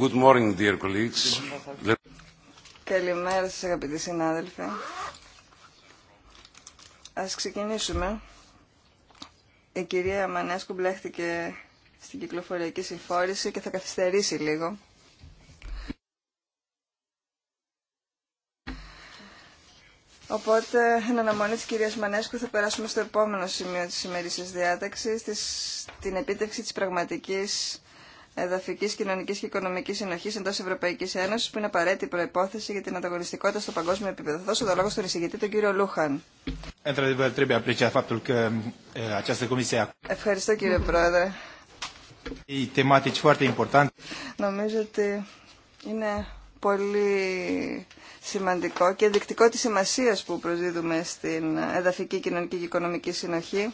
Good morning, dear colleagues. Καλημέρα σας αγαπητοί συνάδελφοι. Ας ξεκινήσουμε. Η κυρία Μανέσκου μπλέχτηκε στην κυκλοφοριακή συμφόρηση και θα καθυστερήσει λίγο. Οπότε, εν αναμονή τη κυρία Μανέσκου, θα περάσουμε στο επόμενο σημείο τη διάταξης, διάταξη, την επίτευξη της πραγματικής εδαφική, κοινωνική και οικονομική συνοχή εντό Ευρωπαϊκή Ένωση, που είναι απαραίτητη προπόθεση για την ανταγωνιστικότητα στο παγκόσμιο επίπεδο. Θα δώσω το λόγο στον εισηγητή, τον κύριο Λούχαν. Ε, Ευχαριστώ κύριε Πρόεδρε. E Νομίζω ότι είναι πολύ σημαντικό και ενδεικτικό τη σημασία που προσδίδουμε στην εδαφική, κοινωνική και οικονομική συνοχή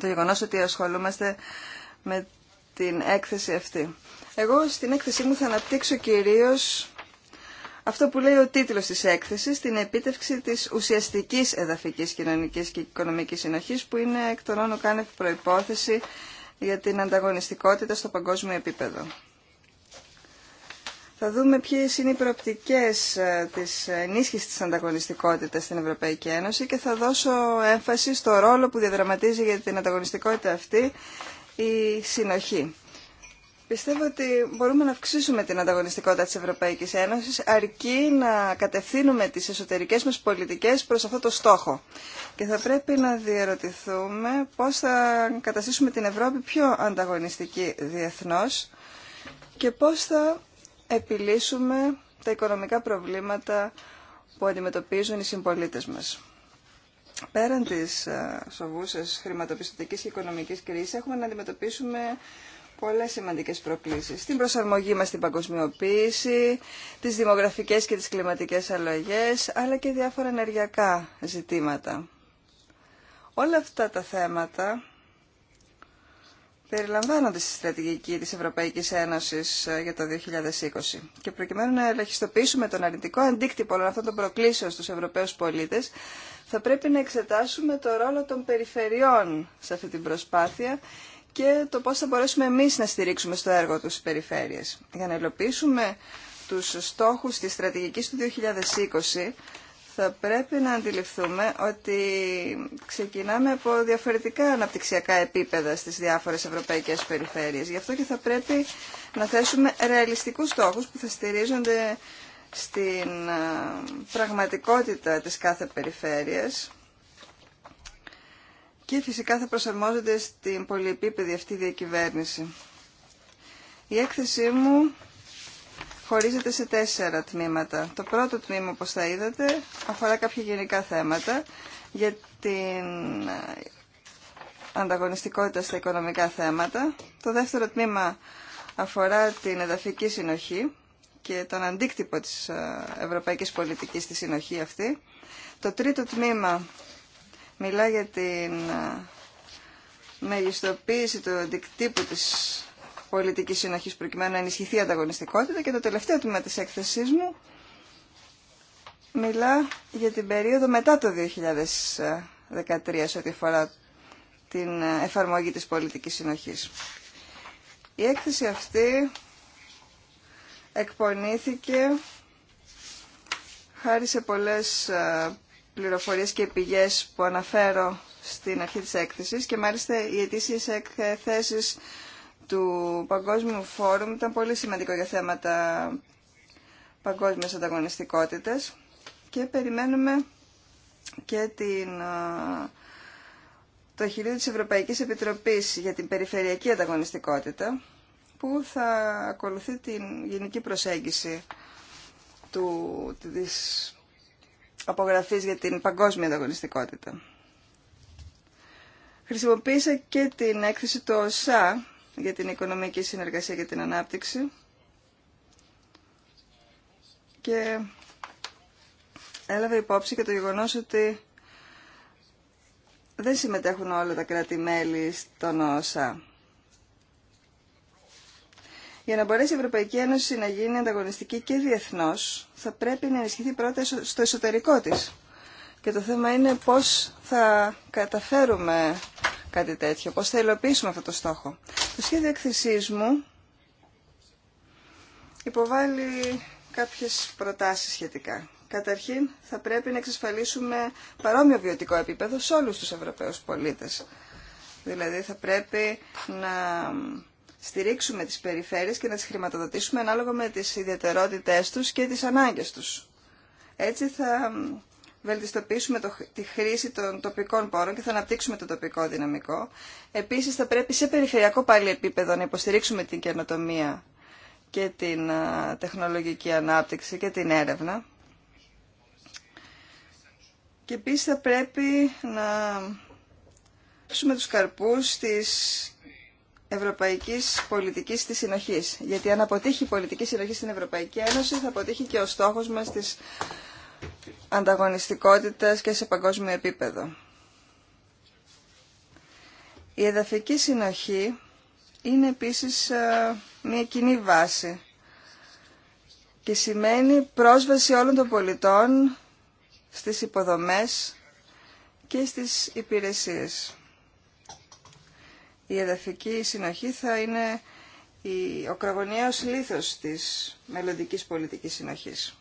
το γεγονό ότι ασχολούμαστε με την έκθεση αυτή. Εγώ στην έκθεσή μου θα αναπτύξω κυρίως αυτό που λέει ο τίτλος της έκθεσης, την επίτευξη της ουσιαστικής εδαφικής, κοινωνικής και οικονομικής συνοχής, που είναι εκ των όνων κάνευ προϋπόθεση για την ανταγωνιστικότητα στο παγκόσμιο επίπεδο. Θα δούμε ποιες είναι οι προοπτικές ε, της ενίσχυσης της ανταγωνιστικότητας στην Ευρωπαϊκή Ένωση και θα δώσω έμφαση στο ρόλο που διαδραματίζει για την ανταγωνιστικότητα αυτή η συνοχή. Πιστεύω ότι μπορούμε να αυξήσουμε την ανταγωνιστικότητα της Ευρωπαϊκής Ένωσης αρκεί να κατευθύνουμε τις εσωτερικές μας πολιτικές προς αυτό το στόχο. Και θα πρέπει να διαρωτηθούμε πώς θα καταστήσουμε την Ευρώπη πιο ανταγωνιστική διεθνώς και πώς θα επιλύσουμε τα οικονομικά προβλήματα που αντιμετωπίζουν οι συμπολίτες μας πέραν της ε, σοβούσας χρηματοπιστωτικής και οικονομικής κρίσης έχουμε να αντιμετωπίσουμε πολλές σημαντικές προκλήσεις. Την προσαρμογή μας στην παγκοσμιοποίηση, τις δημογραφικές και τις κλιματικές αλλαγές, αλλά και διάφορα ενεργειακά ζητήματα. Όλα αυτά τα θέματα περιλαμβάνονται στη στρατηγική της Ευρωπαϊκής Ένωσης ε, για το 2020. Και προκειμένου να ελαχιστοποιήσουμε τον αρνητικό αντίκτυπο όλων αυτών των προκλήσεων στους Ευρωπαίους πολίτες, θα πρέπει να εξετάσουμε το ρόλο των περιφερειών σε αυτή την προσπάθεια και το πώς θα μπορέσουμε εμείς να στηρίξουμε στο έργο τους περιφέρειες. Για να ελοπίσουμε τους στόχους της στρατηγικής του 2020, θα πρέπει να αντιληφθούμε ότι ξεκινάμε από διαφορετικά αναπτυξιακά επίπεδα στις διάφορες ευρωπαϊκές περιφέρειες. Γι' αυτό και θα πρέπει να θέσουμε ρεαλιστικούς στόχους που θα στηρίζονται στην ε, πραγματικότητα της κάθε περιφέρειας και φυσικά θα προσαρμόζονται στην πολυεπίπεδη αυτή διακυβέρνηση. Η έκθεσή μου χωρίζεται σε τέσσερα τμήματα. Το πρώτο τμήμα, όπως θα είδατε, αφορά κάποια γενικά θέματα για την ε, ανταγωνιστικότητα στα οικονομικά θέματα. Το δεύτερο τμήμα αφορά την εδαφική συνοχή και τον αντίκτυπο της ε, ευρωπαϊκής πολιτικής στη συνοχή αυτή. Το τρίτο τμήμα μιλά για την ε, μεγιστοποίηση του αντικτύπου της πολιτικής συνοχής προκειμένου να ενισχυθεί η ανταγωνιστικότητα και το τελευταίο τμήμα της έκθεσής μου μιλά για την περίοδο μετά το 2013 σε ό,τι αφορά την ε, εφαρμογή της πολιτικής συνοχής. Η έκθεση αυτή εκπονήθηκε χάρη σε πολλές ε, πληροφορίες και πηγές που αναφέρω στην αρχή της έκθεσης και μάλιστα οι αιτήσεις εκθέσεις του Παγκόσμιου Φόρουμ ήταν πολύ σημαντικό για θέματα παγκόσμιας ανταγωνιστικότητας και περιμένουμε και την, ε, το χειρίδιο της Ευρωπαϊκής Επιτροπής για την Περιφερειακή Ανταγωνιστικότητα που θα ακολουθεί την γενική προσέγγιση του, της απογραφής για την παγκόσμια ανταγωνιστικότητα. Χρησιμοποίησα και την έκθεση του ΩΣΑ για την οικονομική συνεργασία και την ανάπτυξη και έλαβε υπόψη και το γεγονός ότι δεν συμμετέχουν όλα τα κράτη-μέλη στον ΩΣΑ. Για να μπορέσει η Ευρωπαϊκή Ένωση να γίνει ανταγωνιστική και διεθνώ, θα πρέπει να ενισχυθεί πρώτα στο εσωτερικό τη. Και το θέμα είναι πώ θα καταφέρουμε κάτι τέτοιο, πώ θα υλοποιήσουμε αυτό το στόχο. Το σχέδιο εκθεσή μου υποβάλλει κάποιε προτάσει σχετικά. Καταρχήν, θα πρέπει να εξασφαλίσουμε παρόμοιο βιωτικό επίπεδο σε όλου του Ευρωπαίου πολίτε. Δηλαδή, θα πρέπει να στηρίξουμε τις περιφέρειες και να τις χρηματοδοτήσουμε ανάλογα με τις ιδιαιτερότητές τους και τις ανάγκες τους. Έτσι θα βελτιστοποιήσουμε τη χρήση των τοπικών πόρων και θα αναπτύξουμε το τοπικό δυναμικό. Επίσης θα πρέπει σε περιφερειακό πάλι επίπεδο να υποστηρίξουμε την καινοτομία και την τεχνολογική ανάπτυξη και την έρευνα. Και επίσης θα πρέπει να δώσουμε τους καρπούς της Ευρωπαϊκή πολιτική τη συνοχή. Γιατί αν αποτύχει η πολιτική συνοχή στην Ευρωπαϊκή Ένωση θα αποτύχει και ο στόχο μα τη ανταγωνιστικότητα και σε παγκόσμιο επίπεδο. Η εδαφική συνοχή είναι επίσης ε, μια κοινή βάση και σημαίνει πρόσβαση όλων των πολιτών στις υποδομές και στις υπηρεσίες η εδαφική συνοχή θα είναι η, ο κραγωνιαίος της μελλοντικής πολιτικής συνοχής.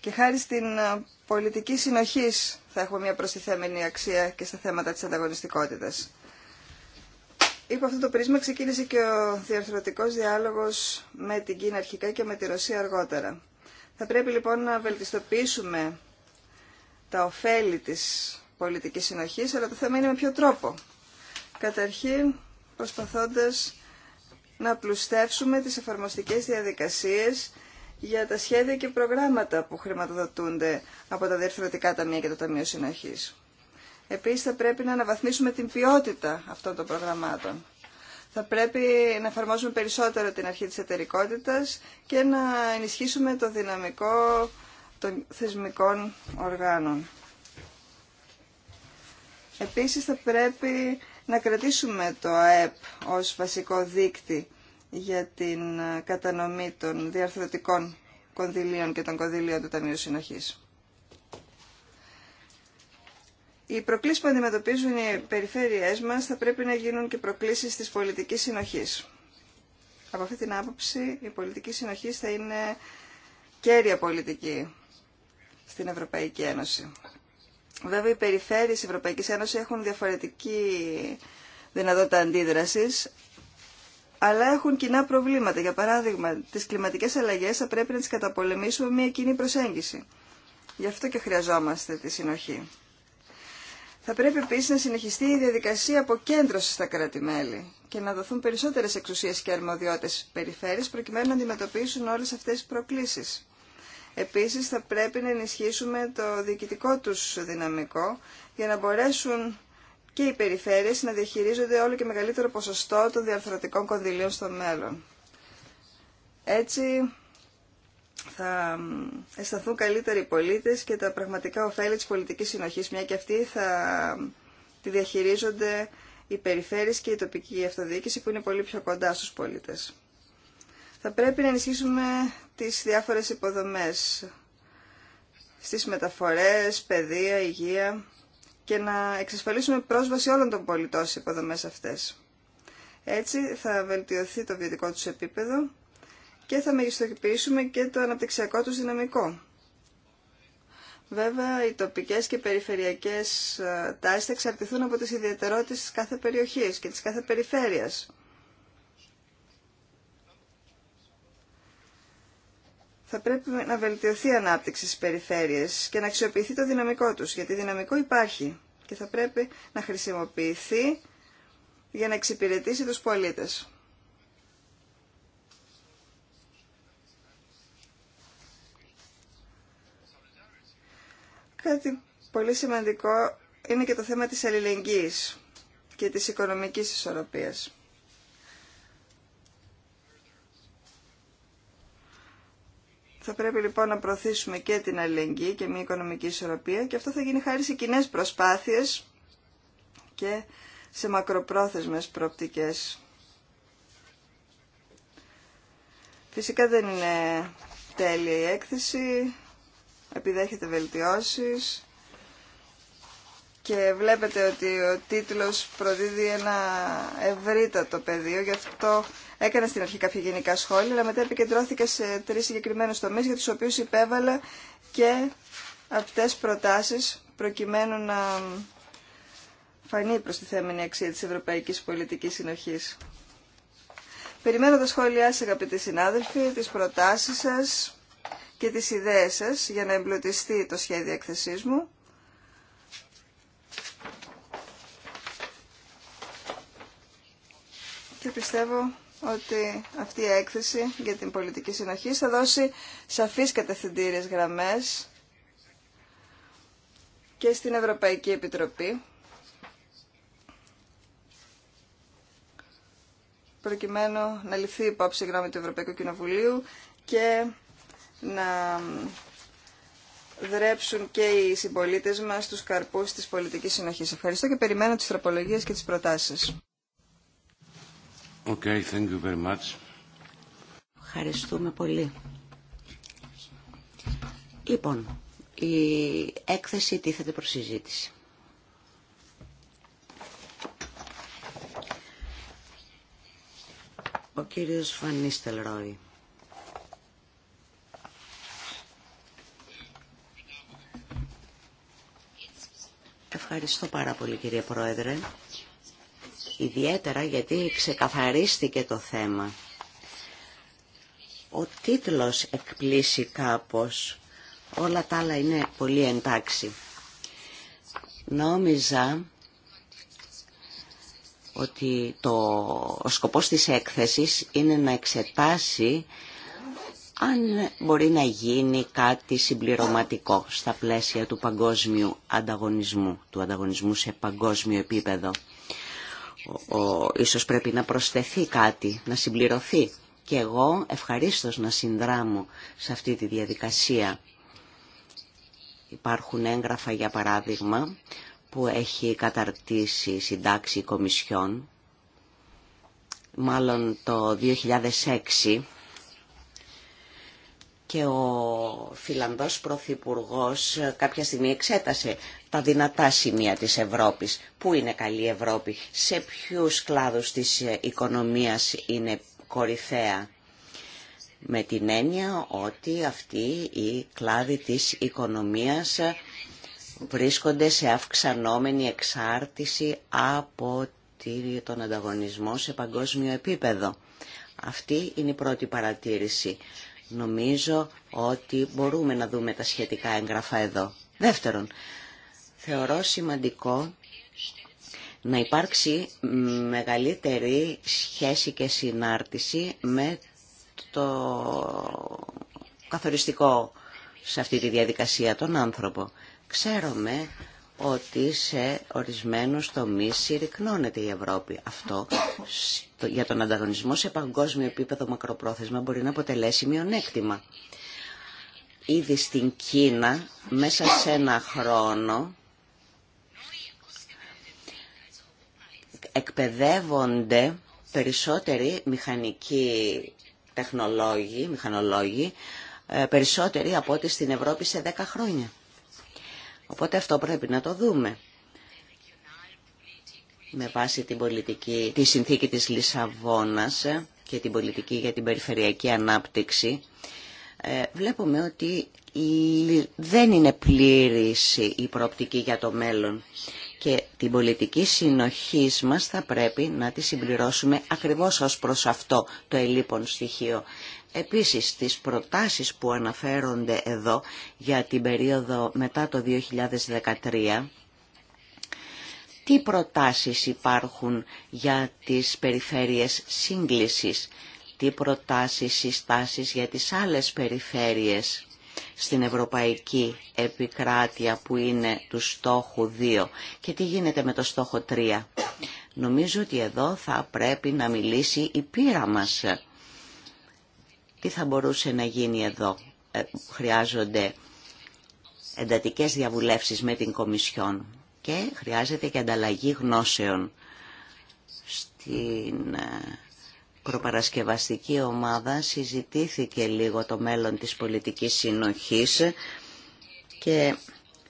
Και χάρη στην πολιτική συνοχής θα έχουμε μια προστιθέμενη αξία και στα θέματα της ανταγωνιστικότητας. Υπό αυτό το πρίσμα ξεκίνησε και ο διαρθρωτικός διάλογος με την Κίνα αρχικά και με τη Ρωσία αργότερα. Θα πρέπει λοιπόν να βελτιστοποιήσουμε τα ωφέλη της πολιτικής συνοχής, αλλά το θέμα είναι με ποιο τρόπο. Καταρχήν, προσπαθώντας να πλουστεύσουμε τις εφαρμοστικές διαδικασίες για τα σχέδια και προγράμματα που χρηματοδοτούνται από τα διευθυντικά ταμεία και το Ταμείο Συνοχής. Επίσης, θα πρέπει να αναβαθμίσουμε την ποιότητα αυτών των προγραμμάτων. Θα πρέπει να εφαρμόσουμε περισσότερο την αρχή της εταιρικότητας και να ενισχύσουμε το δυναμικό των θεσμικών οργάνων. Επίσης θα πρέπει να κρατήσουμε το ΑΕΠ ως βασικό δείκτη για την κατανομή των διαρθρωτικών κονδυλίων και των κονδυλίων του Ταμείου Συνοχής. Οι προκλήσεις που αντιμετωπίζουν οι περιφέρειές μας θα πρέπει να γίνουν και προκλήσεις της πολιτικής συνοχής. Από αυτή την άποψη η πολιτική συνοχή θα είναι κέρια πολιτική στην Ευρωπαϊκή Ένωση. Βέβαια, οι περιφέρειες τη Ευρωπαϊκή Ένωση έχουν διαφορετική δυνατότητα αντίδραση, αλλά έχουν κοινά προβλήματα. Για παράδειγμα, τι κλιματικέ αλλαγέ θα πρέπει να τι καταπολεμήσουμε με μια κοινή προσέγγιση. Γι' αυτό και χρειαζόμαστε τη συνοχή. Θα πρέπει επίση να συνεχιστεί η διαδικασία αποκέντρωση στα κράτη-μέλη και να δοθούν περισσότερε εξουσίε και αρμοδιότητε περιφέρειε προκειμένου να αντιμετωπίσουν όλε αυτέ τι προκλήσει. Επίσης θα πρέπει να ενισχύσουμε το διοικητικό τους δυναμικό για να μπορέσουν και οι περιφέρειες να διαχειρίζονται όλο και μεγαλύτερο ποσοστό των διαρθρωτικών κονδυλίων στο μέλλον. Έτσι θα αισθανθούν καλύτεροι οι πολίτες και τα πραγματικά ωφέλη της πολιτικής συνοχής, μια και αυτή θα τη διαχειρίζονται οι περιφέρειες και η τοπική αυτοδιοίκηση που είναι πολύ πιο κοντά στους πολίτες. Θα πρέπει να ενισχύσουμε τις διάφορες υποδομές στις μεταφορές, παιδεία, υγεία και να εξασφαλίσουμε πρόσβαση όλων των πολιτών σε υποδομές αυτές. Έτσι θα βελτιωθεί το βιωτικό τους επίπεδο και θα μεγιστοποιήσουμε και το αναπτυξιακό τους δυναμικό. Βέβαια, οι τοπικές και περιφερειακές ε, τάσεις θα εξαρτηθούν από τις ιδιαιτερότητες της κάθε περιοχής και της κάθε περιφέρειας. θα πρέπει να βελτιωθεί η ανάπτυξη στις περιφέρειες και να αξιοποιηθεί το δυναμικό τους, γιατί δυναμικό υπάρχει και θα πρέπει να χρησιμοποιηθεί για να εξυπηρετήσει τους πολίτες. Κάτι πολύ σημαντικό είναι και το θέμα της αλληλεγγύης και της οικονομικής ισορροπίας. Θα πρέπει λοιπόν να προωθήσουμε και την αλληλεγγύη και μια οικονομική ισορροπία και αυτό θα γίνει χάρη σε κοινέ προσπάθειες και σε μακροπρόθεσμες προοπτικές. Φυσικά δεν είναι τέλεια η έκθεση, επιδέχεται βελτιώσεις και βλέπετε ότι ο τίτλος προδίδει ένα ευρύτατο πεδίο, γι' αυτό έκανα στην αρχή κάποια γενικά σχόλια, αλλά μετά επικεντρώθηκε σε τρεις συγκεκριμένους τομείς για τους οποίους υπέβαλα και αυτές προτάσεις προκειμένου να φανεί προς τη θέμενη αξία της Ευρωπαϊκής Πολιτικής Συνοχής. Περιμένω τα σχόλιά σας αγαπητοί συνάδελφοι, τις προτάσεις σας και τις ιδέες σας για να εμπλουτιστεί το σχέδιο εκθεσής μου. και πιστεύω ότι αυτή η έκθεση για την πολιτική συνοχή θα δώσει σαφείς κατευθυντήριες γραμμές και στην Ευρωπαϊκή Επιτροπή προκειμένου να ληφθεί υπόψη η γνώμη του Ευρωπαϊκού Κοινοβουλίου και να δρέψουν και οι συμπολίτες μας τους καρπούς της πολιτικής συνοχής. Ευχαριστώ και περιμένω τις τροπολογίες και τις προτάσεις. Okay, thank you very much. Ευχαριστούμε πολύ. Λοιπόν, η έκθεση τίθεται προς συζήτηση. Ο κύριος Φανίστελ Ρόι. Ευχαριστώ πάρα πολύ κύριε Πρόεδρε ιδιαίτερα γιατί ξεκαθαρίστηκε το θέμα. Ο τίτλος εκπλήσει κάπως, όλα τα άλλα είναι πολύ εντάξει. Νόμιζα ότι το, ο σκοπός της έκθεσης είναι να εξετάσει αν μπορεί να γίνει κάτι συμπληρωματικό στα πλαίσια του παγκόσμιου ανταγωνισμού, του ανταγωνισμού σε παγκόσμιο επίπεδο ο, ίσως πρέπει να προσθεθεί κάτι, να συμπληρωθεί. Και εγώ ευχαρίστως να συνδράμω σε αυτή τη διαδικασία. Υπάρχουν έγγραφα, για παράδειγμα, που έχει καταρτήσει συντάξη κομισιών, μάλλον το 2006 και ο Φιλανδός Πρωθυπουργό κάποια στιγμή εξέτασε τα δυνατά σημεία της Ευρώπης. Πού είναι καλή η Ευρώπη, σε ποιους κλάδους της οικονομίας είναι κορυφαία. Με την έννοια ότι αυτοί οι κλάδοι της οικονομίας βρίσκονται σε αυξανόμενη εξάρτηση από τον ανταγωνισμό σε παγκόσμιο επίπεδο. Αυτή είναι η πρώτη παρατήρηση. Νομίζω ότι μπορούμε να δούμε τα σχετικά έγγραφα εδώ. Δεύτερον, θεωρώ σημαντικό να υπάρξει μεγαλύτερη σχέση και συνάρτηση με το καθοριστικό σε αυτή τη διαδικασία τον άνθρωπο. Ξέρουμε ότι σε ορισμένους τομείς συρρυκνώνεται η Ευρώπη. Αυτό για τον ανταγωνισμό σε παγκόσμιο επίπεδο μακροπρόθεσμα μπορεί να αποτελέσει μειονέκτημα. Ήδη στην Κίνα μέσα σε ένα χρόνο εκπαιδεύονται περισσότεροι μηχανικοί τεχνολόγοι, μηχανολόγοι, ε, περισσότεροι από ό,τι στην Ευρώπη σε 10 χρόνια. Οπότε αυτό πρέπει να το δούμε. Με βάση την πολιτική, τη συνθήκη της Λισαβόνας και την πολιτική για την περιφερειακή ανάπτυξη, ε, βλέπουμε ότι δεν είναι πλήρης η προοπτική για το μέλλον και την πολιτική συνοχή μας θα πρέπει να τη συμπληρώσουμε ακριβώς ως προς αυτό το ελίπον στοιχείο. Επίσης, στις προτάσεις που αναφέρονται εδώ για την περίοδο μετά το 2013, τι προτάσεις υπάρχουν για τις περιφέρειες σύγκλησης, τι προτάσεις συστάσεις για τις άλλες περιφέρειες στην Ευρωπαϊκή Επικράτεια που είναι του στόχου 2 και τι γίνεται με το στόχο 3. Νομίζω ότι εδώ θα πρέπει να μιλήσει η πείρα μας τι θα μπορούσε να γίνει εδώ. Ε, χρειάζονται εντατικές διαβουλεύσεις με την Κομισιόν και χρειάζεται και ανταλλαγή γνώσεων στην ε, προπαρασκευαστική ομάδα συζητήθηκε λίγο το μέλλον της πολιτικής συνοχής και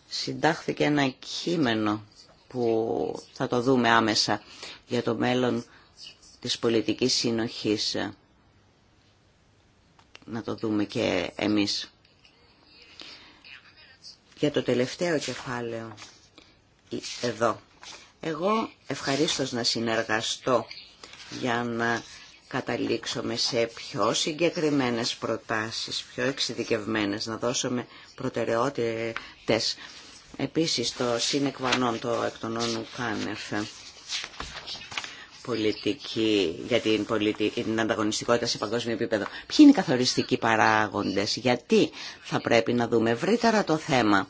συντάχθηκε ένα κείμενο που θα το δούμε άμεσα για το μέλλον της πολιτικής συνοχής να το δούμε και εμείς. Για το τελευταίο κεφάλαιο, εδώ. Εγώ ευχαρίστως να συνεργαστώ για να καταλήξουμε σε πιο συγκεκριμένες προτάσεις, πιο εξειδικευμένες, να δώσουμε προτεραιότητες. Επίσης το συνεκβανόν το εκ των όνου πολιτική για την, πολιτι... την ανταγωνιστικότητα σε παγκόσμιο επίπεδο. Ποιοι είναι οι καθοριστικοί παράγοντες, γιατί θα πρέπει να δούμε ευρύτερα το θέμα.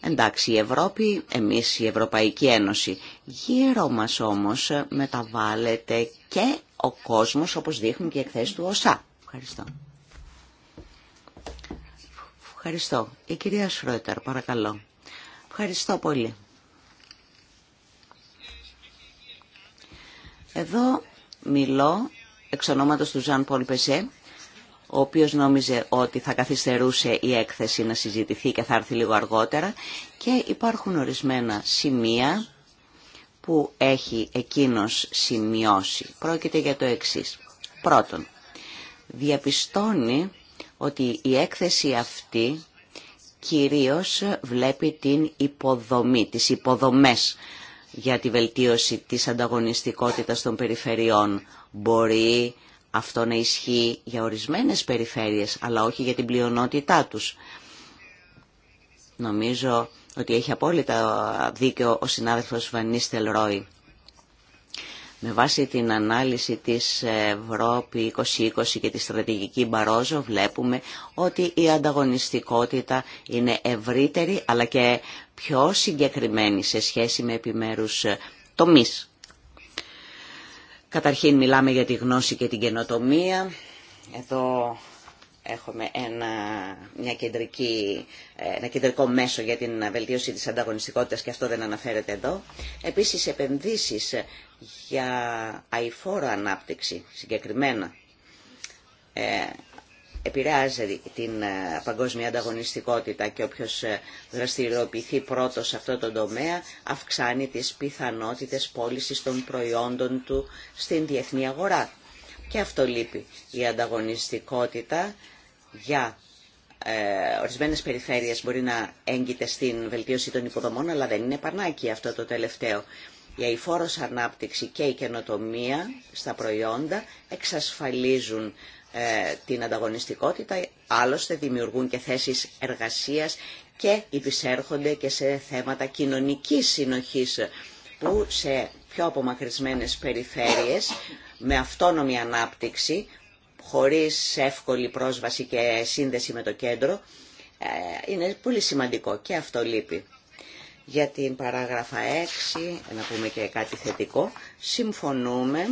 Εντάξει, η Ευρώπη, εμείς η Ευρωπαϊκή Ένωση. Γύρω μας όμως μεταβάλλεται και ο κόσμος, όπως δείχνουν και οι του ΟΣΑ. Ευχαριστώ. Ευχαριστώ. Η κυρία Σρότερ, παρακαλώ. Ευχαριστώ πολύ. Εδώ μιλώ εξ ονόματος του Ζαν Πολ Πεσέ, ο οποίος νόμιζε ότι θα καθυστερούσε η έκθεση να συζητηθεί και θα έρθει λίγο αργότερα και υπάρχουν ορισμένα σημεία που έχει εκείνος σημειώσει. Πρόκειται για το εξής. Πρώτον, διαπιστώνει ότι η έκθεση αυτή κυρίως βλέπει την υποδομή, τις υποδομές για τη βελτίωση της ανταγωνιστικότητας των περιφερειών. Μπορεί αυτό να ισχύει για ορισμένες περιφέρειες, αλλά όχι για την πλειονότητά τους. Νομίζω ότι έχει απόλυτα δίκιο ο συνάδελφος Βανίστελ Ρόι. Με βάση την ανάλυση της Ευρώπη 2020 και τη στρατηγική Μπαρόζο βλέπουμε ότι η ανταγωνιστικότητα είναι ευρύτερη αλλά και πιο συγκεκριμένη σε σχέση με επιμέρους τομείς. Καταρχήν μιλάμε για τη γνώση και την καινοτομία. Εδώ έχουμε ένα, μια κεντρική, ε, ένα κεντρικό μέσο για την βελτίωση της ανταγωνιστικότητας και αυτό δεν αναφέρεται εδώ. Επίσης επενδύσεις για αηφόρο ανάπτυξη συγκεκριμένα ε, επηρεάζει την ε, παγκόσμια ανταγωνιστικότητα και όποιος ε, δραστηριοποιηθεί πρώτος σε αυτό το τομέα αυξάνει τις πιθανότητες πώλησης των προϊόντων του στην διεθνή αγορά. Και αυτό λείπει. Η ανταγωνιστικότητα για ε, ορισμένες περιφέρειες μπορεί να έγκυται στην βελτίωση των υποδομών, αλλά δεν είναι πανάκι αυτό το τελευταίο. Η αηφόρος ανάπτυξη και η καινοτομία στα προϊόντα εξασφαλίζουν ε, την ανταγωνιστικότητα, άλλωστε δημιουργούν και θέσεις εργασίας και υπησέρχονται και σε θέματα κοινωνικής συνοχής που σε πιο απομακρυσμένες περιφέρειες με αυτόνομη ανάπτυξη χωρίς εύκολη πρόσβαση και σύνδεση με το κέντρο, ε, είναι πολύ σημαντικό και αυτό λείπει. Για την παράγραφα 6, να πούμε και κάτι θετικό, συμφωνούμε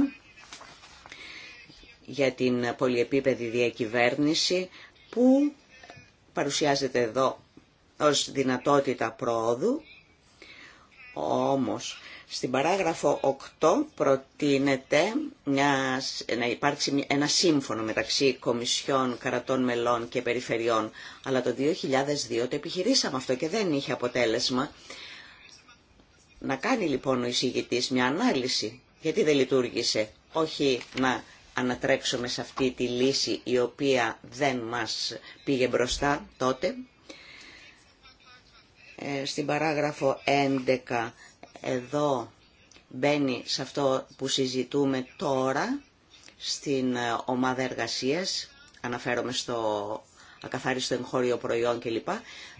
για την πολυεπίπεδη διακυβέρνηση που παρουσιάζεται εδώ ως δυνατότητα πρόοδου, όμως στην παράγραφο 8 προτείνεται μια, να υπάρξει ένα σύμφωνο μεταξύ Κομισιών, Καρατών Μελών και Περιφερειών, αλλά το 2002 το επιχειρήσαμε αυτό και δεν είχε αποτέλεσμα. Να κάνει λοιπόν ο εισηγητής μια ανάλυση, γιατί δεν λειτουργήσε, όχι να ανατρέξουμε σε αυτή τη λύση η οποία δεν μας πήγε μπροστά τότε. Ε, στην παράγραφο 11 εδώ μπαίνει σε αυτό που συζητούμε τώρα στην ε, ομάδα εργασίας, αναφέρομαι στο ακαθάριστο εγχώριο προϊόν κλπ.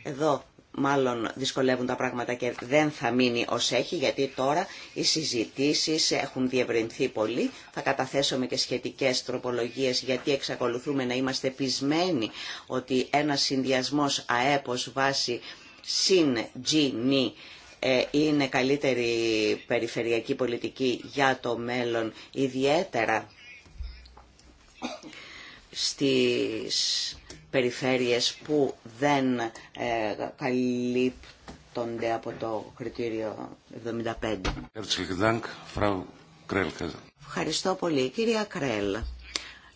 Εδώ μάλλον δυσκολεύουν τα πράγματα και δεν θα μείνει ως έχει, γιατί τώρα οι συζητήσεις έχουν διευρυνθεί πολύ. Θα καταθέσουμε και σχετικές τροπολογίες, γιατί εξακολουθούμε να είμαστε πεισμένοι ότι ένας συνδυασμός ΑΕΠ βάση συν Gini ε, είναι καλύτερη περιφερειακή πολιτική για το μέλλον, ιδιαίτερα στις περιφέρειες που δεν ε, καλύπτονται από το κριτήριο 75. Ευχαριστώ πολύ, κυρία Κρέλ.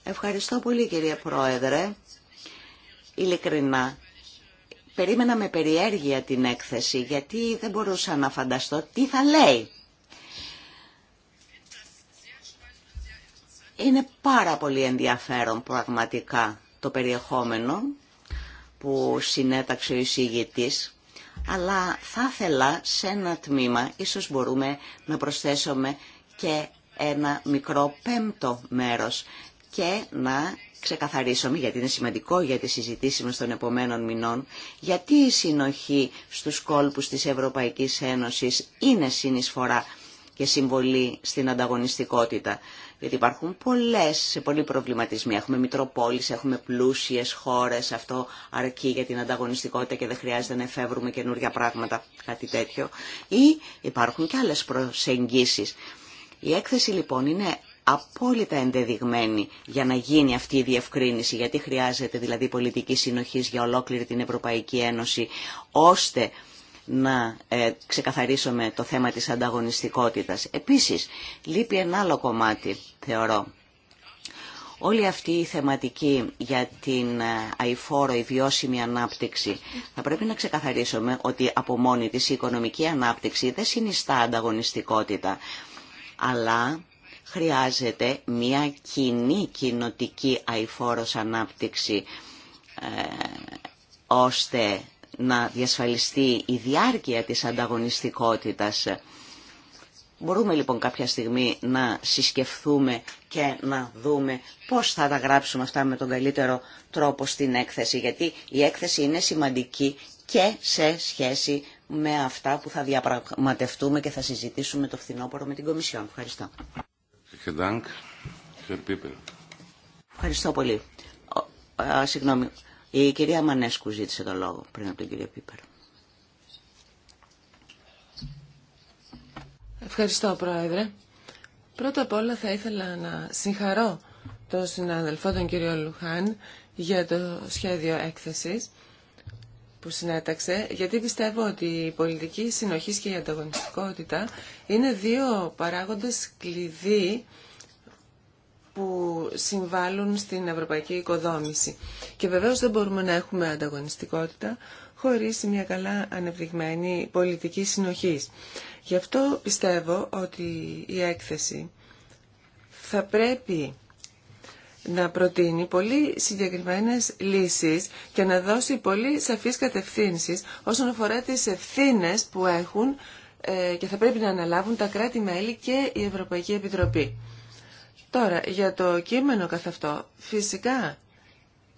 Ευχαριστώ πολύ, κύριε Πρόεδρε. Ειλικρινά, Περίμενα με περιέργεια την έκθεση γιατί δεν μπορούσα να φανταστώ τι θα λέει. Είναι πάρα πολύ ενδιαφέρον πραγματικά το περιεχόμενο που συνέταξε ο εισηγητής, αλλά θα ήθελα σε ένα τμήμα, ίσως μπορούμε να προσθέσουμε και ένα μικρό πέμπτο μέρος και να ξεκαθαρίσουμε, γιατί είναι σημαντικό για τη συζητήσεις μας των επομένων μηνών, γιατί η συνοχή στους κόλπους της Ευρωπαϊκής Ένωσης είναι συνεισφορά και συμβολή στην ανταγωνιστικότητα. Γιατί υπάρχουν πολλές, πολλοί προβληματισμοί. Έχουμε μητροπόλεις, έχουμε πλούσιες χώρες, αυτό αρκεί για την ανταγωνιστικότητα και δεν χρειάζεται να εφεύρουμε καινούργια πράγματα, κάτι τέτοιο. Ή υπάρχουν και άλλες προσεγγίσεις. Η έκθεση λοιπόν είναι απόλυτα ενδεδειγμένη για να γίνει αυτή η διευκρίνηση, γιατί χρειάζεται δηλαδή πολιτική συνοχή για ολόκληρη την Ευρωπαϊκή Ένωση, ώστε να ε, ξεκαθαρίσουμε το θέμα της ανταγωνιστικότητας. Επίσης, λείπει ένα άλλο κομμάτι, θεωρώ. Όλη αυτή η θεματική για την ε, αηφόρο, η βιώσιμη ανάπτυξη, θα πρέπει να ξεκαθαρίσουμε ότι από μόνη της η οικονομική ανάπτυξη δεν συνιστά ανταγωνιστικότητα, αλλά χρειάζεται μια κοινή κοινοτική αηφόρος ανάπτυξη ε, ώστε να διασφαλιστεί η διάρκεια της ανταγωνιστικότητας. Μπορούμε λοιπόν κάποια στιγμή να συσκεφθούμε και να δούμε πώς θα τα γράψουμε αυτά με τον καλύτερο τρόπο στην έκθεση, γιατί η έκθεση είναι σημαντική και σε σχέση με αυτά που θα διαπραγματευτούμε και θα συζητήσουμε το φθινόπωρο με την Κομισιόν. Ευχαριστώ. Ευχαριστώ πολύ. συγγνώμη. Η κυρία Μανέσκου ζήτησε το λόγο πριν από τον κύριο Πίπερ. Ευχαριστώ, Πρόεδρε. Πρώτα απ' όλα θα ήθελα να συγχαρώ τον συνάδελφο, τον κύριο Λουχάν, για το σχέδιο έκθεσης που συνέταξε, γιατί πιστεύω ότι η πολιτική συνοχή και η ανταγωνιστικότητα είναι δύο παράγοντες κλειδί που συμβάλλουν στην ευρωπαϊκή οικοδόμηση. Και βεβαίως δεν μπορούμε να έχουμε ανταγωνιστικότητα χωρίς μια καλά ανεπτυγμένη πολιτική συνοχής. Γι' αυτό πιστεύω ότι η έκθεση θα πρέπει να προτείνει πολύ συγκεκριμένες λύσεις και να δώσει πολύ σαφείς κατευθύνσεις όσον αφορά τις ευθύνες που έχουν ε, και θα πρέπει να αναλάβουν τα κράτη-μέλη και η Ευρωπαϊκή Επιτροπή. Τώρα, για το κείμενο καθ' αυτό, φυσικά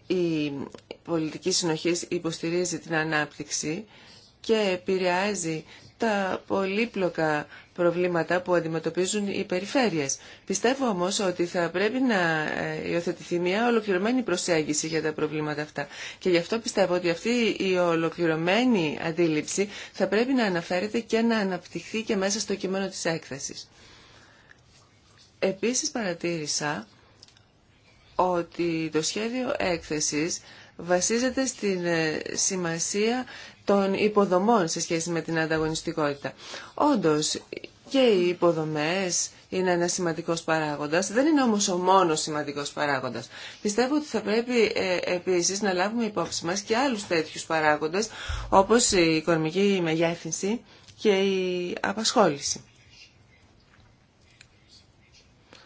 η πολιτική συνοχή υποστηρίζει την ανάπτυξη και επηρεάζει τα πολύπλοκα προβλήματα που αντιμετωπίζουν οι περιφέρειες. Πιστεύω όμως ότι θα πρέπει να ε, υιοθετηθεί μια ολοκληρωμένη προσέγγιση για τα προβλήματα αυτά. Και γι' αυτό πιστεύω ότι αυτή η ολοκληρωμένη αντίληψη θα πρέπει να αναφέρεται και να αναπτυχθεί και μέσα στο κείμενο της έκθεσης. Επίσης παρατήρησα ότι το σχέδιο έκθεσης βασίζεται στην ε, σημασία των υποδομών σε σχέση με την ανταγωνιστικότητα. Όντως, και οι υποδομές είναι ένα σημαντικός παράγοντας. Δεν είναι όμως ο μόνος σημαντικός παράγοντας. Πιστεύω ότι θα πρέπει ε, επίσης να λάβουμε υπόψη μας και άλλους τέτοιους παράγοντες όπως η οικονομική μεγέθυνση και η απασχόληση.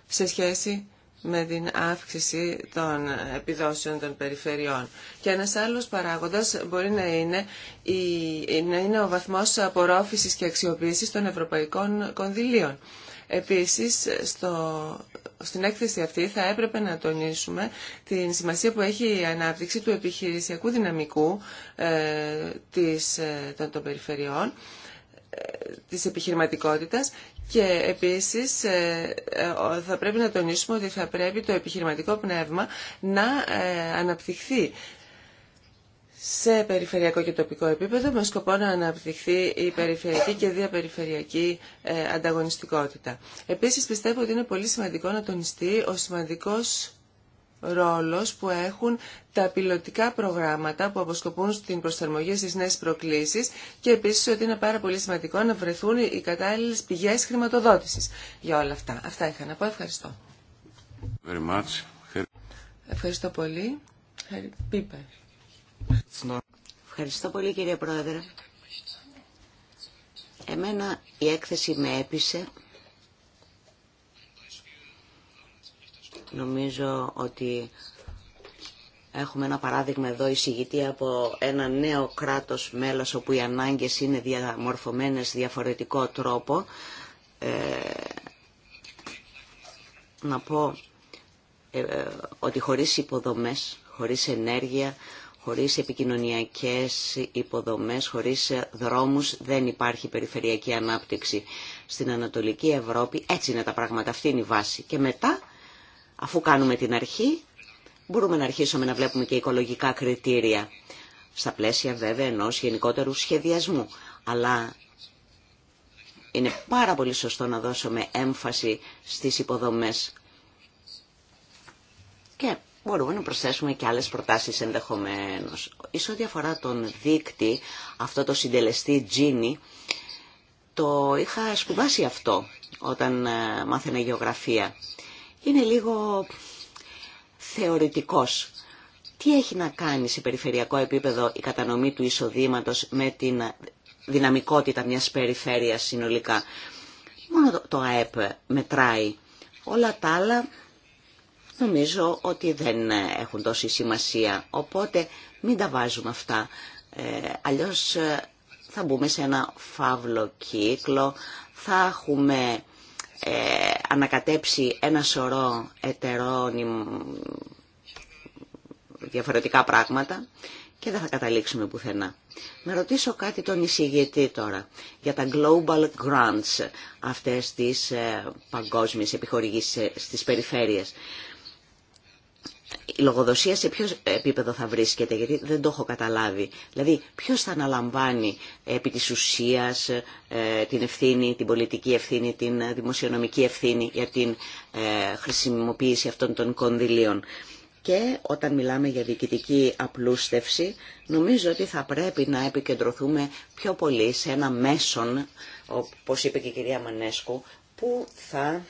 Σε σχέση με την αύξηση των επιδόσεων των περιφερειών. Και ένας άλλος παράγοντας μπορεί να είναι, η, ο βαθμός απορρόφησης και αξιοποίησης των ευρωπαϊκών κονδυλίων. Επίσης, στο, στην έκθεση αυτή θα έπρεπε να τονίσουμε την σημασία που έχει η ανάπτυξη του επιχειρησιακού δυναμικού ε, της, ε, των, των περιφερειών ε, της επιχειρηματικότητας και επίσης ε, ε, θα πρέπει να τονίσουμε ότι θα πρέπει το επιχειρηματικό πνεύμα να ε, αναπτυχθεί σε περιφερειακό και τοπικό επίπεδο με σκοπό να αναπτυχθεί η περιφερειακή και διαπεριφερειακή ανταγωνιστικότητα. Επίσης πιστεύω ότι είναι πολύ σημαντικό να τονιστεί ο σημαντικός ρόλος που έχουν τα πιλωτικά προγράμματα που αποσκοπούν στην προσαρμογή στις νέες προκλήσεις και επίσης ότι είναι πάρα πολύ σημαντικό να βρεθούν οι κατάλληλες πηγές χρηματοδότησης για όλα αυτά. Αυτά είχα να πω. Ευχαριστώ. Ευχαριστώ πολύ. Ευχαριστώ πολύ κύριε Πρόεδρε. Εμένα η έκθεση με έπεισε Νομίζω ότι έχουμε ένα παράδειγμα εδώ εισηγητή από ένα νέο κράτος μέλος όπου οι ανάγκες είναι διαμορφωμένες διαφορετικό τρόπο. Ε, να πω ε, ότι χωρίς υποδομές, χωρίς ενέργεια, χωρίς επικοινωνιακές υποδομές, χωρίς δρόμους δεν υπάρχει περιφερειακή ανάπτυξη. Στην Ανατολική Ευρώπη έτσι είναι τα πράγματα, αυτή είναι η βάση. Και μετά Αφού κάνουμε την αρχή, μπορούμε να αρχίσουμε να βλέπουμε και οικολογικά κριτήρια. Στα πλαίσια βέβαια ενός γενικότερου σχεδιασμού. Αλλά είναι πάρα πολύ σωστό να δώσουμε έμφαση στις υποδομές. Και μπορούμε να προσθέσουμε και άλλες προτάσεις ενδεχομένως. Ίσως ό,τι αφορά τον δίκτυ, αυτό το συντελεστή Gini, το είχα σπουδάσει αυτό όταν ε, μάθαινα γεωγραφία είναι λίγο θεωρητικός. Τι έχει να κάνει σε περιφερειακό επίπεδο η κατανομή του εισοδήματος με την δυναμικότητα μιας περιφέρειας συνολικά. Μόνο το ΑΕΠ μετράει. Όλα τα άλλα νομίζω ότι δεν έχουν τόση σημασία. Οπότε μην τα βάζουμε αυτά. Ε, αλλιώς ε, θα μπούμε σε ένα φαύλο κύκλο, θα έχουμε ε, ανακατέψει ένα σωρό εταιρών διαφορετικά πράγματα και δεν θα καταλήξουμε πουθενά. Να ρωτήσω κάτι τον εισηγητή τώρα για τα global grants, αυτές τις ε, παγκόσμιες επιχορηγήσεις ε, στις περιφέρειες η λογοδοσία σε ποιο επίπεδο θα βρίσκεται, γιατί δεν το έχω καταλάβει. Δηλαδή, ποιος θα αναλαμβάνει επί της ουσίας ε, την ευθύνη, την πολιτική ευθύνη, την δημοσιονομική ευθύνη για την ε, χρησιμοποίηση αυτών των κονδυλίων. Και όταν μιλάμε για διοικητική απλούστευση, νομίζω ότι θα πρέπει να επικεντρωθούμε πιο πολύ σε ένα μέσον, όπως είπε και η κυρία Μανέσκου, που θα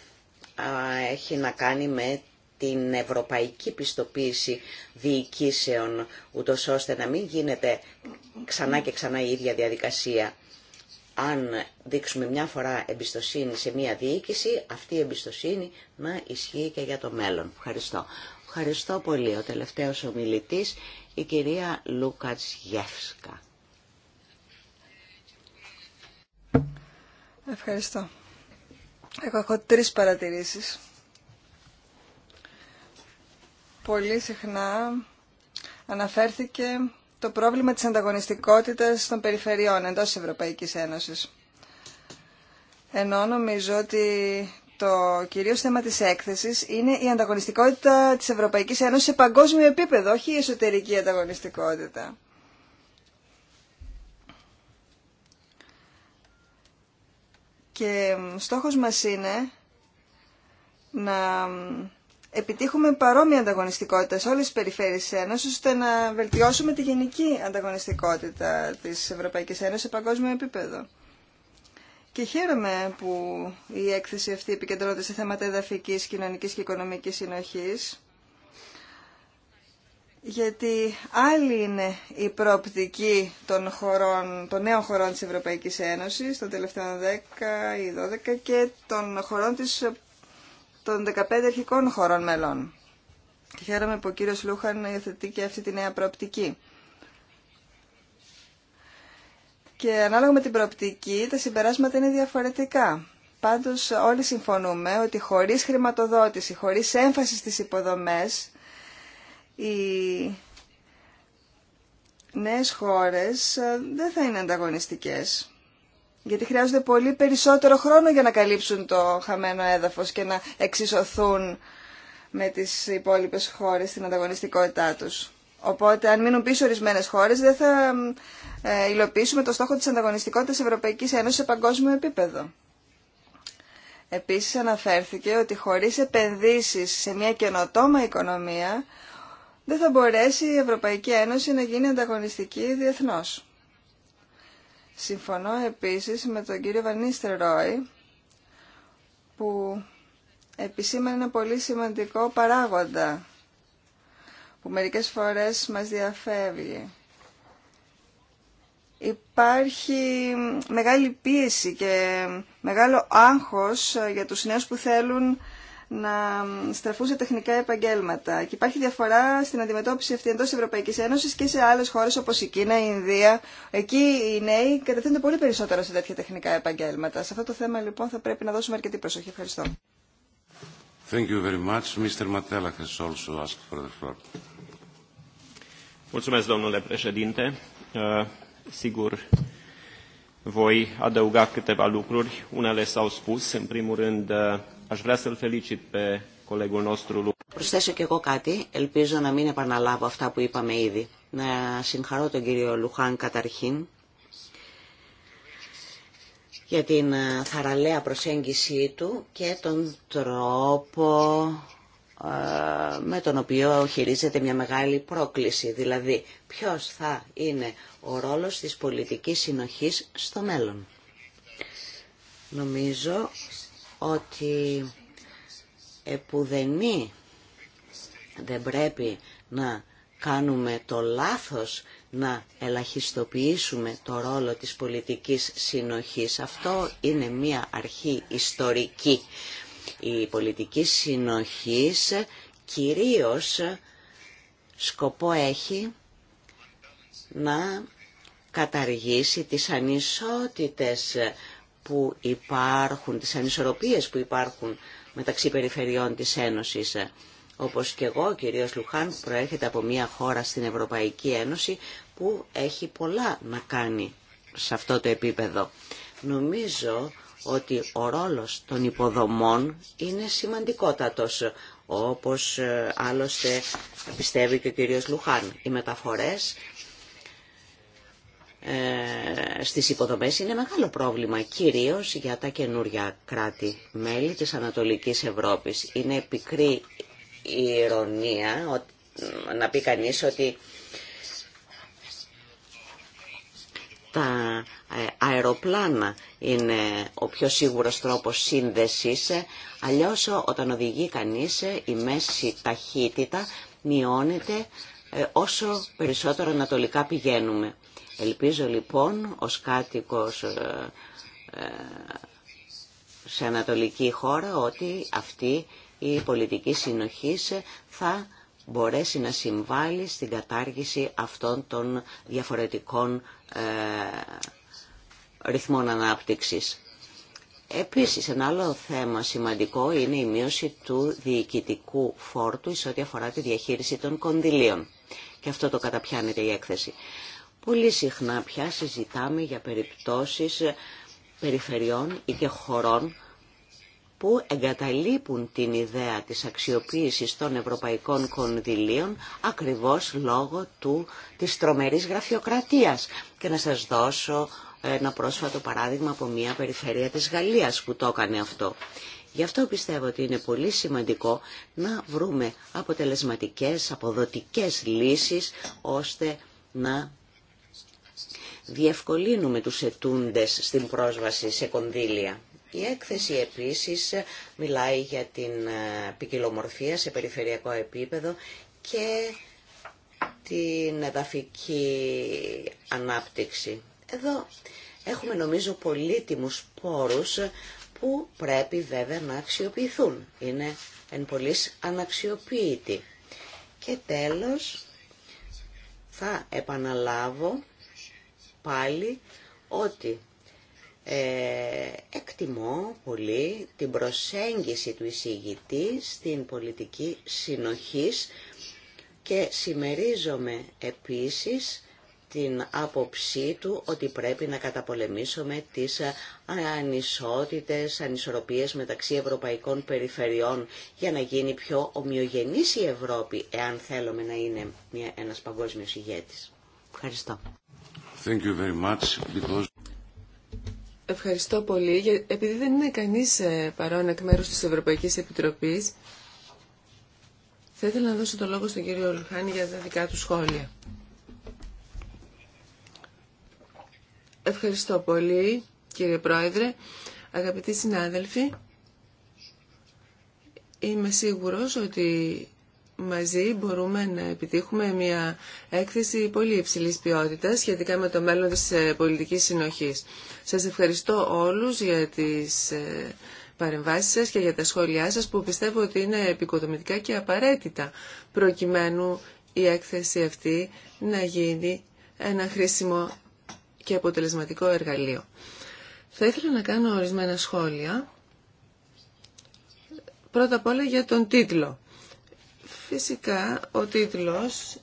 έχει να κάνει με την ευρωπαϊκή πιστοποίηση διοικήσεων, ούτω ώστε να μην γίνεται ξανά και ξανά η ίδια διαδικασία. Αν δείξουμε μια φορά εμπιστοσύνη σε μια διοίκηση, αυτή η εμπιστοσύνη να ισχύει και για το μέλλον. Ευχαριστώ. Ευχαριστώ πολύ. Ο τελευταίος ομιλητής, η κυρία Λούκατς Γεύσκα. Ευχαριστώ. έχω τρεις παρατηρήσεις πολύ συχνά αναφέρθηκε το πρόβλημα της ανταγωνιστικότητας των περιφερειών εντός της Ευρωπαϊκής Ένωσης. Ενώ νομίζω ότι το κυρίως θέμα της έκθεσης είναι η ανταγωνιστικότητα της Ευρωπαϊκής Ένωσης σε παγκόσμιο επίπεδο, όχι η εσωτερική ανταγωνιστικότητα. Και στόχος μας είναι να επιτύχουμε παρόμοια ανταγωνιστικότητα σε όλες τις περιφέρειες της Ένωσης, ώστε να βελτιώσουμε τη γενική ανταγωνιστικότητα της Ευρωπαϊκής Ένωσης σε παγκόσμιο επίπεδο. Και χαίρομαι που η έκθεση αυτή επικεντρώνεται σε θέματα εδαφικής, κοινωνικής και οικονομικής συνοχής, γιατί άλλη είναι η προοπτική των, χωρών, των νέων χωρών της Ευρωπαϊκής Ένωσης, των τελευταίων 10 ή 12 και των χωρών της των 15 αρχικών χωρών μελών. Και χαίρομαι που ο κύριος Λούχαν υιοθετεί και αυτή τη νέα προοπτική. Και ανάλογα με την προοπτική, τα συμπεράσματα είναι διαφορετικά. Πάντως όλοι συμφωνούμε ότι χωρίς χρηματοδότηση, χωρίς έμφαση στις υποδομές, οι νέες χώρες ε, δεν θα είναι ανταγωνιστικές γιατί χρειάζονται πολύ περισσότερο χρόνο για να καλύψουν το χαμένο έδαφος και να εξισωθούν με τις υπόλοιπες χώρες στην ανταγωνιστικότητά τους. Οπότε αν μείνουν πίσω ορισμένε χώρες δεν θα ε, υλοποιήσουμε το στόχο της ανταγωνιστικότητας Ευρωπαϊκής Ένωσης σε παγκόσμιο επίπεδο. Επίσης αναφέρθηκε ότι χωρίς επενδύσεις σε μια καινοτόμα οικονομία δεν θα μπορέσει η Ευρωπαϊκή Ένωση να γίνει ανταγωνιστική διεθνώς. Συμφωνώ επίσης με τον κύριο Βανίστερ Ρόι που επισήμανε ένα πολύ σημαντικό παράγοντα που μερικές φορές μας διαφεύγει. Υπάρχει μεγάλη πίεση και μεγάλο άγχος για τους νέους που θέλουν να στραφούν σε τεχνικά επαγγέλματα. Και υπάρχει διαφορά στην αντιμετώπιση αυτή εντό Ευρωπαϊκή Ένωση και σε άλλε χώρε όπω η Κίνα, η Ινδία. Εκεί οι νέοι κατευθύνονται πολύ περισσότερο σε τέτοια τεχνικά επαγγέλματα. Σε αυτό το θέμα λοιπόν θα πρέπει να δώσουμε αρκετή προσοχή. Ευχαριστώ. Thank you very much. Mr. Matella has also asked for the floor. Mulțumesc, domnule președinte. Uh, sigur, voi adăuga câteva lucruri. Unele s-au spus. În primul rând, uh, Aș Προσθέσω και εγώ κάτι. Ελπίζω να μην επαναλάβω αυτά που είπαμε ήδη. Να συγχαρώ τον κύριο Λουχάν καταρχήν για την ε, θαραλέα προσέγγιση του και τον τρόπο ε, με τον οποίο χειρίζεται μια μεγάλη πρόκληση. Δηλαδή, ποιος θα είναι ο ρόλος της πολιτικής συνοχής στο μέλλον. Νομίζω ότι επουδενή δεν πρέπει να κάνουμε το λάθος να ελαχιστοποιήσουμε το ρόλο της πολιτικής συνοχής. Αυτό είναι μια αρχή ιστορική. Η πολιτική συνοχής κυρίως σκοπό έχει να καταργήσει τις ανισότητες που υπάρχουν, τις ανισορροπίες που υπάρχουν μεταξύ περιφερειών της Ένωσης. Όπως και εγώ, ο κυρίος Λουχάν προέρχεται από μια χώρα στην Ευρωπαϊκή Ένωση που έχει πολλά να κάνει σε αυτό το επίπεδο. Νομίζω ότι ο ρόλος των υποδομών είναι σημαντικότατος, όπως ε, άλλωστε πιστεύει και ο κύριος Λουχάν. Οι μεταφορές ε, στις υποδομές είναι μεγάλο πρόβλημα, κυρίως για τα καινούρια κράτη-μέλη της Ανατολικής Ευρώπης. Είναι πικρή ηρωνία να πει κανείς ότι τα ε, αεροπλάνα είναι ο πιο σίγουρος τρόπος σύνδεσης, ε, αλλιώς όταν οδηγεί κανείς η μέση ταχύτητα μειώνεται όσο περισσότερο ανατολικά πηγαίνουμε. Ελπίζω λοιπόν ως κάτοικος ε, ε, σε ανατολική χώρα ότι αυτή η πολιτική συνοχή θα μπορέσει να συμβάλλει στην κατάργηση αυτών των διαφορετικών ε, ρυθμών ανάπτυξης. Επίσης, ένα άλλο θέμα σημαντικό είναι η μείωση του διοικητικού φόρτου σε ό,τι αφορά τη διαχείριση των κονδυλίων. Και αυτό το καταπιάνεται η έκθεση. Πολύ συχνά πια συζητάμε για περιπτώσεις περιφερειών ή και χωρών που εγκαταλείπουν την ιδέα της αξιοποίησης των ευρωπαϊκών κονδυλίων ακριβώς λόγω του, της τρομερής γραφειοκρατίας. Και να σας δώσω ένα πρόσφατο παράδειγμα από μια περιφέρεια της Γαλλίας που το έκανε αυτό. Γι' αυτό πιστεύω ότι είναι πολύ σημαντικό να βρούμε αποτελεσματικές, αποδοτικές λύσεις ώστε να διευκολύνουμε τους ετούντες στην πρόσβαση σε κονδύλια. Η έκθεση επίσης μιλάει για την ε, ποικιλομορφία σε περιφερειακό επίπεδο και την εδαφική ανάπτυξη. Εδώ έχουμε νομίζω πολύτιμους πόρους που πρέπει βέβαια να αξιοποιηθούν. Είναι εν πολλής αναξιοποίητοι. Και τέλος θα επαναλάβω πάλι ότι ε, εκτιμώ πολύ την προσέγγιση του εισηγητή στην πολιτική συνοχής και συμμερίζομαι επίσης την άποψή του ότι πρέπει να καταπολεμήσουμε τις ε, ανισότητες, ανισορροπίες μεταξύ ευρωπαϊκών περιφερειών για να γίνει πιο ομοιογενής η Ευρώπη, εάν θέλουμε να είναι ένας παγκόσμιος ηγέτης. Ευχαριστώ. Ευχαριστώ πολύ. Επειδή δεν είναι κανείς ε, παρόν εκ μέρους της Ευρωπαϊκής Επιτροπής, θα ήθελα να δώσω το λόγο στον κύριο Λουχάνη για τα δικά του σχόλια. Ευχαριστώ πολύ κύριε Πρόεδρε, αγαπητοί συνάδελφοι. Είμαι σίγουρος ότι μαζί μπορούμε να επιτύχουμε μια έκθεση πολύ υψηλής ποιότητας σχετικά με το μέλλον της ε, πολιτικής συνοχής. Σας ευχαριστώ όλους για τις ε, παρεμβάσεις σας και για τα σχόλιά σας που πιστεύω ότι είναι επικοδομητικά και απαραίτητα προκειμένου η έκθεση αυτή να γίνει ένα χρήσιμο και αποτελεσματικό εργαλείο. Θα ήθελα να κάνω ορισμένα σχόλια. Πρώτα απ' όλα για τον τίτλο. Φυσικά ο τίτλος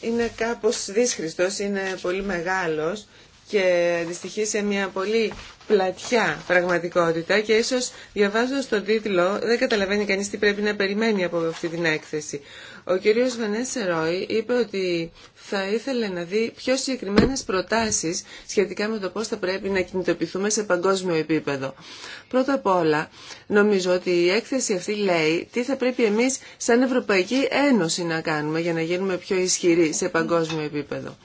είναι κάπως δύσχριστος, είναι πολύ μεγάλος και αντιστοιχεί σε μια πολύ πλατιά πραγματικότητα και ίσως διαβάζοντας τον τίτλο δεν καταλαβαίνει κανείς τι πρέπει να περιμένει από αυτή την έκθεση. Ο κύριος Βανέσσε Ρόι είπε ότι θα ήθελε να δει πιο συγκεκριμένε προτάσεις σχετικά με το πώς θα πρέπει να κινητοποιηθούμε σε παγκόσμιο επίπεδο. Πρώτα απ' όλα, νομίζω ότι η έκθεση αυτή λέει τι θα πρέπει εμείς σαν Ευρωπαϊκή Ένωση να κάνουμε για να γίνουμε πιο ισχυροί σε παγκόσμιο επίπεδο.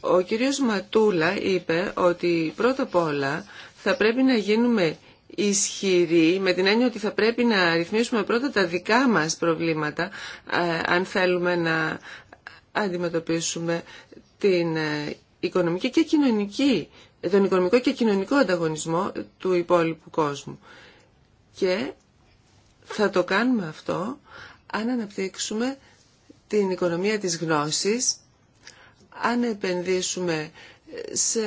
Ο κύριος Ματούλα είπε ότι πρώτα απ' όλα θα πρέπει να γίνουμε ισχυροί με την έννοια ότι θα πρέπει να ρυθμίσουμε πρώτα τα δικά μας προβλήματα ε, αν θέλουμε να αντιμετωπίσουμε την ε, οικονομική και κοινωνική, τον οικονομικό και κοινωνικό ανταγωνισμό του υπόλοιπου κόσμου. Και θα το κάνουμε αυτό αν αναπτύξουμε την οικονομία της γνώσης αν επενδύσουμε σε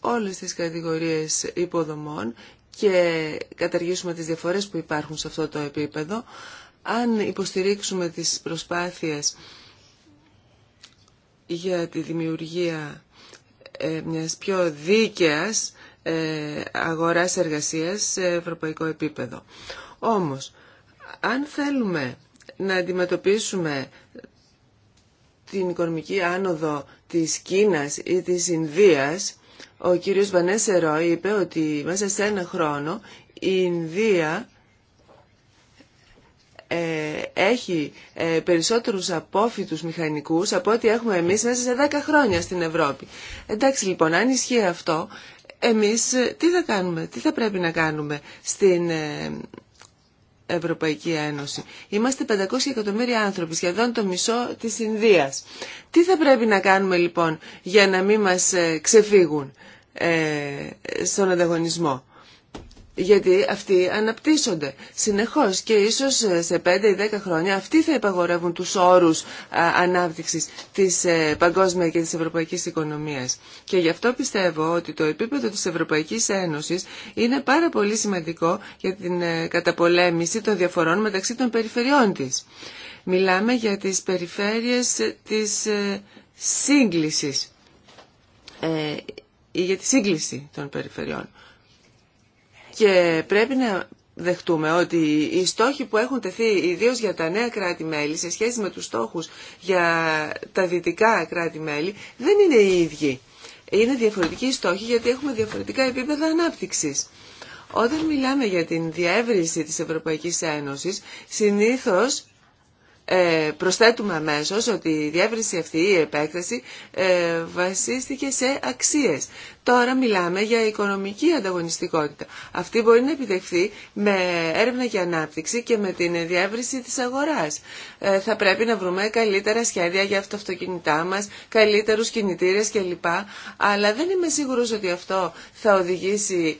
όλες τις κατηγορίες υποδομών και καταργήσουμε τις διαφορές που υπάρχουν σε αυτό το επίπεδο, αν υποστηρίξουμε τις προσπάθειες για τη δημιουργία ε, μιας πιο δίκαιας ε, αγοράς εργασίας σε ευρωπαϊκό επίπεδο. Όμως, αν θέλουμε να αντιμετωπίσουμε την οικονομική άνοδο της Κίνας ή της Ινδίας, ο κύριος Βανέσερο είπε ότι μέσα σε ένα χρόνο η Ινδία ε, έχει ε, περισσότερους απόφυτους μηχανικούς από ό,τι έχουμε εμείς μέσα σε 10 χρόνια στην Ευρώπη. Εντάξει λοιπόν, αν ισχύει αυτό, εμείς ε, τι θα κάνουμε, τι θα πρέπει να κάνουμε στην Ευρωπαϊκή Ένωση. Είμαστε 500 εκατομμύρια άνθρωποι, σχεδόν το μισό της Ινδίας. Τι θα πρέπει να κάνουμε λοιπόν για να μην μας ε, ξεφύγουν ε, στον ανταγωνισμό γιατί αυτοί αναπτύσσονται συνεχώς και ίσως σε 5 ή 10 χρόνια αυτοί θα υπαγορεύουν τους όρους ανάπτυξης της ε, παγκόσμια και της ευρωπαϊκής οικονομίας. Και γι' αυτό πιστεύω ότι το επίπεδο της Ευρωπαϊκής Ένωσης είναι πάρα πολύ σημαντικό για την ε, καταπολέμηση των διαφορών μεταξύ των περιφερειών της. Μιλάμε για τις περιφέρειες της ε, σύγκλησης ή για τη σύγκληση των περιφερειών. Και πρέπει να δεχτούμε ότι οι στόχοι που έχουν τεθεί ιδίω για τα νέα κράτη-μέλη σε σχέση με τους στόχους για τα δυτικά κράτη-μέλη δεν είναι οι ίδιοι. Είναι διαφορετικοί οι στόχοι γιατί έχουμε διαφορετικά επίπεδα ανάπτυξης. Όταν μιλάμε για την διεύρυνση της Ευρωπαϊκής Ένωσης, συνήθως ε, προσθέτουμε αμέσως ότι η διεύρυνση αυτή, η επέκταση, ε, βασίστηκε σε αξίες. Τώρα μιλάμε για οικονομική ανταγωνιστικότητα. Αυτή μπορεί να επιτευχθεί με έρευνα και ανάπτυξη και με την διεύρυνση της αγοράς. Ε, θα πρέπει να βρούμε καλύτερα σχέδια για αυτοαυτοκινητά μας, καλύτερους κινητήρες κλπ. Αλλά δεν είμαι σίγουρος ότι αυτό θα οδηγήσει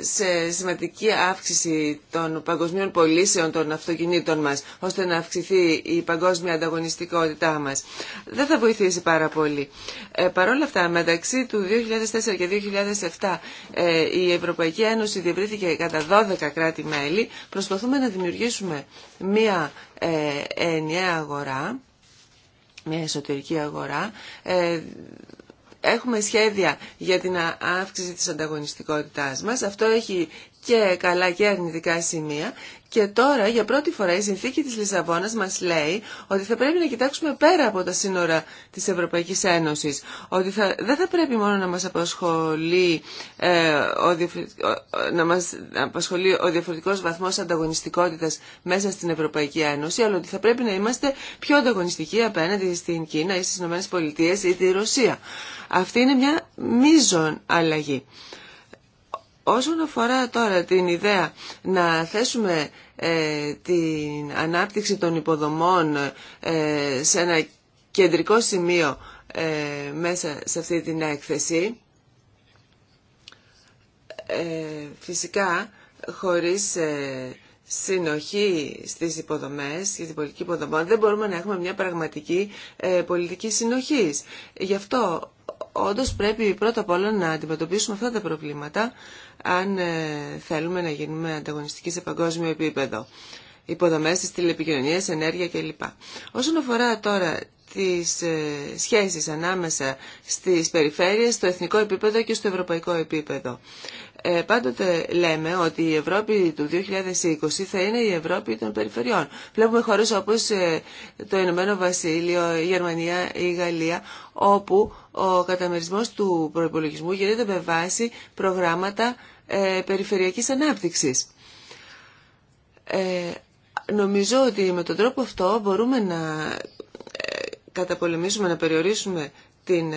σε σημαντική αύξηση των παγκοσμίων πωλήσεων των αυτοκινήτων μας, ώστε να αυξηθεί η παγκόσμια ανταγωνιστικότητά μας. Δεν θα βοηθήσει πάρα πολύ. Ε, Παρ' όλα αυτά, μεταξύ του 2004 και 2007 ε, η Ευρωπαϊκή Ένωση διευρύθηκε κατά 12 κράτη-μέλη. Προσπαθούμε να δημιουργήσουμε μία ε, ενιαία αγορά, μία εσωτερική αγορά, ε, Έχουμε σχέδια για την αύξηση της ανταγωνιστικότητάς μας. Αυτό έχει και καλά και αρνητικά σημεία. Και τώρα για πρώτη φορά η συνθήκη της Λισαβόνας μας λέει ότι θα πρέπει να κοιτάξουμε πέρα από τα σύνορα της Ευρωπαϊκής Ένωσης. Ότι θα, δεν θα πρέπει μόνο να μας απασχολεί, ε, ο, να μας απασχολεί ο διαφορετικός βαθμός ανταγωνιστικότητας μέσα στην Ευρωπαϊκή Ένωση, αλλά ότι θα πρέπει να είμαστε πιο ανταγωνιστικοί απέναντι στην Κίνα ή στις ΗΠΑ ή τη Ρωσία. Αυτή είναι μια μείζον αλλαγή. Όσον αφορά τώρα την ιδέα να θέσουμε ε, την ανάπτυξη των υποδομών ε, σε ένα κεντρικό σημείο ε, μέσα σε αυτή την έκθεση, φυσικά χωρίς συνοχή στις υποδομές και την πολιτική υποδομών δεν μπορούμε να έχουμε μια πραγματική πολιτική συνοχής. Γι' αυτό όντως πρέπει πρώτα απ' όλα να αντιμετωπίσουμε αυτά τα προβλήματα αν ε, θέλουμε να γίνουμε ανταγωνιστικοί σε παγκόσμιο επίπεδο. Υποδομές της τηλεπικοινωνίας, ενέργεια κλπ. Όσον αφορά τώρα τις ε, σχέσεις ανάμεσα στις περιφέρειες στο εθνικό επίπεδο και στο ευρωπαϊκό επίπεδο. Ε, πάντοτε λέμε ότι η Ευρώπη του 2020 θα είναι η Ευρώπη των περιφερειών. Βλέπουμε χώρες όπως ε, το Ηνωμένο Βασίλειο, η Γερμανία, η Γαλλία, όπου ο καταμερισμός του προϋπολογισμού γίνεται με βάση προγράμματα ε, περιφερειακής ανάπτυξης. Ε, νομίζω ότι με τον τρόπο αυτό μπορούμε να ε, καταπολεμήσουμε, να περιορίσουμε την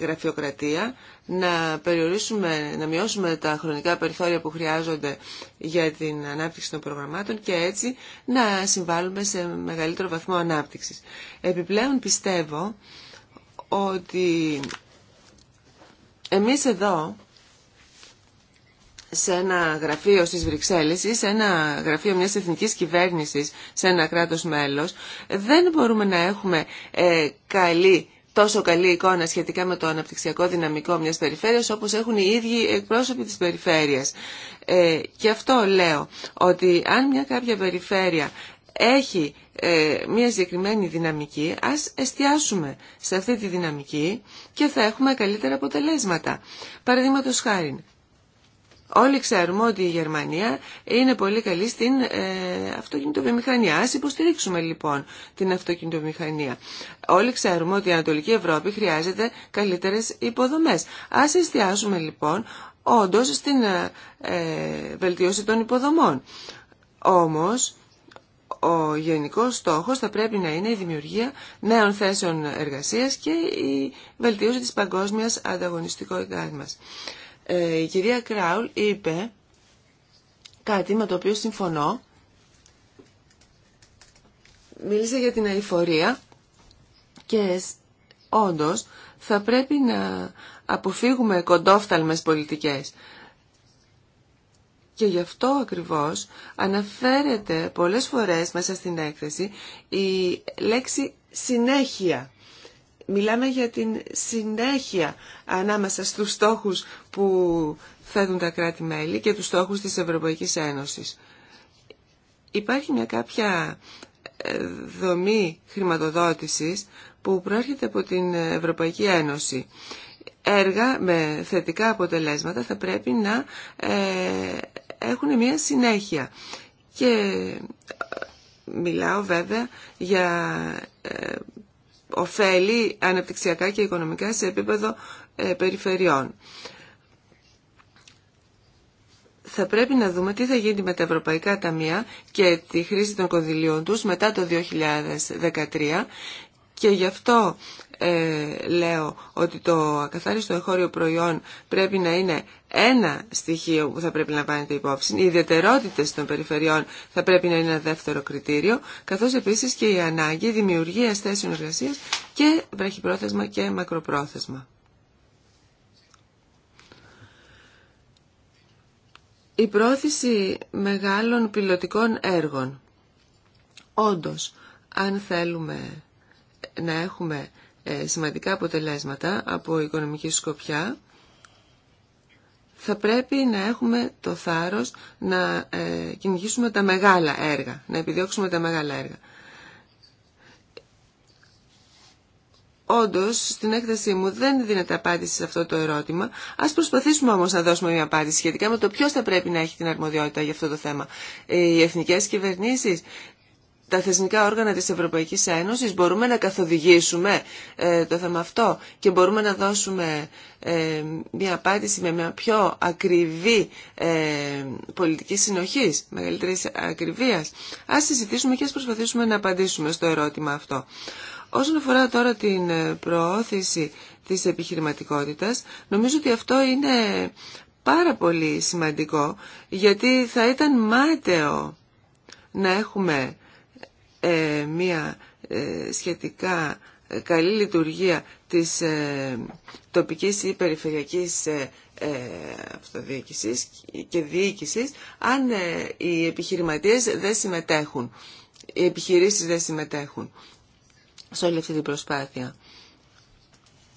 γραφειοκρατία, να περιορίσουμε, να μειώσουμε τα χρονικά περιθώρια που χρειάζονται για την ανάπτυξη των προγραμμάτων και έτσι να συμβάλλουμε σε μεγαλύτερο βαθμό ανάπτυξης. Επιπλέον πιστεύω ότι εμείς εδώ σε ένα γραφείο στις Βρυξέλλες ή σε ένα γραφείο μιας εθνικής κυβέρνησης σε ένα κράτος μέλος δεν μπορούμε να έχουμε ε, καλή τόσο καλή εικόνα σχετικά με το αναπτυξιακό δυναμικό μιας περιφέρειας όπως έχουν οι ίδιοι εκπρόσωποι της περιφέρειας. και ε, αυτό λέω ότι αν μια κάποια περιφέρεια έχει ε, μια συγκεκριμένη δυναμική, ας εστιάσουμε σε αυτή τη δυναμική και θα έχουμε καλύτερα αποτελέσματα. Παραδείγματος χάρη, Όλοι ξέρουμε ότι η Γερμανία είναι πολύ καλή στην ε, αυτοκινητοβιομηχανία. Ας υποστηρίξουμε λοιπόν την αυτοκινητοβιομηχανία. Όλοι ξέρουμε ότι η Ανατολική Ευρώπη χρειάζεται καλύτερες υποδομές. Ας εστιάσουμε λοιπόν όντως στην ε, ε, βελτίωση των υποδομών. Όμως, ο γενικός στόχος θα πρέπει να είναι η δημιουργία νέων θέσεων εργασίας και η βελτίωση της παγκόσμιας ανταγωνιστικότητάς μας. Ε, η κυρία Κράουλ είπε κάτι με το οποίο συμφωνώ. Μίλησε για την αηφορία και όντως θα πρέπει να αποφύγουμε κοντόφθαλμες πολιτικές. Και γι' αυτό ακριβώς αναφέρεται πολλές φορές μέσα στην έκθεση η λέξη συνέχεια. Μιλάμε για την συνέχεια ανάμεσα στους στόχους που θέτουν τα κράτη-μέλη και τους στόχους της Ευρωπαϊκής Ένωσης. Υπάρχει μια κάποια ε, δομή χρηματοδότησης που προέρχεται από την Ευρωπαϊκή Ένωση. Έργα με θετικά αποτελέσματα θα πρέπει να ε, έχουν μια συνέχεια. Και ε, μιλάω βέβαια για ωφέλη αναπτυξιακά και οικονομικά σε επίπεδο ε, περιφερειών. Θα πρέπει να δούμε τι θα γίνει με τα ευρωπαϊκά ταμεία και τη χρήση των κονδυλίων τους μετά το 2013 και γι' αυτό ε, λέω ότι το ακαθάριστο εγχώριο προϊόν πρέπει να είναι ένα στοιχείο που θα πρέπει να την υπόψη. Οι ιδιαιτερότητες των περιφερειών θα πρέπει να είναι ένα δεύτερο κριτήριο, καθώς επίσης και η ανάγκη δημιουργίας θέσεων εργασίας και βραχυπρόθεσμα και μακροπρόθεσμα. Η πρόθεση μεγάλων πιλωτικών έργων. Όντως, αν θέλουμε να έχουμε ε, σημαντικά αποτελέσματα από οικονομική σκοπιά, θα πρέπει να έχουμε το θάρρος να ε, κυνηγήσουμε τα μεγάλα έργα, να επιδιώξουμε τα μεγάλα έργα. Όντως, στην έκθεσή μου δεν δίνεται απάντηση σε αυτό το ερώτημα. Ας προσπαθήσουμε όμως να δώσουμε μια απάντηση σχετικά με το ποιος θα πρέπει να έχει την αρμοδιότητα για αυτό το θέμα. Οι εθνικές κυβερνήσει, τα θεσμικά όργανα της Ευρωπαϊκής Ένωσης μπορούμε να καθοδηγήσουμε ε, το θέμα αυτό και μπορούμε να δώσουμε ε, μια απάντηση με μια πιο ακριβή ε, πολιτική συνοχής, μεγαλύτερη ακριβίας. Ας συζητήσουμε και ας προσπαθήσουμε να απαντήσουμε στο ερώτημα αυτό. Όσον αφορά τώρα την προώθηση της επιχειρηματικότητας, νομίζω ότι αυτό είναι πάρα πολύ σημαντικό, γιατί θα ήταν μάταιο να έχουμε ε, μια ε, σχετικά ε, καλή λειτουργία της τοπικής ή περιφερειακής αυτοδιοίκησης και διοίκησης αν οι επιχειρηματίες δεν συμμετέχουν, οι επιχειρήσεις δεν συμμετέχουν σε όλη αυτή την προσπάθεια.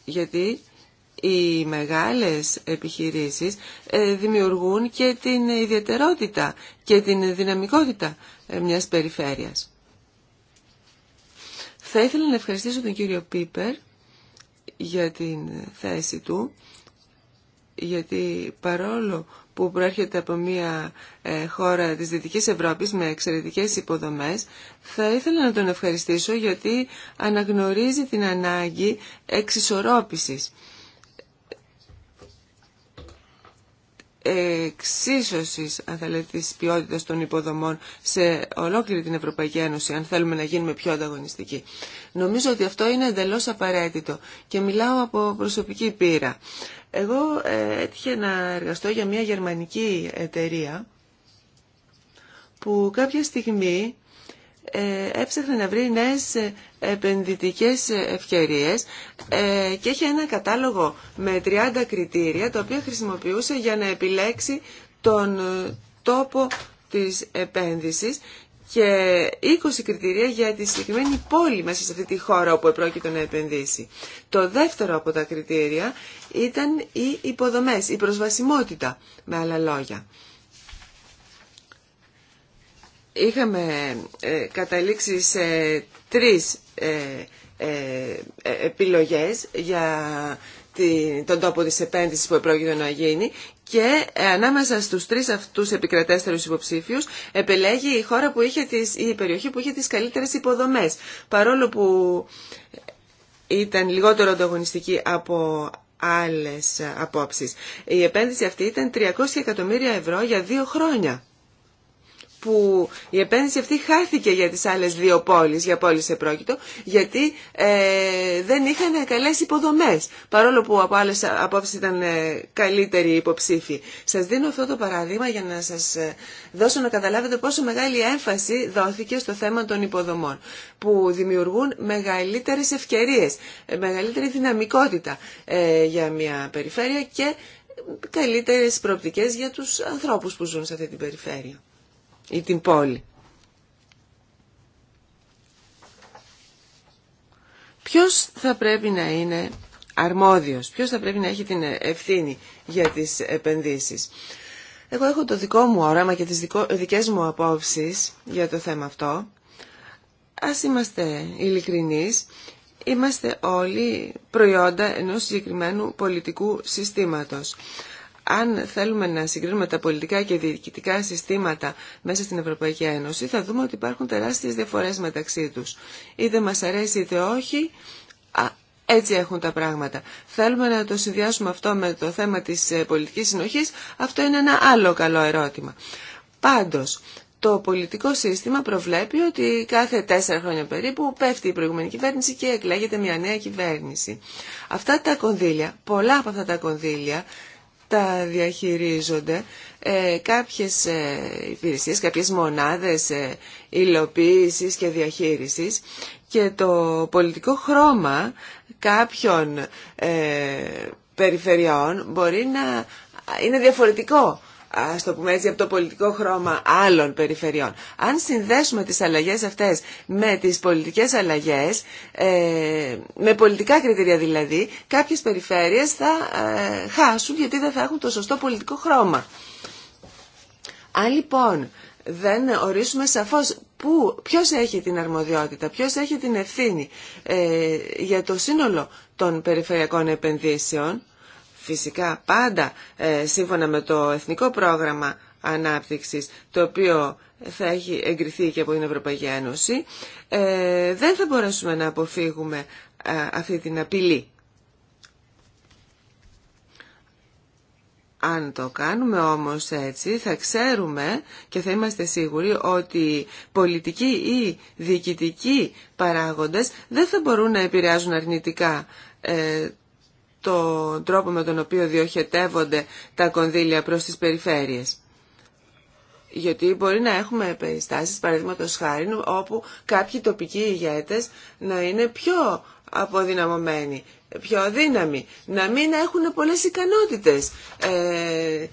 Γιατί οι μεγάλες επιχειρήσεις δημιουργούν και την ιδιαιτερότητα και την δυναμικότητα μιας περιφέρειας. Θα ήθελα να ευχαριστήσω τον κύριο Πίπερ για την θέση του, γιατί παρόλο που προέρχεται από μια ε, χώρα της Δυτικής Ευρώπης με εξαιρετικές υποδομές, θα ήθελα να τον ευχαριστήσω γιατί αναγνωρίζει την ανάγκη εξισορρόπησης εξίσωσης αν θέλετε, της ποιότητας των υποδομών σε ολόκληρη την Ευρωπαϊκή Ένωση αν θέλουμε να γίνουμε πιο ανταγωνιστικοί. Νομίζω ότι αυτό είναι εντελώς απαραίτητο και μιλάω από προσωπική πείρα. Εγώ ε, έτυχε να εργαστώ για μια γερμανική εταιρεία που κάποια στιγμή ε, έψαχνε να βρει νέες ε, επενδυτικές ε, ευκαιρίες και είχε ένα κατάλογο με 30 κριτήρια τα οποία χρησιμοποιούσε για να επιλέξει τον τόπο της επένδυσης και 20 κριτήρια για τη συγκεκριμένη πόλη μέσα σε αυτή τη χώρα όπου επρόκειτο να επενδύσει. Το δεύτερο από τα κριτήρια ήταν οι υποδομές, η προσβασιμότητα με άλλα λόγια είχαμε ε, καταλήξει σε τρεις ε, ε, επιλογές για τον τόπο της επένδυσης που επρόκειτο να γίνει και ανάμεσα στους τρεις αυτούς επικρατέστερους υποψήφιους επελέγει η χώρα που είχε τις, η περιοχή που είχε τις καλύτερες υποδομές παρόλο που ήταν λιγότερο ανταγωνιστική από άλλες απόψεις. Η επένδυση αυτή ήταν 300 εκατομμύρια ευρώ για δύο χρόνια που η επένδυση αυτή χάθηκε για τις άλλες δύο πόλεις, για πόλεις επρόκειτο, γιατί ε, δεν είχαν καλές υποδομές, παρόλο που από άλλες απόψεις ήταν ε, καλύτεροι υποψήφοι. Σας δίνω αυτό το παράδειγμα για να σας ε, δώσω να καταλάβετε πόσο μεγάλη έμφαση δόθηκε στο θέμα των υποδομών, που δημιουργούν μεγαλύτερες ευκαιρίες, ε, μεγαλύτερη δυναμικότητα για μια περιφέρεια και καλύτερες προοπτικές για τους ανθρώπους που ζουν σε αυτή την περιφέρεια ή την πόλη. Ποιος θα πρέπει να είναι αρμόδιος, ποιος θα πρέπει να έχει την ευθύνη για τις επενδύσεις. Εγώ έχω το δικό μου όραμα και τις δικές μου απόψεις για το θέμα αυτό. Ας είμαστε ειλικρινείς, είμαστε όλοι προϊόντα ενός συγκεκριμένου πολιτικού συστήματος αν θέλουμε να συγκρίνουμε τα πολιτικά και διοικητικά συστήματα μέσα στην Ευρωπαϊκή Ένωση, θα δούμε ότι υπάρχουν τεράστιε διαφορέ μεταξύ του. Είτε μα αρέσει είτε όχι, έτσι έχουν τα πράγματα. Θέλουμε να το συνδυάσουμε αυτό με το θέμα τη ε, πολιτική συνοχή, αυτό είναι ένα άλλο καλό ερώτημα. Πάντω, το πολιτικό σύστημα προβλέπει ότι κάθε τέσσερα χρόνια περίπου πέφτει η προηγούμενη κυβέρνηση και εκλέγεται μια νέα κυβέρνηση. Αυτά τα κονδύλια, πολλά από αυτά τα κονδύλια, τα διαχειρίζονται ε, κάποιες ε, υπηρεσίες, κάποιες μονάδες ε, και διαχείρισης και το πολιτικό χρώμα κάποιων ε, περιφερειών μπορεί να είναι διαφορετικό ας το πούμε έτσι, από το πολιτικό χρώμα άλλων περιφερειών. Αν συνδέσουμε τις αλλαγές αυτές με τις πολιτικές αλλαγές, ε, με πολιτικά κριτήρια δηλαδή, κάποιες περιφέρειες θα ε, χάσουν γιατί δεν θα έχουν το σωστό πολιτικό χρώμα. Αν λοιπόν δεν ορίσουμε σαφώς που, ποιος έχει την αρμοδιότητα, ποιος έχει την ευθύνη ε, για το σύνολο των περιφερειακών επενδύσεων, Φυσικά πάντα ε, σύμφωνα με το Εθνικό Πρόγραμμα Ανάπτυξης, το οποίο θα έχει εγκριθεί και από την Ευρωπαϊκή Ένωση, ε, δεν θα μπορέσουμε να αποφύγουμε ε, αυτή την απειλή. Αν το κάνουμε όμως έτσι θα ξέρουμε και θα είμαστε σίγουροι ότι πολιτικοί ή διοικητικοί παράγοντες δεν θα μπορούν να επηρεάζουν αρνητικά τον τρόπο με τον οποίο διοχετεύονται τα κονδύλια προς τις περιφέρειες. Γιατί μπορεί να έχουμε περιστάσεις, παραδείγματος χάρη, όπου κάποιοι τοπικοί ηγέτες να είναι πιο αποδυναμωμένοι, πιο αδύναμοι, να μην έχουν πολλές ικανότητες, ε, ε,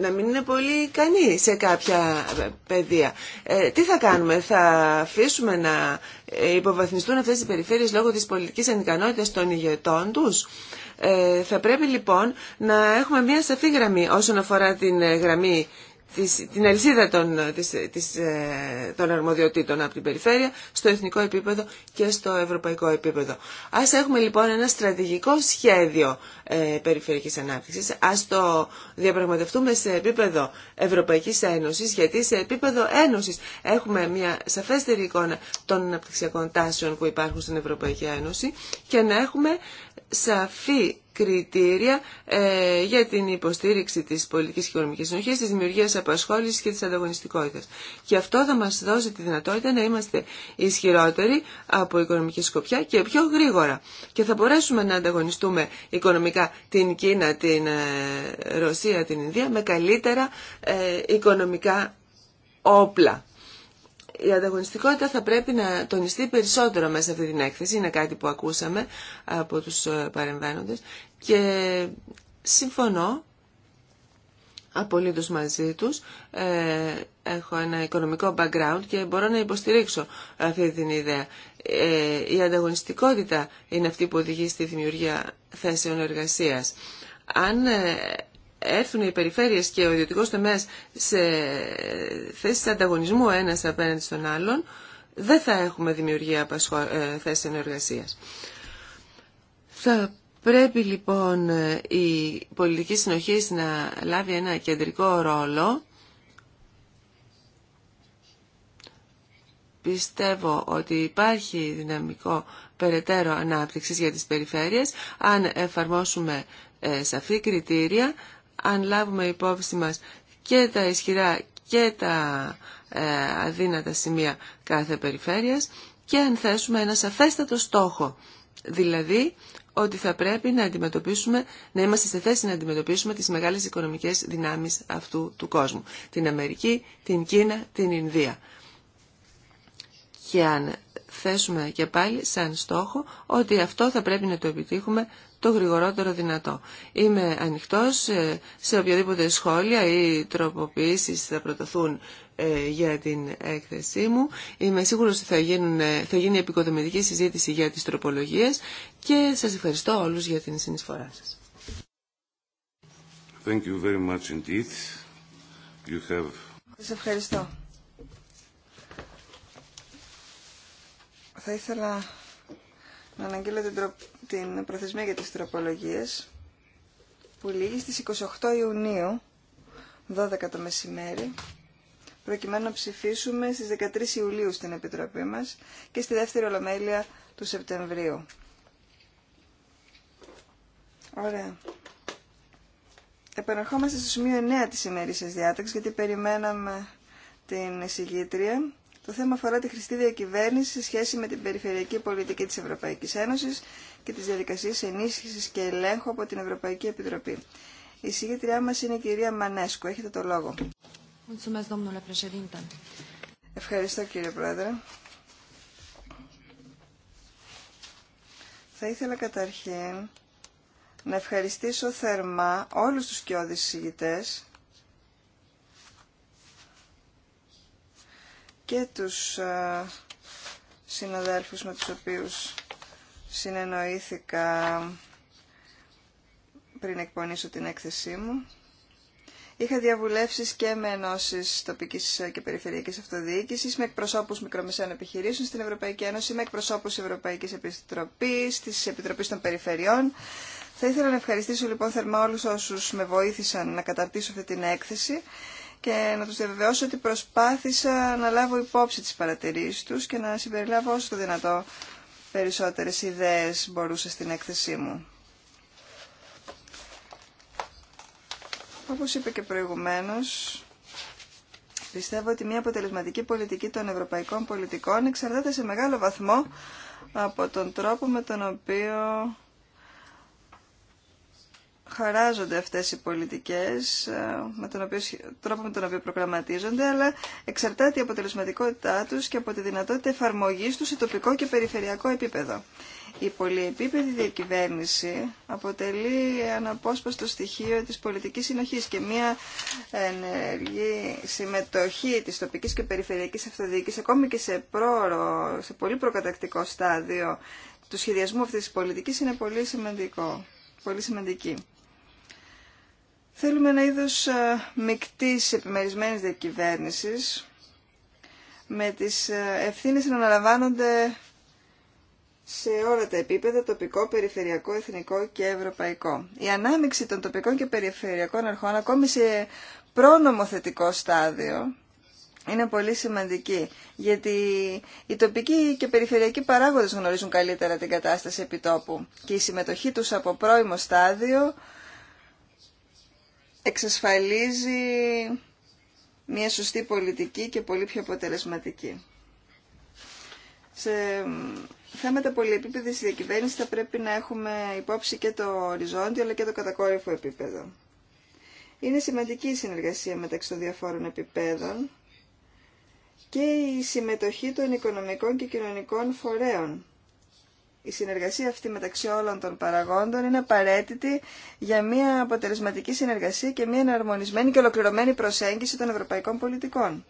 να μην είναι πολύ ικανοί σε κάποια παιδεία. Ε, τι θα κάνουμε, θα αφήσουμε να υποβαθμιστούν αυτές οι περιφέρειες λόγω της πολιτικής ανικανότητας των ηγετών τους. Ε, θα πρέπει λοιπόν να έχουμε μια σαφή γραμμή όσον αφορά την γραμμή την αλυσίδα των, της, ε, των αρμοδιοτήτων από την περιφέρεια στο εθνικό επίπεδο και στο ευρωπαϊκό επίπεδο. Ας έχουμε λοιπόν ένα στρατηγικό σχέδιο ε, περιφερειακής ανάπτυξης. Ας το διαπραγματευτούμε σε επίπεδο Ευρωπαϊκής Ένωσης γιατί σε επίπεδο Ένωσης έχουμε μια σαφέστερη εικόνα των αναπτυξιακών τάσεων που υπάρχουν στην Ευρωπαϊκή Ένωση και να έχουμε σαφή κριτήρια ε, για την υποστήριξη της πολιτικής και οικονομικής συνοχής, της δημιουργίας απασχόλησης και της ανταγωνιστικότητας. Και αυτό θα μας δώσει τη δυνατότητα να είμαστε ισχυρότεροι από οικονομική σκοπιά και πιο γρήγορα. Και θα μπορέσουμε να ανταγωνιστούμε οικονομικά την Κίνα, την ε, Ρωσία, την Ινδία με καλύτερα ε, οικονομικά όπλα η ανταγωνιστικότητα θα πρέπει να τονιστεί περισσότερο μέσα σε αυτή την έκθεση. Είναι κάτι που ακούσαμε από τους ε, παρεμβαίνοντες και συμφωνώ απολύτως μαζί τους. Ε, έχω ένα οικονομικό background και μπορώ να υποστηρίξω αυτή την ιδέα. Ε, η ανταγωνιστικότητα είναι αυτή που οδηγεί στη δημιουργία θέσεων εργασίας. Αν έρθουν οι περιφέρειες και ο ιδιωτικό τομέας σε θέσεις ανταγωνισμού ένας απέναντι στον άλλον, δεν θα έχουμε δημιουργία ε, θέσεων ενεργασίας. Θα πρέπει λοιπόν ε, η πολιτική συνοχή να λάβει ένα κεντρικό ρόλο. Πιστεύω ότι υπάρχει δυναμικό περαιτέρω ανάπτυξης για τις περιφέρειες αν εφαρμόσουμε ε, σαφή κριτήρια αν λάβουμε υπόψη μας και τα ισχυρά και τα ε, αδύνατα σημεία κάθε περιφέρειας και αν θέσουμε ένα σαφέστατο στόχο, δηλαδή ότι θα πρέπει να αντιμετωπίσουμε, να είμαστε σε θέση να αντιμετωπίσουμε τις μεγάλες οικονομικές δυνάμεις αυτού του κόσμου. Την Αμερική, την Κίνα, την Ινδία. Και αν θέσουμε και πάλι σαν στόχο ότι αυτό θα πρέπει να το επιτύχουμε το γρηγορότερο δυνατό. Είμαι ανοιχτός ε, σε οποιαδήποτε σχόλια ή τροποποιήσεις θα προταθούν ε, για την έκθεσή μου. Είμαι σίγουρος ότι θα, γίνουν, ε, θα γίνει επικοδομητική συζήτηση για τις τροπολογίες και σας ευχαριστώ όλους για την συνεισφορά σας. Thank you very much indeed. You have... Σας ευχαριστώ. Θα ήθελα να αναγγείλω την την προθεσμία για τις τροπολογίες που λύγει στις 28 Ιουνίου 12 το μεσημέρι προκειμένου να ψηφίσουμε στις 13 Ιουλίου στην Επιτροπή μας και στη δεύτερη Ολομέλεια του Σεπτεμβρίου. Ωραία. Επαναρχόμαστε στο σημείο 9 της ημερήσιας διάταξης γιατί περιμέναμε την εισηγήτρια το θέμα αφορά τη χρηστή διακυβέρνηση σε σχέση με την περιφερειακή πολιτική της Ευρωπαϊκής Ένωσης και τις διαδικασίες ενίσχυσης και ελέγχου από την Ευρωπαϊκή Επιτροπή. Η συγγήτριά μας είναι η κυρία Μανέσκου. Έχετε το λόγο. Ευχαριστώ κύριε Πρόεδρε. Θα ήθελα καταρχήν να ευχαριστήσω θερμά όλους τους κοιόδης συζητητές και τους συναδέλφους με τους οποίους συνεννοήθηκα πριν εκπονήσω την έκθεσή μου. Είχα διαβουλεύσεις και με ενώσει τοπικής και περιφερειακής αυτοδιοίκησης, με εκπροσώπους μικρομεσαίων επιχειρήσεων στην Ευρωπαϊκή Ένωση, με εκπροσώπους Ευρωπαϊκής Επιτροπής, της Επιτροπής των Περιφερειών. Θα ήθελα να ευχαριστήσω λοιπόν θερμά όλους όσους με βοήθησαν να καταρτήσω αυτή την έκθεση και να τους διαβεβαιώσω ότι προσπάθησα να λάβω υπόψη τις παρατηρήσεις τους και να συμπεριλάβω όσο το δυνατό περισσότερες ιδέες μπορούσα στην έκθεσή μου. Όπως είπε και προηγουμένως, πιστεύω ότι μια αποτελεσματική πολιτική των ευρωπαϊκών πολιτικών εξαρτάται σε μεγάλο βαθμό από τον τρόπο με τον οποίο χαράζονται αυτές οι πολιτικές, ε, με τον οποίο, τρόπο με τον οποίο προγραμματίζονται, αλλά εξαρτάται η αποτελεσματικότητά τους και από τη δυνατότητα εφαρμογής τους σε τοπικό και περιφερειακό επίπεδο. Η πολυεπίπεδη διακυβέρνηση αποτελεί αναπόσπαστο στοιχείο της πολιτικής συνοχής και μια ενεργή συμμετοχή της τοπικής και περιφερειακής αυτοδιοίκησης, ακόμη και σε, πρόωρο, σε πολύ προκατακτικό στάδιο του σχεδιασμού αυτής της πολιτικής, είναι πολύ σημαντικό. Πολύ σημαντική. Θέλουμε ένα είδος μεικτής επιμερισμένης διακυβέρνησης με τις ευθύνες να αναλαμβάνονται σε όλα τα επίπεδα, τοπικό, περιφερειακό, εθνικό και ευρωπαϊκό. Η ανάμειξη των τοπικών και περιφερειακών αρχών ακόμη σε προνομοθετικό στάδιο είναι πολύ σημαντική, γιατί οι τοπικοί και περιφερειακοί παράγοντες γνωρίζουν καλύτερα την κατάσταση επιτόπου και η συμμετοχή τους από πρώιμο στάδιο εξασφαλίζει μια σωστή πολιτική και πολύ πιο αποτελεσματική. Σε θέματα πολυεπίπεδης διακυβέρνηση θα πρέπει να έχουμε υπόψη και το οριζόντιο αλλά και το κατακόρυφο επίπεδο. Είναι σημαντική η συνεργασία μεταξύ των διαφόρων επιπέδων και η συμμετοχή των οικονομικών και κοινωνικών φορέων η συνεργασία αυτή μεταξύ όλων των παραγόντων είναι απαραίτητη για μια αποτελεσματική συνεργασία και μια εναρμονισμένη και ολοκληρωμένη προσέγγιση των ευρωπαϊκών πολιτικών.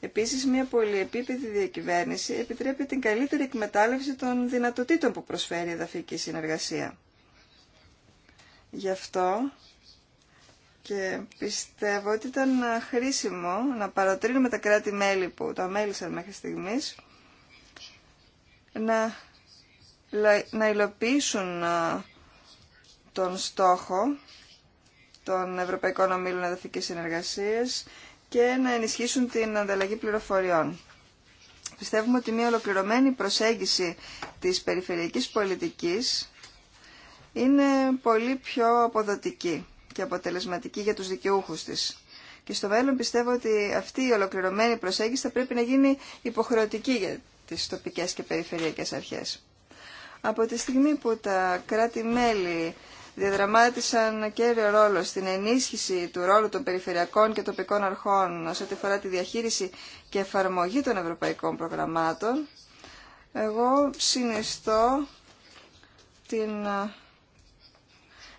Επίσης, μια πολυεπίπεδη διακυβέρνηση επιτρέπει την καλύτερη εκμετάλλευση των δυνατοτήτων που προσφέρει η εδαφική συνεργασία. Γι' αυτό και πιστεύω ότι ήταν χρήσιμο να παρατρύνουμε τα κράτη-μέλη που το αμέλησαν μέχρι στιγμής να να υλοποιήσουν τον στόχο των Ευρωπαϊκών Ομίλων Εδαφικής Συνεργασίας και να ενισχύσουν την ανταλλαγή πληροφοριών. Πιστεύουμε ότι μια ολοκληρωμένη προσέγγιση της περιφερειακής πολιτικής είναι πολύ πιο αποδοτική και αποτελεσματική για τους δικαιούχους της. Και στο μέλλον πιστεύω ότι αυτή η ολοκληρωμένη προσέγγιση θα πρέπει να γίνει υποχρεωτική για τις τοπικές και περιφερειακές αρχές. Από τη στιγμή που τα κράτη-μέλη διαδραμάτισαν κέριο ρόλο στην ενίσχυση του ρόλου των περιφερειακών και τοπικών αρχών σε ό,τι αφορά τη διαχείριση και εφαρμογή των ευρωπαϊκών προγραμμάτων, εγώ συνιστώ την ε,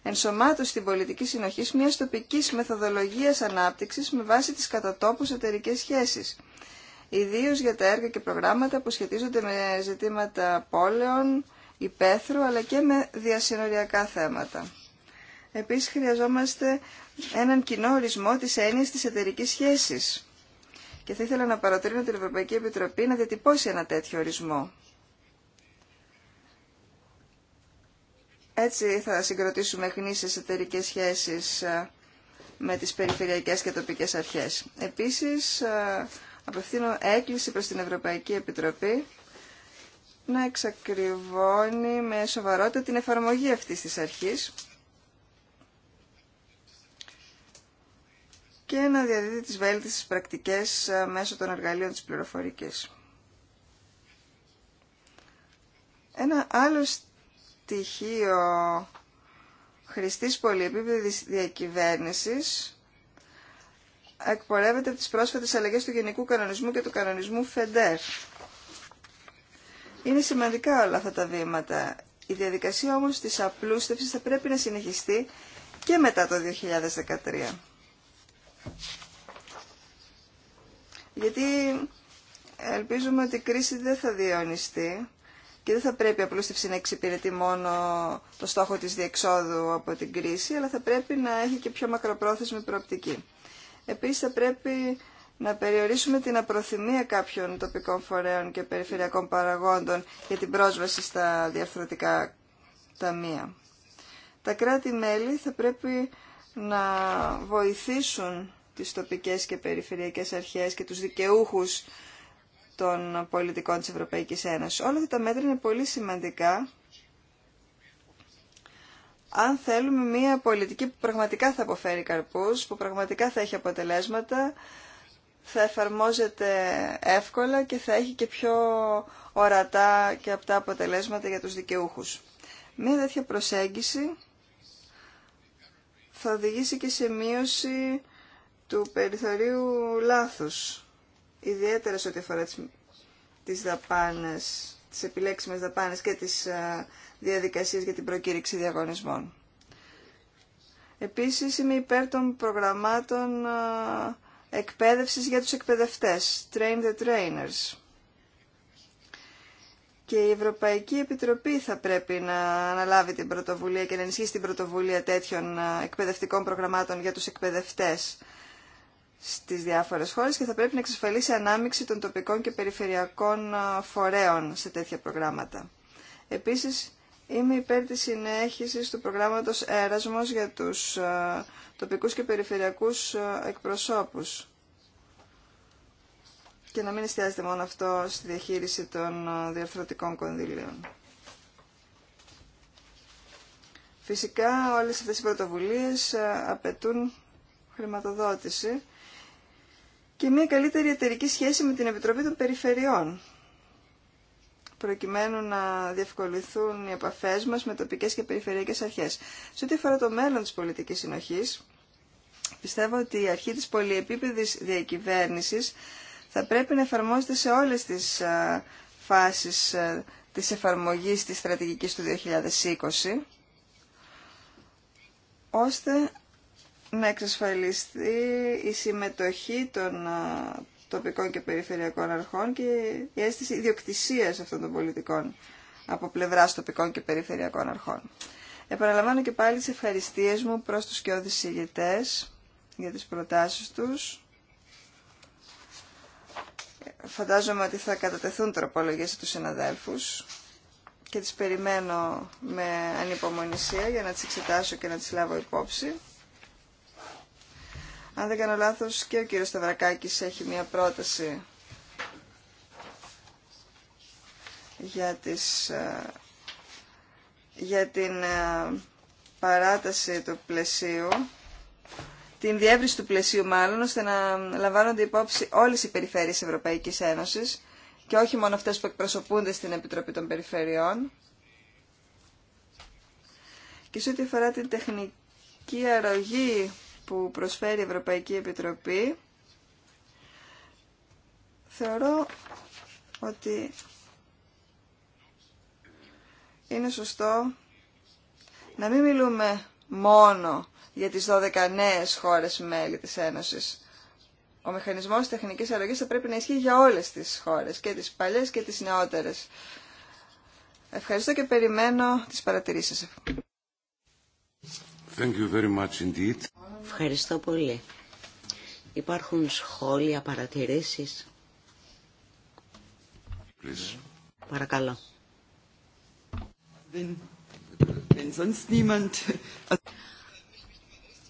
ενσωμάτωση στην πολιτική συνοχή μιας τοπικής μεθοδολογίας ανάπτυξης με βάση τις κατατόπους εταιρικές σχέσεις, ιδίως για τα έργα και προγράμματα που σχετίζονται με ζητήματα πόλεων, υπαίθρου αλλά και με διασυνοριακά θέματα. Επίσης χρειαζόμαστε έναν κοινό ορισμό της έννοιας της εταιρική σχέσης και θα ήθελα να παρατηρήσω την Ευρωπαϊκή Επιτροπή να διατυπώσει ένα τέτοιο ορισμό. Έτσι θα συγκροτήσουμε γνήσιες εταιρικέ σχέσεις ε, με τις περιφερειακές και τοπικές αρχές. Επίσης, ε, απευθύνω έκκληση προς την Ευρωπαϊκή Επιτροπή να εξακριβώνει με σοβαρότητα την εφαρμογή αυτής της αρχής και να διαδίδει τις βέλτιστες πρακτικές ε, μέσω των εργαλείων της πληροφορικής. Ένα άλλο στοιχείο χρηστής πολυεπίπεδης διακυβέρνησης εκπορεύεται από τις πρόσφατες αλλαγές του Γενικού Κανονισμού και του Κανονισμού ΦΕΝΤΕΡ είναι σημαντικά όλα αυτά τα βήματα. Η διαδικασία όμως της απλούστευσης θα πρέπει να συνεχιστεί και μετά το 2013. Γιατί ελπίζουμε ότι η κρίση δεν θα διαιωνιστεί και δεν θα πρέπει η απλούστευση να εξυπηρετεί μόνο το στόχο της διεξόδου από την κρίση, αλλά θα πρέπει να έχει και πιο μακροπρόθεσμη προοπτική. Επίσης θα πρέπει να περιορίσουμε την απροθυμία κάποιων τοπικών φορέων και περιφερειακών παραγόντων για την πρόσβαση στα διαφορετικά ταμεία. Τα κράτη-μέλη θα πρέπει να βοηθήσουν τις τοπικές και περιφερειακές αρχές και τους δικαιούχους των πολιτικών της Ευρωπαϊκής Ένωσης. Όλα αυτά τα μέτρα είναι πολύ σημαντικά αν θέλουμε μια πολιτική που πραγματικά θα αποφέρει καρπούς, που πραγματικά θα έχει αποτελέσματα, θα εφαρμόζεται εύκολα και θα έχει και πιο ορατά και απτά αποτελέσματα για τους δικαιούχους. Μία τέτοια προσέγγιση θα οδηγήσει και σε μείωση του περιθωρίου λάθους, ιδιαίτερα σε ό,τι αφορά τις δαπάνες, τις επιλέξιμες δαπάνες και τις διαδικασίες για την προκήρυξη διαγωνισμών. Επίσης είμαι υπέρ των προγραμμάτων εκπαίδευσης για τους εκπαιδευτές, Train the Trainers. Και η Ευρωπαϊκή Επιτροπή θα πρέπει να αναλάβει την πρωτοβουλία και να ενισχύσει την πρωτοβουλία τέτοιων εκπαιδευτικών προγραμμάτων για τους εκπαιδευτές στις διάφορες χώρες και θα πρέπει να εξασφαλίσει ανάμειξη των τοπικών και περιφερειακών φορέων σε τέτοια προγράμματα. Επίσης, Είμαι υπέρ της συνέχισης του προγράμματος Έρασμος για τους ε, τοπικούς και περιφερειακούς ε, εκπροσώπους. Και να μην εστιάζεται μόνο αυτό στη διαχείριση των ε, διαρθρωτικών κονδυλίων. Φυσικά όλες αυτές οι πρωτοβουλίες απαιτούν χρηματοδότηση και μια καλύτερη εταιρική σχέση με την Επιτροπή των Περιφερειών προκειμένου να διευκολυθούν οι επαφές μας με τοπικές και περιφερειακές αρχές. Σε ό,τι αφορά το μέλλον της πολιτικής συνοχής, πιστεύω ότι η αρχή της πολυεπίπεδης διακυβέρνησης θα πρέπει να εφαρμόζεται σε όλες τις φάσεις της εφαρμογής της στρατηγικής του 2020, ώστε να εξασφαλιστεί η συμμετοχή των τοπικών και περιφερειακών αρχών και η αίσθηση ιδιοκτησίας αυτών των πολιτικών από πλευρά τοπικών και περιφερειακών αρχών. Επαναλαμβάνω και πάλι τις ευχαριστίες μου προς τους και ηγετές για τις προτάσεις τους. Φαντάζομαι ότι θα κατατεθούν τροπολογίες από τους συναδέλφους και τις περιμένω με ανυπομονησία για να τις εξετάσω και να τις λάβω υπόψη. Αν δεν κάνω λάθος και ο κύριος Σταυρακάκης έχει μία πρόταση για, τις, ε, για την ε, παράταση του πλαισίου, την διεύρυνση του πλαισίου μάλλον, ώστε να λαμβάνονται υπόψη όλες οι περιφέρειες Ευρωπαϊκής Ένωσης και όχι μόνο αυτές που εκπροσωπούνται στην Επιτροπή των Περιφερειών. Και σε ό,τι αφορά την τεχνική αρρωγή που προσφέρει η Ευρωπαϊκή Επιτροπή θεωρώ ότι είναι σωστό να μην μιλούμε μόνο για τις 12 νέες χώρες μέλη της Ένωσης. Ο μηχανισμός τεχνικής αρρωγής θα πρέπει να ισχύει για όλες τις χώρες, και τις παλιές και τις νεότερες. Ευχαριστώ και περιμένω τις παρατηρήσεις Ευχαριστώ πολύ. Υπάρχουν σχόλια, παρατηρήσεις. Please. Παρακαλώ.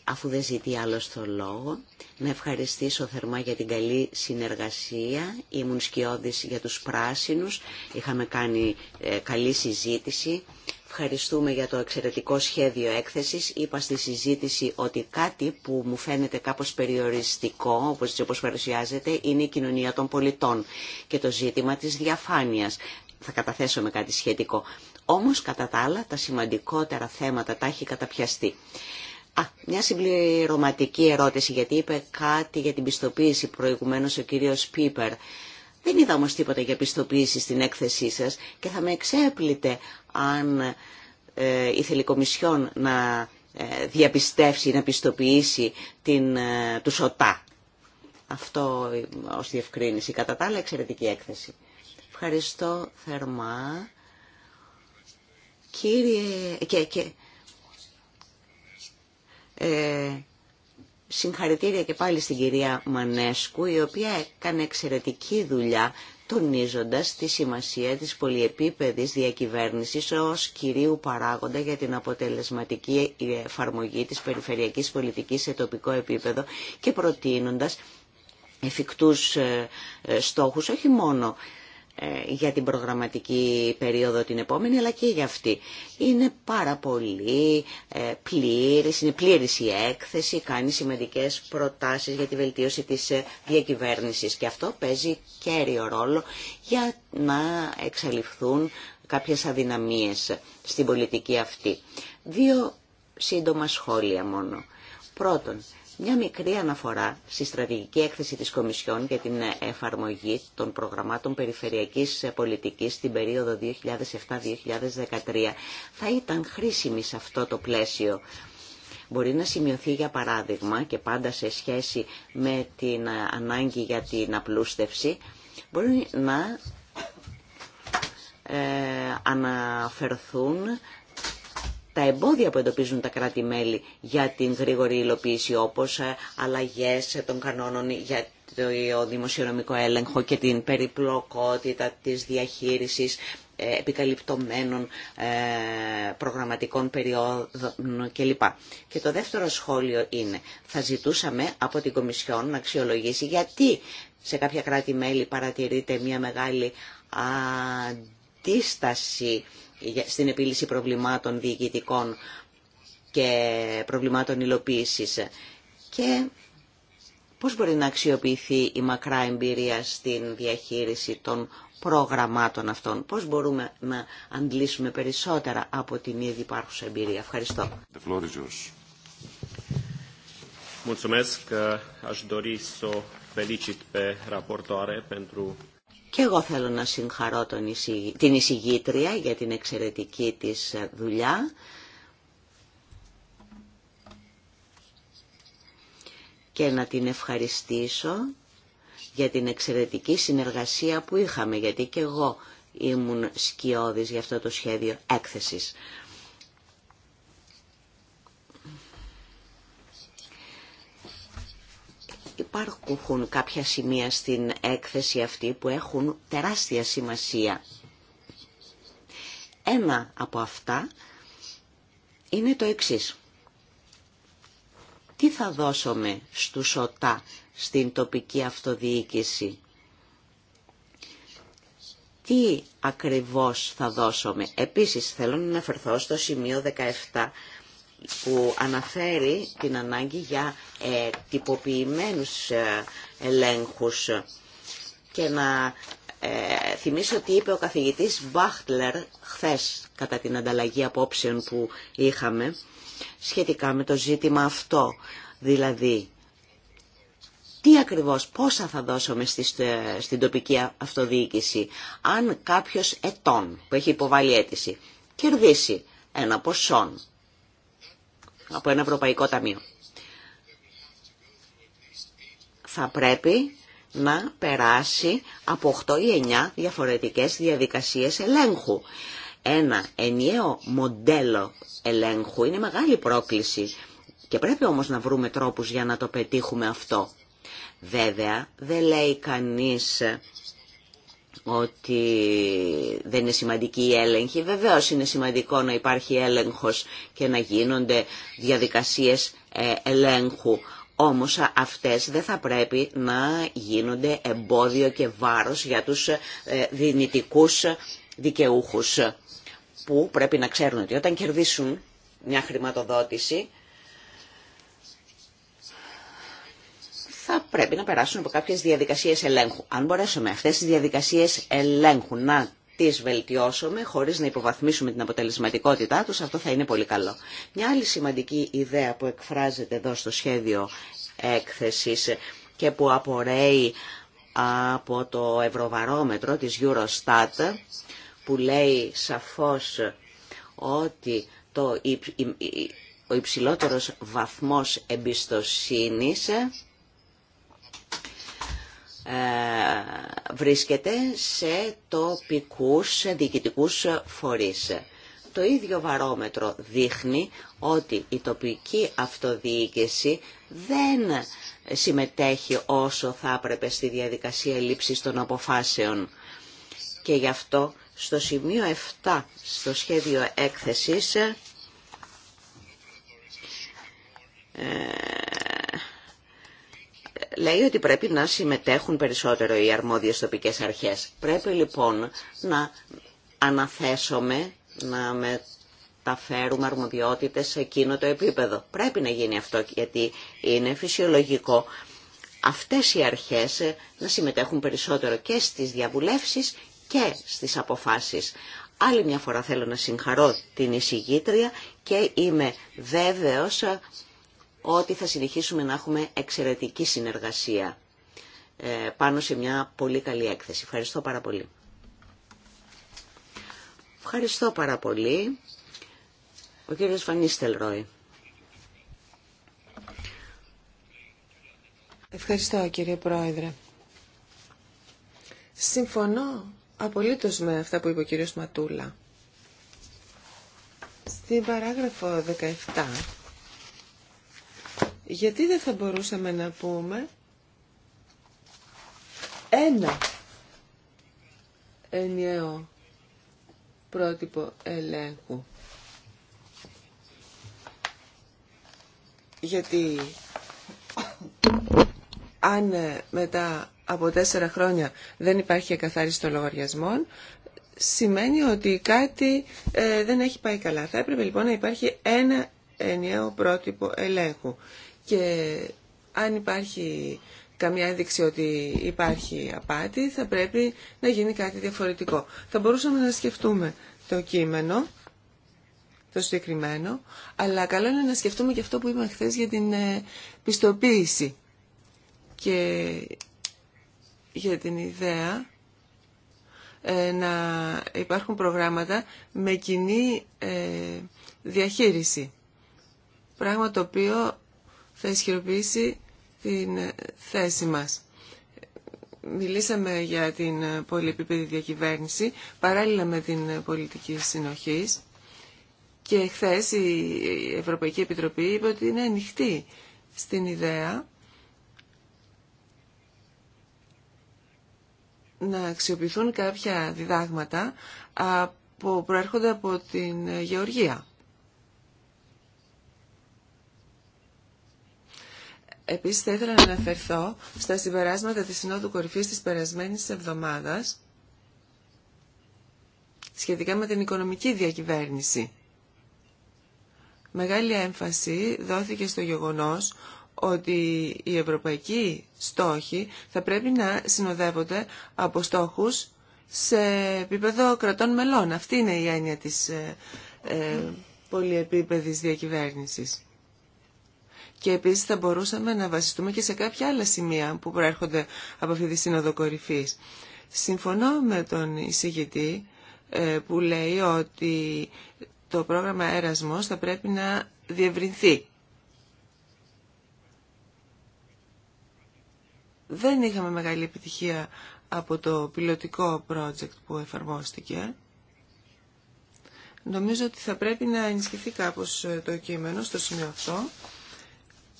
Αφού δεν ζητεί άλλο το λόγο, να ευχαριστήσω θερμά για την καλή συνεργασία. Ήμουν σκιώδης για τους πράσινους. Είχαμε κάνει ε, καλή συζήτηση. Ευχαριστούμε για το εξαιρετικό σχέδιο έκθεσης. Είπα στη συζήτηση ότι κάτι που μου φαίνεται κάπως περιοριστικό, όπως, όπως παρουσιάζεται, είναι η κοινωνία των πολιτών και το ζήτημα της διαφάνειας. Θα καταθέσω με κάτι σχετικό. Όμως, κατά τα άλλα, τα σημαντικότερα θέματα τα έχει καταπιαστεί. Α, μια συμπληρωματική ερώτηση, γιατί είπε κάτι για την πιστοποίηση προηγουμένως ο κύριος Πίπερ. Δεν είδα όμως τίποτα για πιστοποίηση στην έκθεσή σας και θα με εξέπλητε αν ε, η Κομισιόν να ε, διαπιστεύσει, να πιστοποιήσει την, ε, του ΣΟΤΑ. Αυτό ως διευκρίνηση. Κατά τα άλλα εξαιρετική έκθεση. Ευχαριστώ θερμά. Κύριε... Και, ε, Συγχαρητήρια και πάλι στην κυρία Μανέσκου, η οποία έκανε εξαιρετική δουλειά τονίζοντας τη σημασία της πολυεπίπεδης διακυβέρνησης ως κυρίου παράγοντα για την αποτελεσματική εφαρμογή της περιφερειακής πολιτικής σε τοπικό επίπεδο και προτείνοντας εφικτούς ε, ε, στόχους όχι μόνο ε, για την προγραμματική περίοδο την επόμενη αλλά και για αυτή. Είναι πάρα πολύ ε, πλήρης, είναι πλήρης η έκθεση, κάνει σημαντικές προτάσεις για τη βελτίωση της ε, διακυβέρνησης και αυτό παίζει κέριο ρόλο για να εξαλειφθούν κάποιες αδυναμίες στην πολιτική αυτή. Δύο σύντομα σχόλια μόνο. Πρώτον, μια μικρή αναφορά στη στρατηγική έκθεση της Κομισιόν για την εφαρμογή των προγραμμάτων περιφερειακής πολιτικής στην περίοδο 2007-2013 θα ήταν χρήσιμη σε αυτό το πλαίσιο. Μπορεί να σημειωθεί για παράδειγμα και πάντα σε σχέση με την ανάγκη για την απλούστευση, μπορεί να ε, αναφερθούν τα εμπόδια που εντοπίζουν τα κράτη-μέλη για την γρήγορη υλοποίηση όπως ε, αλλαγές των κανόνων για το δημοσιονομικό έλεγχο και την περιπλοκότητα της διαχείρισης ε, επικαλυπτωμένων ε, προγραμματικών περιόδων κλπ. Και το δεύτερο σχόλιο είναι, θα ζητούσαμε από την Κομισιόν να αξιολογήσει γιατί σε κάποια κράτη-μέλη παρατηρείται μια μεγάλη αντίσταση στην επίλυση προβλημάτων διοικητικών και προβλημάτων υλοποίησης. Και πώς μπορεί να αξιοποιηθεί η μακρά εμπειρία στην διαχείριση των προγραμμάτων αυτών. Πώς μπορούμε να αντλήσουμε περισσότερα από την ήδη υπάρχουσα εμπειρία. Ευχαριστώ. Mulțumesc. Aș dori să και εγώ θέλω να συγχαρώ τον την εισηγήτρια για την εξαιρετική της δουλειά. Και να την ευχαριστήσω για την εξαιρετική συνεργασία που είχαμε, γιατί και εγώ ήμουν σκιώδης για αυτό το σχέδιο έκθεσης. υπάρχουν κάποια σημεία στην έκθεση αυτή που έχουν τεράστια σημασία. Ένα από αυτά είναι το εξής. Τι θα δώσουμε στους ΟΤΑ στην τοπική αυτοδιοίκηση. Τι ακριβώς θα δώσουμε. Επίσης θέλω να αναφερθώ στο σημείο 17 που αναφέρει την ανάγκη για ε, τυποποιημένους ε, ελέγχους και να ε, θυμίσω ότι είπε ο καθηγητής Μπάχτλερ χθες κατά την ανταλλαγή απόψεων που είχαμε σχετικά με το ζήτημα αυτό. Δηλαδή, τι ακριβώς, πόσα θα δώσουμε στη, στην τοπική αυτοδιοίκηση αν κάποιος ετών που έχει υποβάλει αίτηση κερδίσει ένα ποσόν από ένα Ευρωπαϊκό Ταμείο. Θα πρέπει να περάσει από 8 ή 9 διαφορετικές διαδικασίες ελέγχου. Ένα ενιαίο μοντέλο ελέγχου είναι μεγάλη πρόκληση και πρέπει όμως να βρούμε τρόπους για να το πετύχουμε αυτό. Βέβαια, δεν λέει κανείς ότι δεν είναι σημαντική η έλεγχη. Βεβαίως είναι σημαντικό να υπάρχει έλεγχος και να γίνονται διαδικασίες ε, ελέγχου. Όμως αυτές δεν θα πρέπει να γίνονται εμπόδιο και βάρος για τους ε, δυνητικούς δικαιούχους που πρέπει να ξέρουν ότι όταν κερδίσουν μια χρηματοδότηση θα πρέπει να περάσουν από κάποιες διαδικασίες ελέγχου. Αν μπορέσουμε αυτές τις διαδικασίες ελέγχου να τις βελτιώσουμε χωρίς να υποβαθμίσουμε την αποτελεσματικότητά τους, αυτό θα είναι πολύ καλό. Μια άλλη σημαντική ιδέα που εκφράζεται εδώ στο σχέδιο έκθεσης και που απορρέει από το ευρωβαρόμετρο της Eurostat που λέει σαφώς ότι ο υψηλότερος βαθμός εμπιστοσύνης ε, βρίσκεται σε τοπικούς διοικητικούς φορείς. Το ίδιο βαρόμετρο δείχνει ότι η τοπική αυτοδιοίκηση δεν συμμετέχει όσο θα έπρεπε στη διαδικασία λήψης των αποφάσεων. Και γι' αυτό στο σημείο 7 στο σχέδιο έκθεσης ε, λέει ότι πρέπει να συμμετέχουν περισσότερο οι αρμόδιες τοπικές αρχές. Πρέπει λοιπόν να αναθέσουμε, να μεταφέρουμε αρμοδιότητες σε εκείνο το επίπεδο. Πρέπει να γίνει αυτό γιατί είναι φυσιολογικό αυτές οι αρχές να συμμετέχουν περισσότερο και στις διαβουλεύσεις και στις αποφάσεις. Άλλη μια φορά θέλω να συγχαρώ την εισηγήτρια και είμαι βέβαιος ότι θα συνεχίσουμε να έχουμε εξαιρετική συνεργασία ε, πάνω σε μια πολύ καλή έκθεση. Ευχαριστώ πάρα πολύ. Ευχαριστώ πάρα πολύ. Ο κύριος Φανίστελ Ρόι. Ευχαριστώ κύριε Πρόεδρε. Συμφωνώ απολύτως με αυτά που είπε ο κύριος Ματούλα. Στην παράγραφο 17 γιατί δεν θα μπορούσαμε να πούμε ένα ενιαίο πρότυπο ελέγχου. Γιατί αν ε, μετά από τέσσερα χρόνια δεν υπάρχει εκαθάριση των λογαριασμών, σημαίνει ότι κάτι ε, δεν έχει πάει καλά. Θα έπρεπε λοιπόν να υπάρχει ένα ενιαίο πρότυπο ελέγχου και αν υπάρχει καμία ένδειξη ότι υπάρχει απάτη, θα πρέπει να γίνει κάτι διαφορετικό. Θα μπορούσαμε να σκεφτούμε το κείμενο, το συγκεκριμένο, αλλά καλό είναι να σκεφτούμε και αυτό που είπαμε χθε για την ε, πιστοποίηση και για την ιδέα ε, να υπάρχουν προγράμματα με κοινή ε, διαχείριση. Πράγμα το οποίο θα ισχυροποιήσει την θέση μας. Μιλήσαμε για την πολυεπίπεδη διακυβέρνηση παράλληλα με την πολιτική συνοχής και χθε η Ευρωπαϊκή Επιτροπή είπε ότι είναι ανοιχτή στην ιδέα να αξιοποιηθούν κάποια διδάγματα που προέρχονται από την γεωργία. Επίσης θα ήθελα να αναφερθώ στα συμπεράσματα της Συνόδου Κορυφής της περασμένης εβδομάδας σχετικά με την οικονομική διακυβέρνηση. Μεγάλη έμφαση δόθηκε στο γεγονός ότι οι ευρωπαϊκοί στόχοι θα πρέπει να συνοδεύονται από στόχους σε επίπεδο κρατών μελών. Αυτή είναι η έννοια της ε, ε πολυεπίπεδης διακυβέρνησης και επίσης θα μπορούσαμε να βασιστούμε και σε κάποια άλλα σημεία που προέρχονται από αυτή τη Σύνοδο Κορυφής. Συμφωνώ με τον εισηγητή ε, που λέει ότι το πρόγραμμα Έρασμος θα πρέπει να διευρυνθεί. Δεν είχαμε μεγάλη επιτυχία από το πιλωτικό project που εφαρμόστηκε. Νομίζω ότι θα πρέπει να ενισχυθεί κάπως ε, το κείμενο στο σημείο αυτό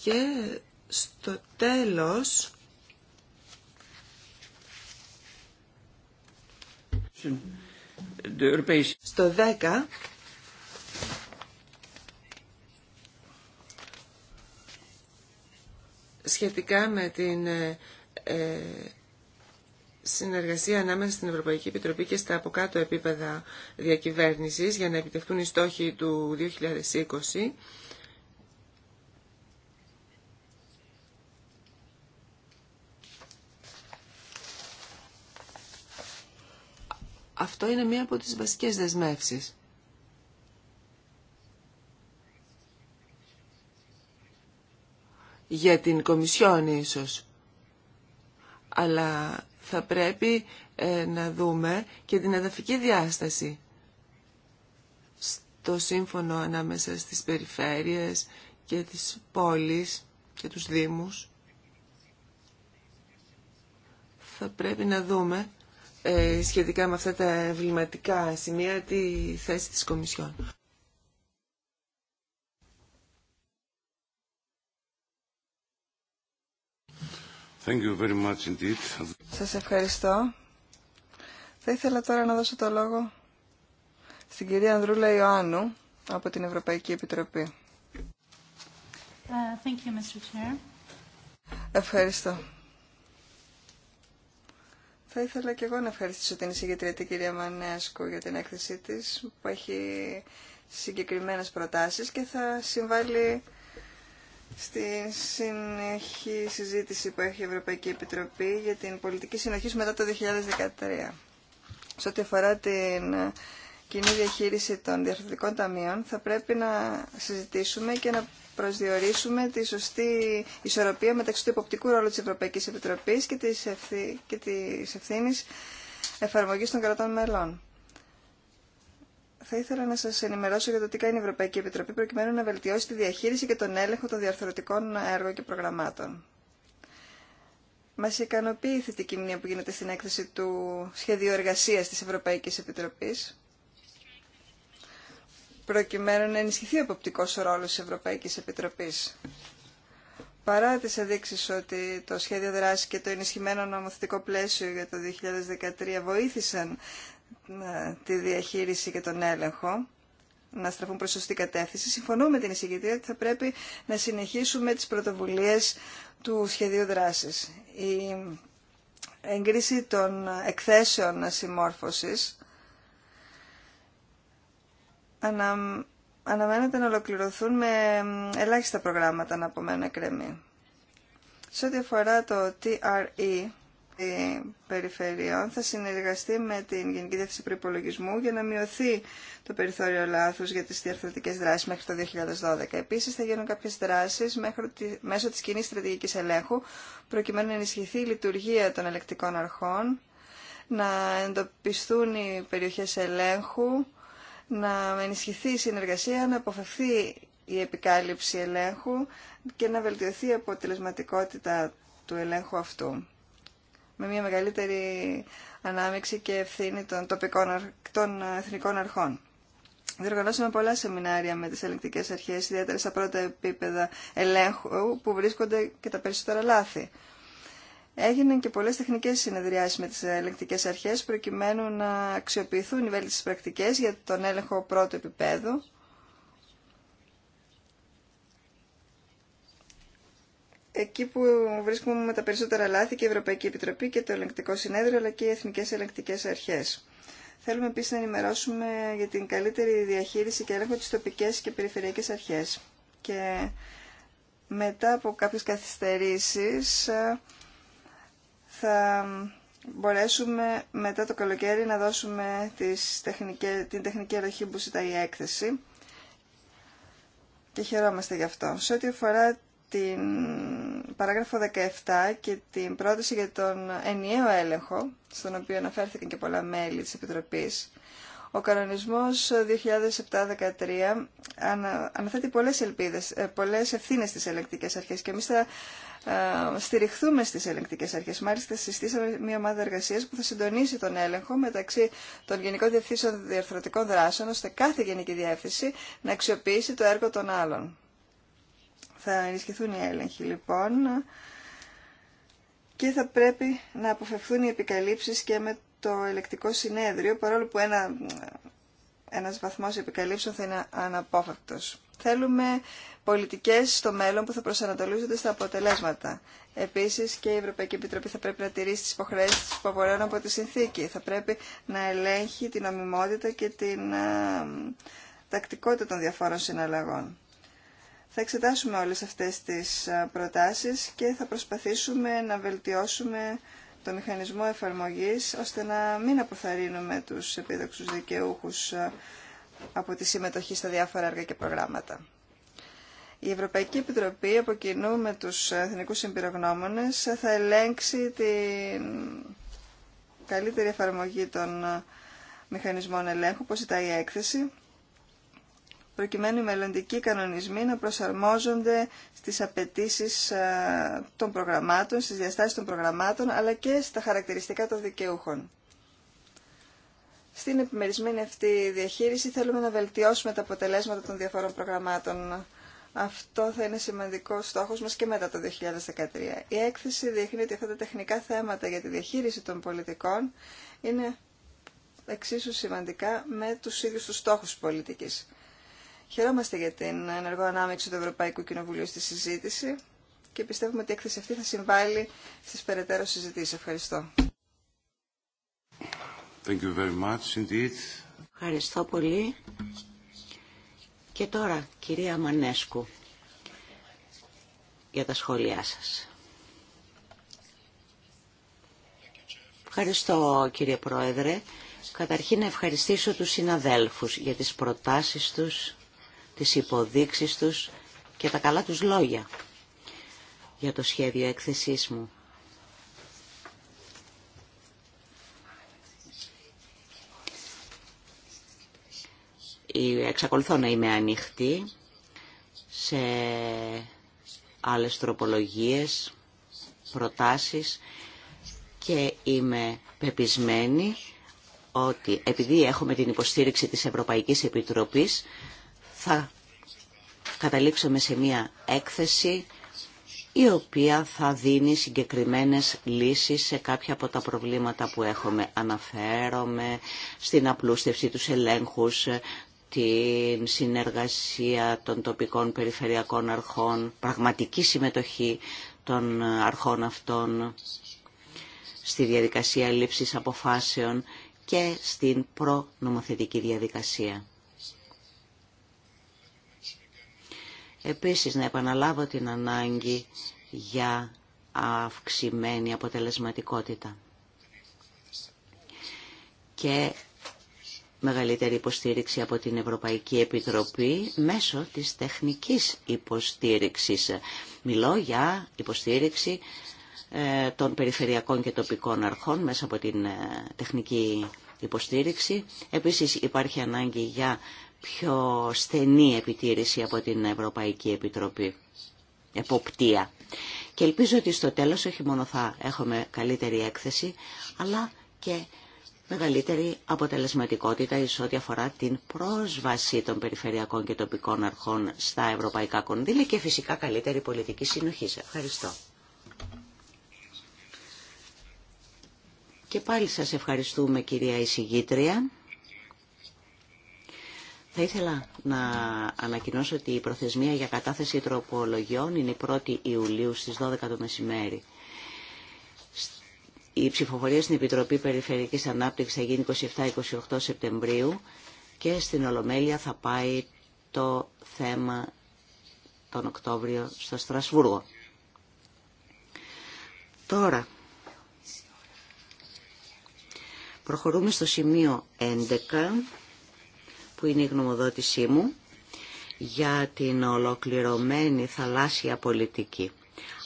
και στο τέλος στο 10 σχετικά με την ε, ε, συνεργασία ανάμεσα στην Ευρωπαϊκή Επιτροπή και στα από κάτω επίπεδα διακυβέρνησης για να επιτευχθούν οι στόχοι του 2020 Αυτό είναι μία από τις βασικές δεσμεύσεις. Για την Κομισιόν ίσως. Αλλά θα πρέπει ε, να δούμε και την εδαφική διάσταση στο σύμφωνο ανάμεσα στις περιφέρειες και τις πόλεις και τους δήμους. Θα πρέπει να δούμε ε, σχετικά με αυτά τα εμβληματικά σημεία τη θέση της Κομισιόν. Thank Σας ευχαριστώ. Θα ήθελα τώρα να δώσω το λόγο στην κυρία Ανδρούλα Ιωάννου από την Ευρωπαϊκή Επιτροπή. Uh, thank you, Mr. Ευχαριστώ. Θα ήθελα και εγώ να ευχαριστήσω την εισηγητρία την κυρία Μανέσκου για την έκθεσή της που έχει συγκεκριμένες προτάσεις και θα συμβάλλει στη συνεχή συζήτηση που έχει η Ευρωπαϊκή Επιτροπή για την πολιτική συνοχή μετά το 2013. Σε ό,τι αφορά την κοινή διαχείριση των διαρθρωτικών ταμείων θα πρέπει να συζητήσουμε και να προσδιορίσουμε τη σωστή ισορροπία μεταξύ του υποπτικού ρόλου της Ευρωπαϊκής Επιτροπής και της, ευθύ, και της ευθύνης εφαρμογής των κρατών μελών. Θα ήθελα να σας ενημερώσω για το τι κάνει η Ευρωπαϊκή Επιτροπή προκειμένου να βελτιώσει τη διαχείριση και τον έλεγχο των διαρθρωτικών έργων και προγραμμάτων. Μα ικανοποιεί η θετική μνήμα που γίνεται στην έκθεση του σχεδίου εργασία τη Ευρωπαϊκή Επιτροπή προκειμένου να ενισχυθεί ο εποπτικός ρόλος της Ευρωπαϊκής Επιτροπής. Παρά τις αδείξεις ότι το σχέδιο δράση και το ενισχυμένο νομοθετικό πλαίσιο για το 2013 βοήθησαν ε, τη διαχείριση και τον έλεγχο, να στραφούν προς σωστή κατεύθυνση. Συμφωνώ με την εισηγητή ότι θα πρέπει να συνεχίσουμε τις πρωτοβουλίες του σχεδίου δράσης. Η εγκρίση των εκθέσεων συμμόρφωσης ανα, αναμένεται να ολοκληρωθούν με ελάχιστα προγράμματα να ένα εκκρεμή. Σε ό,τι αφορά το TRE περιφερειών θα συνεργαστεί με την Γενική Διεύθυνση Προϋπολογισμού για να μειωθεί το περιθώριο λάθους για τις διαρθρωτικές δράσεις μέχρι το 2012. Επίσης θα γίνουν κάποιες δράσεις μέσω της κοινή στρατηγικής ελέγχου προκειμένου να ενισχυθεί η λειτουργία των ελεκτικών αρχών, να εντοπιστούν οι περιοχές ελέγχου να ενισχυθεί η συνεργασία, να αποφευθεί η επικάλυψη ελέγχου και να βελτιωθεί η αποτελεσματικότητα του ελέγχου αυτού με μια μεγαλύτερη ανάμειξη και ευθύνη των, τοπικών, των εθνικών αρχών. Διοργανώσαμε πολλά σεμινάρια με τις ελεγκτικές αρχές, ιδιαίτερα στα πρώτα επίπεδα ελέγχου που βρίσκονται και τα περισσότερα λάθη. Έγιναν και πολλές τεχνικές συνεδριάσεις με τις ελεγκτικές αρχές προκειμένου να αξιοποιηθούν οι βέλτιστες πρακτικές για τον έλεγχο πρώτου επίπεδου. Εκεί που βρίσκουμε με τα περισσότερα λάθη και η Ευρωπαϊκή Επιτροπή και το Ελεγκτικό Συνέδριο αλλά και οι Εθνικές Ελεγκτικές Αρχές. Θέλουμε επίσης να ενημερώσουμε για την καλύτερη διαχείριση και έλεγχο της τοπικές και περιφερειακές αρχές. Και μετά από κάποιες καθυστερήσεις θα μπορέσουμε μετά το καλοκαίρι να δώσουμε τις τεχνικές, την τεχνική εροχή που ζητάει η έκθεση και χαιρόμαστε γι' αυτό. Σε ό,τι αφορά την παράγραφο 17 και την πρόταση για τον ενιαίο έλεγχο, στον οποίο αναφέρθηκαν και πολλά μέλη της Επιτροπής, ο κανονισμός 2007-2013 αναθέτει πολλές, ελπίδες, ε, πολλές ευθύνες στις ελεκτικές αρχές και εμείς θα ε, στηριχθούμε στις ελεκτικές αρχές. Μάλιστα συστήσαμε μια ομάδα εργασίας που θα συντονίσει τον έλεγχο μεταξύ των Γενικών Διευθύνσεων Διαρθρωτικών Δράσεων ώστε κάθε Γενική Διεύθυνση να αξιοποιήσει το έργο των άλλων. Θα ενισχυθούν οι έλεγχοι λοιπόν και θα πρέπει να αποφευθούν οι επικαλύψεις και με το ελεκτικό συνέδριο, παρόλο που ένα, ένας βαθμός επικαλύψεων θα είναι αναπόφευκτος. Θέλουμε πολιτικές στο μέλλον που θα προσανατολίζονται στα αποτελέσματα. Επίσης και η Ευρωπαϊκή Επιτροπή θα πρέπει να τηρήσει τις υποχρέσεις που απορρέουν από τη συνθήκη. Θα πρέπει να ελέγχει την ομιμότητα και την τακτικότητα των διαφόρων συναλλαγών. Θα εξετάσουμε όλες αυτές τις προτάσεις και θα προσπαθήσουμε να βελτιώσουμε το μηχανισμό εφαρμογής ώστε να μην αποθαρρύνουμε τους επίδοξους δικαιούχους ε, από τη συμμετοχή στα διάφορα έργα και προγράμματα. Η Ευρωπαϊκή Επιτροπή από κοινού με τους εθνικούς εμπειρογνώμονες θα ελέγξει την καλύτερη εφαρμογή των ε, μηχανισμών ελέγχου, πως ζητάει η έκθεση, προκειμένου οι μελλοντικοί κανονισμοί να προσαρμόζονται στις απαιτήσει των προγραμμάτων, στις διαστάσεις των προγραμμάτων, αλλά και στα χαρακτηριστικά των δικαιούχων. Στην επιμερισμένη αυτή διαχείριση θέλουμε να βελτιώσουμε τα αποτελέσματα των διαφόρων προγραμμάτων. Αυτό θα είναι σημαντικό στόχο μα και μετά το 2013. Η έκθεση δείχνει ότι αυτά τα τεχνικά θέματα για τη διαχείριση των πολιτικών είναι εξίσου σημαντικά με τους ίδιους τους στόχους πολιτικής. Χαιρόμαστε για την ενεργό ανάμειξη του Ευρωπαϊκού Κοινοβουλίου στη συζήτηση και πιστεύουμε ότι η έκθεση αυτή θα συμβάλλει στις περαιτέρω συζητήσεις. Ευχαριστώ. Thank you very much Ευχαριστώ πολύ. Και τώρα, κυρία Μανέσκου, για τα σχόλιά σας. Ευχαριστώ, κύριε Πρόεδρε. Καταρχήν να ευχαριστήσω τους συναδέλφους για τις προτάσεις τους τις υποδείξεις τους και τα καλά τους λόγια για το σχέδιο έκθεσής μου. Εξακολουθώ να είμαι ανοιχτή σε άλλες τροπολογίες, προτάσεις και είμαι πεπισμένη ότι επειδή έχουμε την υποστήριξη της Ευρωπαϊκής Επιτροπής θα καταλήξουμε σε μια έκθεση η οποία θα δίνει συγκεκριμένες λύσεις σε κάποια από τα προβλήματα που έχουμε. Αναφέρομαι στην απλούστευση τους ελέγχους, την συνεργασία των τοπικών περιφερειακών αρχών, πραγματική συμμετοχή των αρχών αυτών στη διαδικασία λήψης αποφάσεων και στην προνομοθετική διαδικασία. Επίσης να επαναλάβω την ανάγκη για αυξημένη αποτελεσματικότητα και μεγαλύτερη υποστήριξη από την Ευρωπαϊκή Επιτροπή μέσω της τεχνικής υποστήριξης. Μιλώ για υποστήριξη ε, των περιφερειακών και τοπικών αρχών μέσα από την ε, τεχνική υποστήριξη. Επίσης υπάρχει ανάγκη για πιο στενή επιτήρηση από την Ευρωπαϊκή Επιτροπή Εποπτεία. Και ελπίζω ότι στο τέλος όχι μόνο θα έχουμε καλύτερη έκθεση, αλλά και μεγαλύτερη αποτελεσματικότητα εις ό,τι αφορά την πρόσβαση των περιφερειακών και τοπικών αρχών στα ευρωπαϊκά κονδύλια και φυσικά καλύτερη πολιτική συνοχή. Ευχαριστώ. Και πάλι σας ευχαριστούμε κυρία εισηγήτρια. Θα ήθελα να ανακοινώσω ότι η προθεσμία για κατάθεση τροπολογιών είναι η 1η Ιουλίου στις 12 το μεσημέρι. Η ψηφοφορία στην Επιτροπή Περιφερειακής Ανάπτυξης θα γίνει 27-28 Σεπτεμβρίου και στην Ολομέλεια θα πάει το θέμα τον Οκτώβριο στο Στρασβούργο. Τώρα, προχωρούμε στο σημείο 11 που είναι η γνωμοδότησή μου για την ολοκληρωμένη θαλάσσια πολιτική,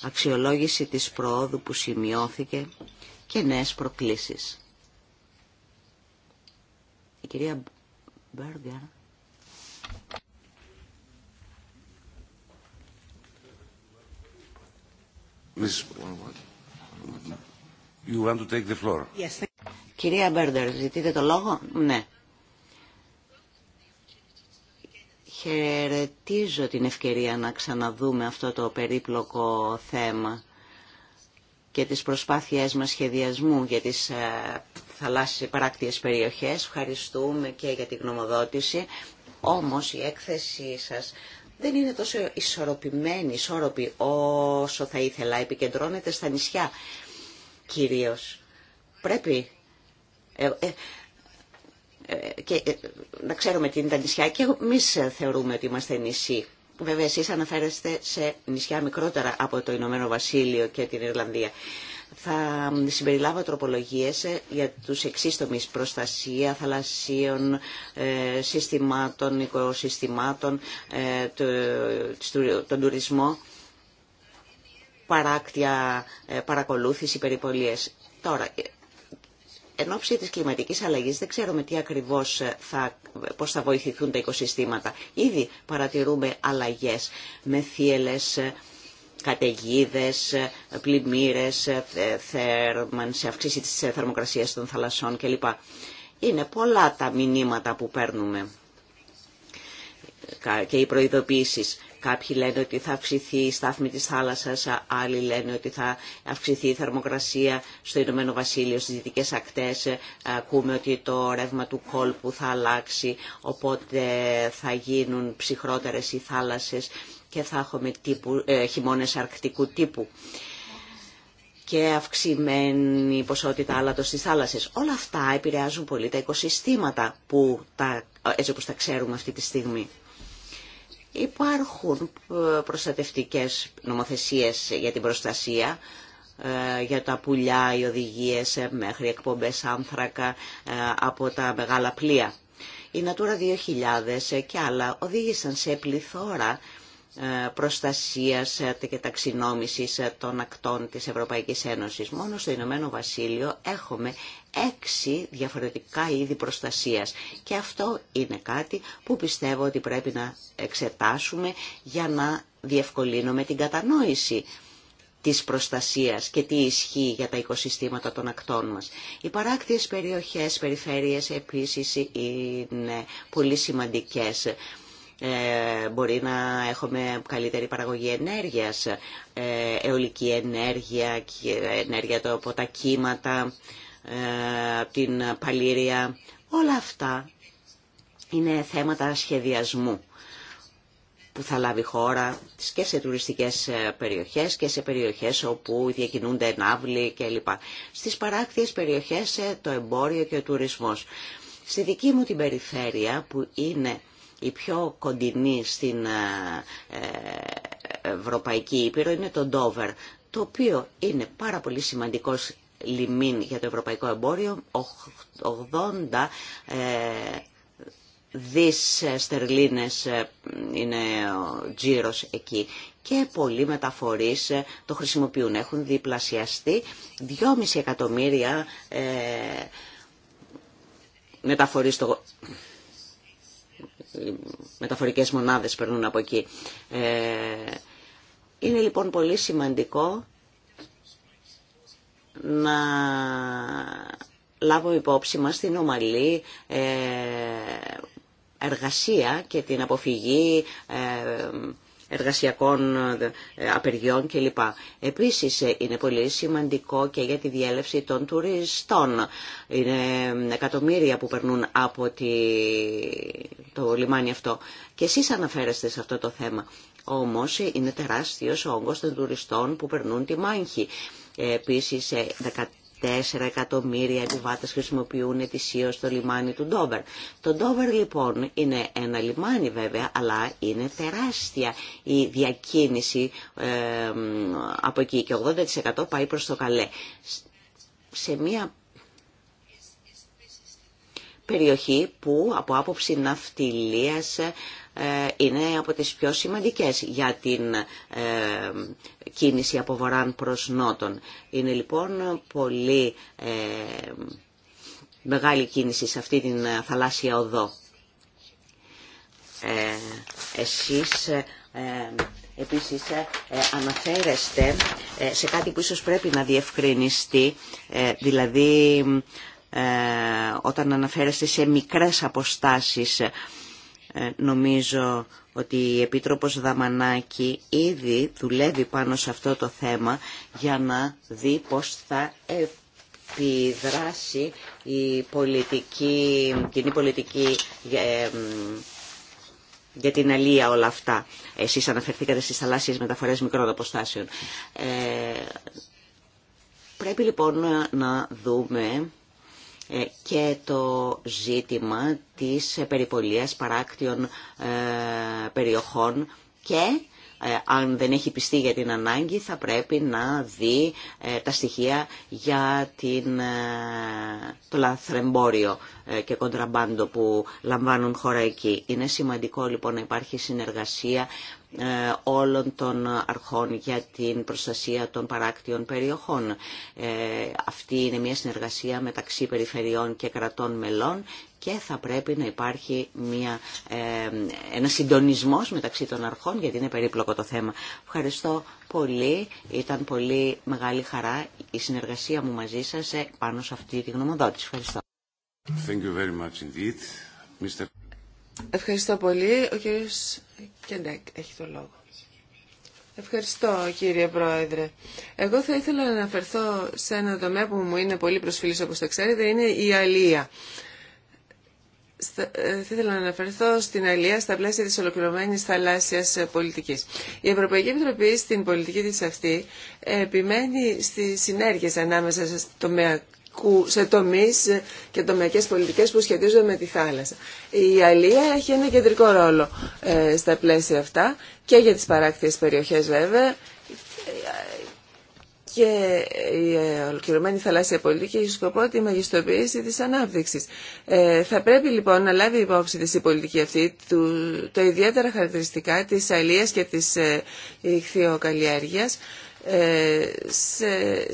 αξιολόγηση της προόδου που σημειώθηκε και νέες προκλήσεις. Η κυρία Μπέργκερ. You want to take the floor. Yes. Κυρία Μπέρντερ, ζητείτε το λόγο. Ναι. Χαιρετίζω την ευκαιρία να ξαναδούμε αυτό το περίπλοκο θέμα και τις προσπάθειές μας σχεδιασμού για τις ε, θαλάσσιες παράκτιες περιοχές. Ευχαριστούμε και για την γνωμοδότηση. Όμως η έκθεσή σας δεν είναι τόσο ισορροπημένη, ισόρροπη όσο θα ήθελα. Επικεντρώνεται στα νησιά κυρίως. Πρέπει... Ε, ε, ε, και ε, να ξέρουμε τι είναι τα νησιά και εμεί θεωρούμε ότι είμαστε νησί. Βέβαια εσεί αναφέρεστε σε νησιά μικρότερα από το Ηνωμένο Βασίλειο και την Ιρλανδία. Θα συμπεριλάβω τροπολογίε ε, για τους εξής τομείς προστασία θαλασσίων, συστημάτων, οικοσυστημάτων, τον τουρισμό, παράκτια παρακολούθηση, περιπολίες. Τώρα, Εν ώψη της κλιματικής αλλαγής δεν ξέρουμε τι ακριβώς θα, πώς θα βοηθηθούν τα οικοσυστήματα. Ήδη παρατηρούμε αλλαγές με θύελες, καταιγίδε, πλημμύρε, ε, θέρμανση, αυξήση της θερμοκρασίας των θαλασσών κλπ. Είναι πολλά τα μηνύματα που παίρνουμε και οι προειδοποίησεις. Κάποιοι λένε ότι θα αυξηθεί η στάθμη της θάλασσας, άλλοι λένε ότι θα αυξηθεί η θερμοκρασία στο Ηνωμένο Βασίλειο, στις δυτικές ακτές. Ε, ακούμε ότι το ρεύμα του κόλπου θα αλλάξει, οπότε θα γίνουν ψυχρότερες οι θάλασσες και θα έχουμε τύπου, ε, χειμώνες αρκτικού τύπου και αυξημένη ποσότητα άλατος στις θάλασσες. Όλα αυτά επηρεάζουν πολύ τα οικοσυστήματα που τα, έτσι όπως τα ξέρουμε αυτή τη στιγμή. Υπάρχουν ε, προστατευτικές νομοθεσίες για την προστασία ε, για τα πουλιά, οι οδηγίες ε, μέχρι εκπομπές άνθρακα από τα μεγάλα πλοία. Η Natura 2000 και άλλα οδήγησαν σε πληθώρα ε, προστασίας ε, και ταξινόμησης ε, των ακτών της Ευρωπαϊκής Ένωσης. Μόνο στο Ηνωμένο Βασίλειο έχουμε έξι διαφορετικά είδη προστασίας και αυτό είναι κάτι που πιστεύω ότι πρέπει να εξετάσουμε για να διευκολύνουμε την κατανόηση της προστασίας και τι ισχύει για τα οικοσυστήματα των ακτών μας. Οι παράκτιες περιοχές, περιφέρειες επίσης είναι πολύ σημαντικές. Ε, μπορεί να έχουμε καλύτερη παραγωγή ενέργειας, ε, αιωλική ενέργεια, ενέργεια από τα κύματα, ε, την παλήρια. Όλα αυτά είναι θέματα σχεδιασμού που θα λάβει χώρα και σε τουριστικές περιοχές και σε περιοχές όπου διακινούνται ναύλοι κλπ. Στις παράκτιες περιοχές το εμπόριο και ο τουρισμός. Στη δική μου την περιφέρεια που είναι η πιο κοντινή στην ε, ε, Ευρωπαϊκή Ήπειρο είναι το Ντόβερ, το οποίο είναι πάρα πολύ σημαντικός λιμίν για το ευρωπαϊκό εμπόριο, 80 ε, δις στερλίνες είναι ο τζίρος εκεί και πολλοί μεταφορείς το χρησιμοποιούν. Έχουν διπλασιαστεί 2,5 εκατομμύρια ε, μεταφορείς το μεταφορικές μονάδες περνούν από εκεί. Ε, είναι λοιπόν πολύ σημαντικό να λάβουμε υπόψη μας την ομαλή ε, εργασία και την αποφυγή ε, εργασιακών ε, απεργιών κλπ. Επίσης ε, είναι πολύ σημαντικό και για τη διέλευση των τουριστών. Είναι εκατομμύρια που περνούν από το λιμάνι αυτό. Και εσείς αναφέρεστε σε αυτό το θέμα. Όμως ε, είναι τεράστιος ο όγκος των τουριστών που περνούν τη μάγχη. Επίσης 4 εκατομμύρια επιβάτες χρησιμοποιούν ετησίω το λιμάνι του Ντόβερ. Το Ντόβερ λοιπόν είναι ένα λιμάνι βέβαια, αλλά είναι τεράστια η διακίνηση από εκεί και 80% πάει προς το καλέ. Σε μια περιοχή που από άποψη ναυτιλίας ε, είναι από τις πιο σημαντικές για την ε, κίνηση από βοράν προς νότον. Είναι λοιπόν πολύ ε, μεγάλη κίνηση σε αυτή την θαλάσσια οδό. Ε, εσείς επίσης αναφέρεστε σε κάτι που ίσως πρέπει να διευκρινιστεί, δηλαδή όταν αναφέρεστε σε μικρές αποστάσεις ε, νομίζω ότι η Επίτροπος Δαμανάκη ήδη δουλεύει πάνω σε αυτό το θέμα για να δει πώς θα επιδράσει η πολιτική, κοινή πολιτική για την αλία όλα αυτά. Εσείς αναφερθήκατε στις θαλάσσιες μεταφορές μικρών αποστάσεων. Ε, πρέπει λοιπόν να δούμε ε, και το ζήτημα της περιπολίας παράκτιων ε, περιοχών και ε, αν δεν έχει πιστεί για την ανάγκη θα πρέπει να δει τα στοιχεία για την, το λαθρεμπόριο και κοντραμπάντο που λαμβάνουν χώρα εκεί. Είναι σημαντικό λοιπόν να υπάρχει συνεργασία ε, όλων των αρχών για την προστασία των παράκτιων περιοχών. Ε, αυτή είναι μια συνεργασία μεταξύ περιφερειών και κρατών μελών και θα πρέπει να υπάρχει μια, ε, ένα συντονισμός μεταξύ των αρχών γιατί είναι περίπλοκο το θέμα. Ευχαριστώ πολύ. Ήταν πολύ μεγάλη χαρά η συνεργασία μου μαζί σας πάνω σε αυτή τη γνωμοδότηση. Ευχαριστώ. Ευχαριστώ πολύ. Ο κύριος Κεντέκ έχει το λόγο. Ευχαριστώ κύριε Πρόεδρε. Εγώ θα ήθελα να αναφερθώ σε ένα τομέα που μου είναι πολύ προσφυλής όπως το ξέρετε, είναι η αλία. Ε, θα ήθελα να αναφερθώ στην αλία στα πλαίσια της ολοκληρωμένης θαλάσσιας πολιτικής. Η Ευρωπαϊκή Επιτροπή στην πολιτική της αυτή επιμένει στις συνέργειες ανάμεσα στο τομέα σε τομείς και τομεακέ πολιτικές που σχετίζονται με τη θάλασσα. Η Αλία έχει ένα κεντρικό ρόλο ε, στα πλαίσια αυτά και για τις παράκτιες περιοχές βέβαια και η ε, ολοκληρωμένη θαλάσσια πολιτική έχει σκοπό τη μαγιστοποίηση της ανάπτυξης. Ε, θα πρέπει λοιπόν να λάβει υπόψη της η πολιτική αυτή του, το ιδιαίτερα χαρακτηριστικά της αλίας και της ε, ε, σε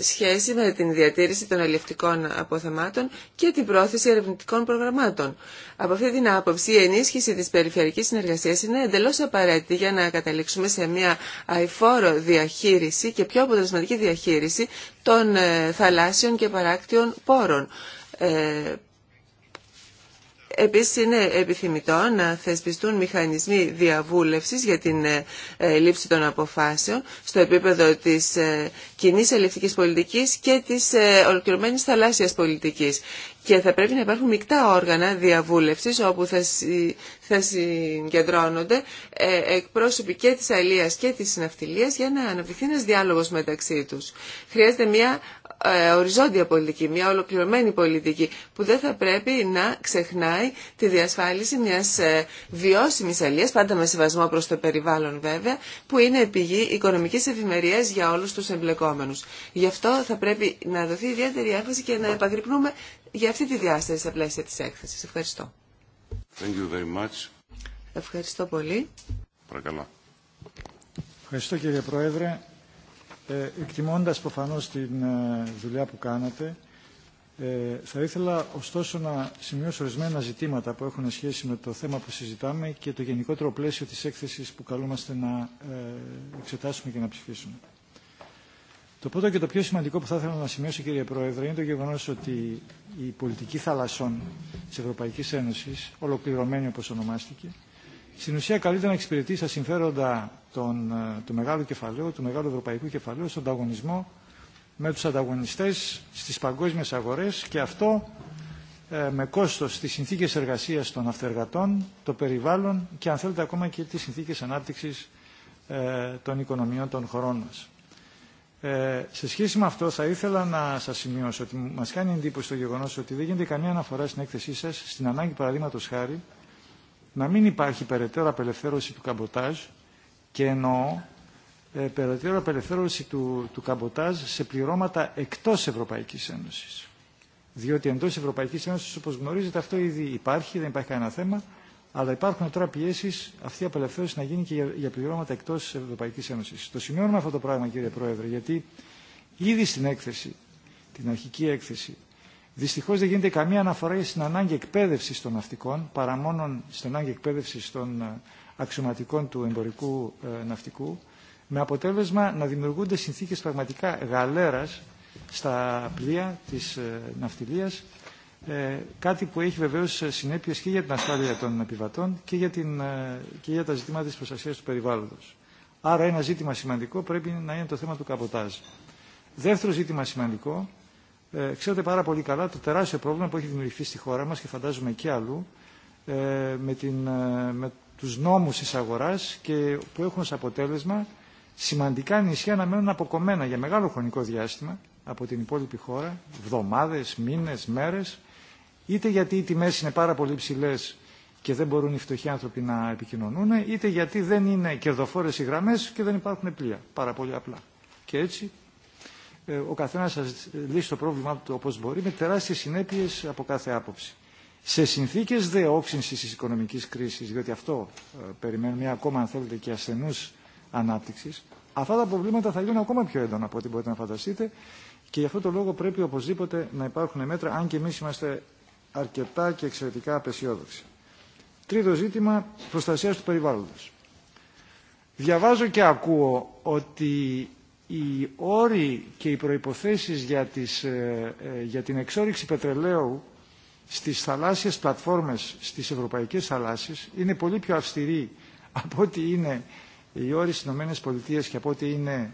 σχέση με την διατήρηση των αλληλευτικών αποθεμάτων και την πρόθεση ερευνητικών προγραμμάτων. Από αυτή την άποψη, η ενίσχυση της περιφερειακής συνεργασίας είναι εντελώς απαραίτητη για να καταλήξουμε σε μια αηφόρο διαχείριση και πιο αποτελεσματική διαχείριση των ε, θαλάσσιων και παράκτιων πόρων ε, Επίσης είναι επιθυμητό να θεσπιστούν μηχανισμοί διαβούλευσης για την ε, ε, λήψη των αποφάσεων στο επίπεδο της ε, κοινή ελευθερικής πολιτικής και της ολοκληρωμένης θαλάσσιας πολιτικής. Και θα πρέπει να υπάρχουν μεικτά όργανα διαβούλευσης όπου θα, συ, συγκεντρώνονται εκπρόσωποι και της αλίας και της συναυτιλίας για να αναπτυχθεί ένας διάλογος μεταξύ τους. Χρειάζεται μια ε, οριζόντια πολιτική, μια ολοκληρωμένη πολιτική που δεν θα πρέπει να ξεχνάει τη διασφάλιση μιας ε, βιώσιμης αλίας, πάντα με σεβασμό προς το περιβάλλον βέβαια, που είναι πηγή οικονομικής ευημερίας για όλους τους εμπλεκόμενους. Γι' αυτό θα πρέπει να δοθεί ιδιαίτερη έμφαση και να επαγρυπνούμε για αυτή τη διάσταση στα πλαίσια της έκθεσης. Ευχαριστώ. Thank you very much. Ευχαριστώ πολύ. Παρακαλώ. Ευχαριστώ κύριε Πρόεδρε. Ε, εκτιμώντας προφανώς την ε, δουλειά που κάνατε, ε, θα ήθελα ωστόσο να σημειώσω ορισμένα ζητήματα που έχουν σχέση με το θέμα που συζητάμε και το γενικότερο πλαίσιο της έκθεσης που καλούμαστε να εξετάσουμε και να ψηφίσουμε. Το πρώτο και το πιο σημαντικό που θα ήθελα να σημειώσω, κύριε Πρόεδρε, είναι το γεγονό ότι η πολιτική θαλασσών τη Ευρωπαϊκή Ένωση, ολοκληρωμένη όπω ονομάστηκε, στην ουσία καλύτερα να εξυπηρετεί τα συμφέροντα τον ε, του μεγάλου κεφαλαίου, του μεγάλου ευρωπαϊκού κεφαλαίου, στον ανταγωνισμό με τους ανταγωνιστές στις παγκόσμιες αγορές και αυτό ε, με κόστος στις συνθήκες εργασίας των αυτεργατών, το περιβάλλον και αν θέλετε ακόμα και τις συνθήκες ανάπτυξης ε, των οικονομιών των χωρών μας. Ε, σε σχέση με αυτό θα ήθελα να σας σημειώσω ότι μας κάνει εντύπωση το γεγονός ότι δεν γίνεται καμία αναφορά στην έκθεσή σας στην ανάγκη παραδείγματος χάρη να μην υπάρχει περαιτέρω απελευθέρωση του καμποτάζ και εννοώ ε, περαιτέρω απελευθέρωση του, του καμποτάζ σε πληρώματα εκτός Ευρωπαϊκής Ένωσης. Διότι εντός Ευρωπαϊκής Ένωσης, όπως γνωρίζετε, αυτό ήδη υπάρχει, δεν υπάρχει κανένα θέμα, αλλά υπάρχουν τώρα πιέσει αυτή η απελευθέρωση να γίνει και για, για πληρώματα εκτός Ευρωπαϊκή Ένωση. Το σημειώνουμε αυτό το πράγμα, κύριε Πρόεδρε, γιατί ήδη στην έκθεση, την αρχική έκθεση, Δυστυχώ δεν γίνεται καμία αναφορά στην ανάγκη εκπαίδευση των ναυτικών, παρά μόνο στην ανάγκη εκπαίδευση των ε, αξιωματικών του εμπορικού ε, ναυτικού, με αποτέλεσμα να δημιουργούνται συνθήκε πραγματικά γαλέρα στα πλοία τη ε, ναυτιλία, κάτι που έχει βεβαίω συνέπειε και για την ασφάλεια των επιβατών και για, την, και για τα ζητήματα τη προστασία του περιβάλλοντο. Άρα ένα ζήτημα σημαντικό πρέπει να είναι το θέμα του καποτάζ. Δεύτερο ζήτημα σημαντικό ε, ξέρετε πάρα πολύ καλά το τεράστιο πρόβλημα που έχει δημιουργηθεί στη χώρα μας και φαντάζομαι και αλλού ε, με, την, ε, με τους νόμους της αγοράς και που έχουν ως αποτέλεσμα σημαντικά νησιά να μένουν αποκομμένα για μεγάλο χρονικό διάστημα από την υπόλοιπη χώρα, βδομάδες, μήνες, μέρες, είτε γιατί οι τιμές είναι πάρα πολύ ψηλέ και δεν μπορούν οι φτωχοί άνθρωποι να επικοινωνούν, είτε γιατί δεν είναι κερδοφόρες οι γραμμές και δεν υπάρχουν πλοία, πάρα πολύ απλά. Και έτσι ε, ο καθένα σα λύσει το πρόβλημά του όπως μπορεί με τεράστιε συνέπειε από κάθε άποψη. Σε συνθήκε δε όξυνση τη οικονομική κρίση, διότι αυτό ε, περιμένουμε ακόμα αν θέλετε και ασθενού ανάπτυξη. αυτά τα προβλήματα θα γίνουν ακόμα πιο έντονα από ό,τι μπορείτε να φανταστείτε και γι' αυτό το λόγο πρέπει οπωσδήποτε να υπάρχουν μέτρα, αν και εμεί είμαστε αρκετά και εξαιρετικά απεσιόδοξοι. Τρίτο ζήτημα, προστασία του περιβάλλοντο. Διαβάζω και ακούω ότι οι όροι και οι προϋποθέσεις για, τις, ε, ε, για την εξόριξη πετρελαίου στις θαλάσσιες πλατφόρμες, στις ευρωπαϊκές θαλάσσιες, είναι πολύ πιο αυστηροί από ό,τι είναι οι όροι στις ΗΠΑ και από ό,τι είναι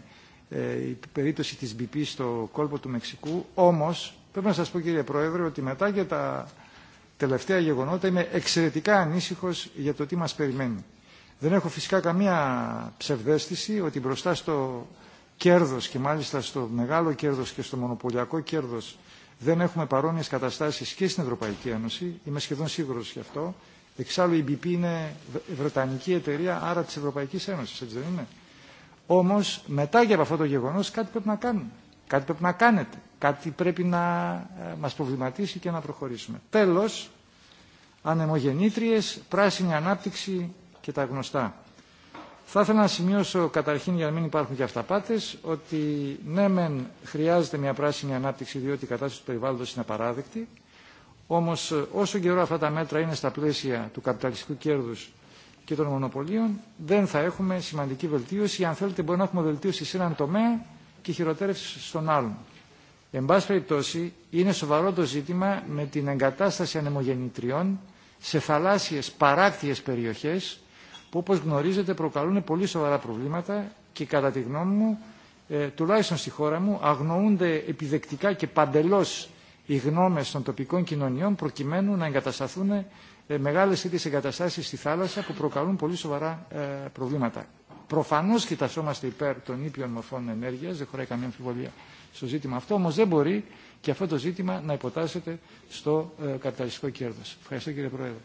ε, η περίπτωση της BP στο κόλπο του Μεξικού. Όμως, πρέπει να σας πω κύριε Πρόεδρε, ότι μετά για τα τελευταία γεγονότα είμαι εξαιρετικά ανήσυχος για το τι μας περιμένει. Δεν έχω φυσικά καμία ψευδέστηση ότι μπροστά στο κέρδος και μάλιστα στο μεγάλο κέρδος και στο μονοπωλιακό κέρδος δεν έχουμε παρόμοιες καταστάσεις και στην Ευρωπαϊκή Ένωση, είμαι σχεδόν σίγουρο γι' αυτό. Εξάλλου η BP είναι βρετανική εταιρεία, άρα της Ευρωπαϊκής Ένωσης, έτσι δεν είναι. Όμως μετά και από αυτό το γεγονός κάτι πρέπει να κάνουμε. Κάτι πρέπει να κάνετε. Κάτι πρέπει να ε, μας προβληματίσει και να προχωρήσουμε. Τέλος, ανεμογεννήτριες, πράσινη ανάπτυξη και τα γνωστά. Θα ήθελα να σημειώσω καταρχήν για να μην υπάρχουν και αυταπάτες ότι ναι μεν χρειάζεται μια πράσινη ανάπτυξη διότι η κατάσταση του περιβάλλοντος είναι απαράδεκτη όμως όσο καιρό αυτά τα μέτρα είναι στα πλαίσια του καπιταλιστικού κέρδους και των μονοπωλίων δεν θα έχουμε σημαντική βελτίωση αν θέλετε μπορεί να έχουμε βελτίωση σε έναν τομέα και χειροτέρευση στον άλλον. Εν πάση περιπτώσει είναι σοβαρό το ζήτημα με την εγκατάσταση ανεμογεννητριών σε θαλάσσιες παράκτιες περιοχές που όπως γνωρίζετε προκαλούν πολύ σοβαρά προβλήματα και κατά τη γνώμη μου, ε, τουλάχιστον στη χώρα μου, αγνοούνται επιδεκτικά και παντελώς οι γνώμες των τοπικών κοινωνιών προκειμένου να εγκατασταθούν ε, μεγάλες ήδη εγκαταστάσεις στη θάλασσα που προκαλούν πολύ σοβαρά ε, προβλήματα. Προφανώς κοιτασόμαστε υπέρ των ήπιων μορφών ενέργειας, δεν χωράει καμία αμφιβολία στο ζήτημα αυτό, όμως δεν μπορεί και αυτό το ζήτημα να υποτάσσεται στο ε, καπιταλιστικό κέρδος. Ευχαριστώ κύριε Πρόεδρε.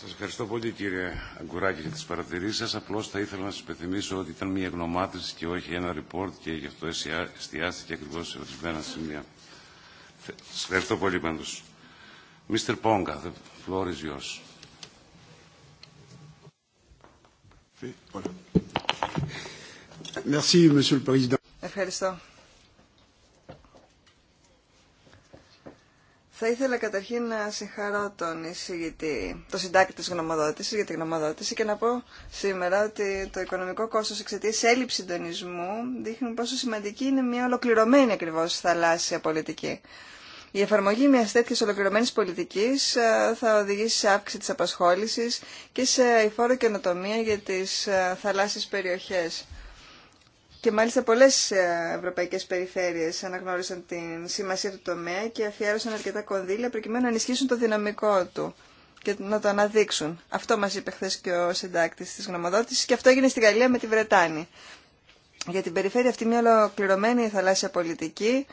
Σας ευχαριστώ πολύ κύριε Αγκουράκη για τις παρατηρήσεις σας. Απλώς θα ήθελα να σας υπενθυμίσω ότι ήταν μια γνωμάτιση και όχι ένα report και γι' αυτό εστιάστηκε ακριβώς σε ορισμένα σημεία. Σας ευχαριστώ πολύ πάντως. Mr. Ponga, the floor is yours. Merci, Monsieur Ευχαριστώ. Θα ήθελα καταρχήν να συγχαρώ τον εισηγητή, το συντάκτη της γνωμοδότησης για τη γνωμοδότηση και να πω σήμερα ότι το οικονομικό κόστος εξαιτίας έλλειψη συντονισμού δείχνει πόσο σημαντική είναι μια ολοκληρωμένη ακριβώς θαλάσσια πολιτική. Η εφαρμογή μιας τέτοιας ολοκληρωμένης πολιτικής ε, θα οδηγήσει σε αύξηση της απασχόλησης και σε υφόρο καινοτομία για τις ε, θαλάσσιες περιοχές. Και μάλιστα πολλέ ε, ευρωπαϊκέ περιφέρειε αναγνώρισαν την σημασία του τομέα και αφιέρωσαν αρκετά κονδύλια προκειμένου να ενισχύσουν το δυναμικό του και να το αναδείξουν. Αυτό μα είπε χθε και ο συντάκτη τη γνωμοδότηση και αυτό έγινε στην Γαλλία με τη Βρετάνη. Για την περιφέρεια αυτή μια ολοκληρωμένη θαλάσσια πολιτική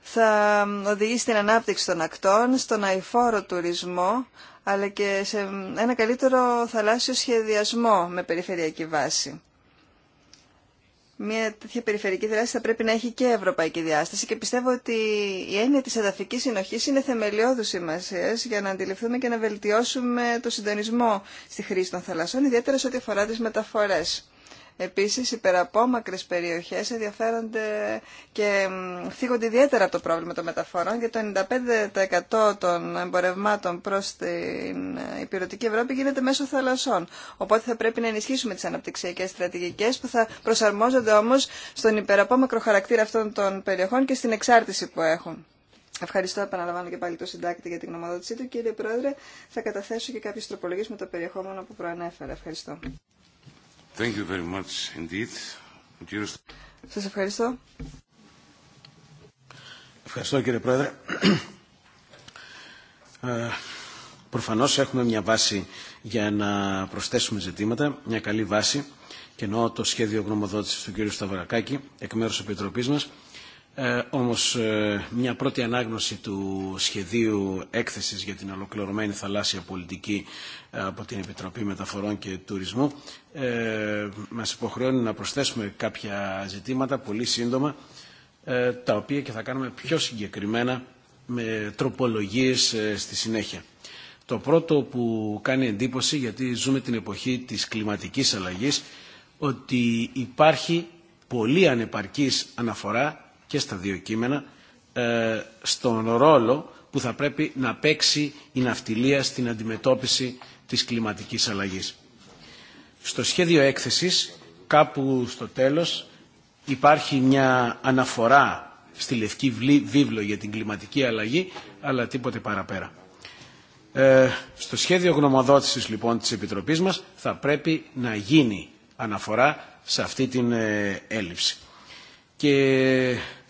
θα οδηγεί στην ανάπτυξη των ακτών, στον αηφόρο τουρισμό, αλλά και σε ένα καλύτερο θαλάσσιο σχεδιασμό με περιφερειακή βάση μια τέτοια περιφερική δράση θα πρέπει να έχει και ευρωπαϊκή διάσταση και πιστεύω ότι η έννοια της εδαφικής συνοχής είναι θεμελιώδου σημασία για να αντιληφθούμε και να βελτιώσουμε το συντονισμό στη χρήση των θαλασσών, ιδιαίτερα σε ό,τι αφορά τις μεταφορές. Επίσης, υπεραπόμακρες περιοχές ενδιαφέρονται και θίγονται ιδιαίτερα από το πρόβλημα των μεταφορών και το 95% των εμπορευμάτων προς την ε, υπηρετική Ευρώπη γίνεται μέσω θαλασσών. Οπότε θα πρέπει να ενισχύσουμε τις αναπτυξιακές στρατηγικές που θα προσαρμόζονται όμως στον υπεραπόμακρο χαρακτήρα αυτών των περιοχών και στην εξάρτηση που έχουν. Ευχαριστώ, επαναλαμβάνω και πάλι το συντάκτη για την γνωμοδότησή του. Κύριε Πρόεδρε, θα καταθέσω και κάποιε τροπολογίε με το περιεχόμενο που προανέφερα. Ευχαριστώ ευχαριστώ. Ευχαριστώ κύριε Πρόεδρε. Ε, προφανώς έχουμε μια βάση για να προσθέσουμε ζητήματα, μια καλή βάση και εννοώ το σχέδιο γνωμοδότησης του κύριου Σταυρακάκη εκ μέρους της Επιτροπής μας ε, όμως ε, μια πρώτη ανάγνωση του σχεδίου έκθεσης για την ολοκληρωμένη θαλάσσια πολιτική ε, από την Επιτροπή Μεταφορών και Τουρισμού ε, μας υποχρεώνει να προσθέσουμε κάποια ζητήματα πολύ σύντομα τα οποία και θα κάνουμε πιο συγκεκριμένα με τροπολογίες στη συνέχεια. Το πρώτο που κάνει εντύπωση γιατί ζούμε την εποχή της κλιματικής αλλαγής ότι υπάρχει πολύ ανεπαρκής αναφορά και στα δύο κείμενα ε, στον ρόλο που θα πρέπει να παίξει η ναυτιλία στην αντιμετώπιση της κλιματικής αλλαγής. Στο σχέδιο έκθεσης, κάπου στο τέλος, υπάρχει μια αναφορά στη Λευκή Βίβλο για την κλιματική αλλαγή, αλλά τίποτε παραπέρα. Ε, στο σχέδιο γνωμοδότησης λοιπόν της Επιτροπής μας θα πρέπει να γίνει αναφορά σε αυτή την ε, έλλειψη. Και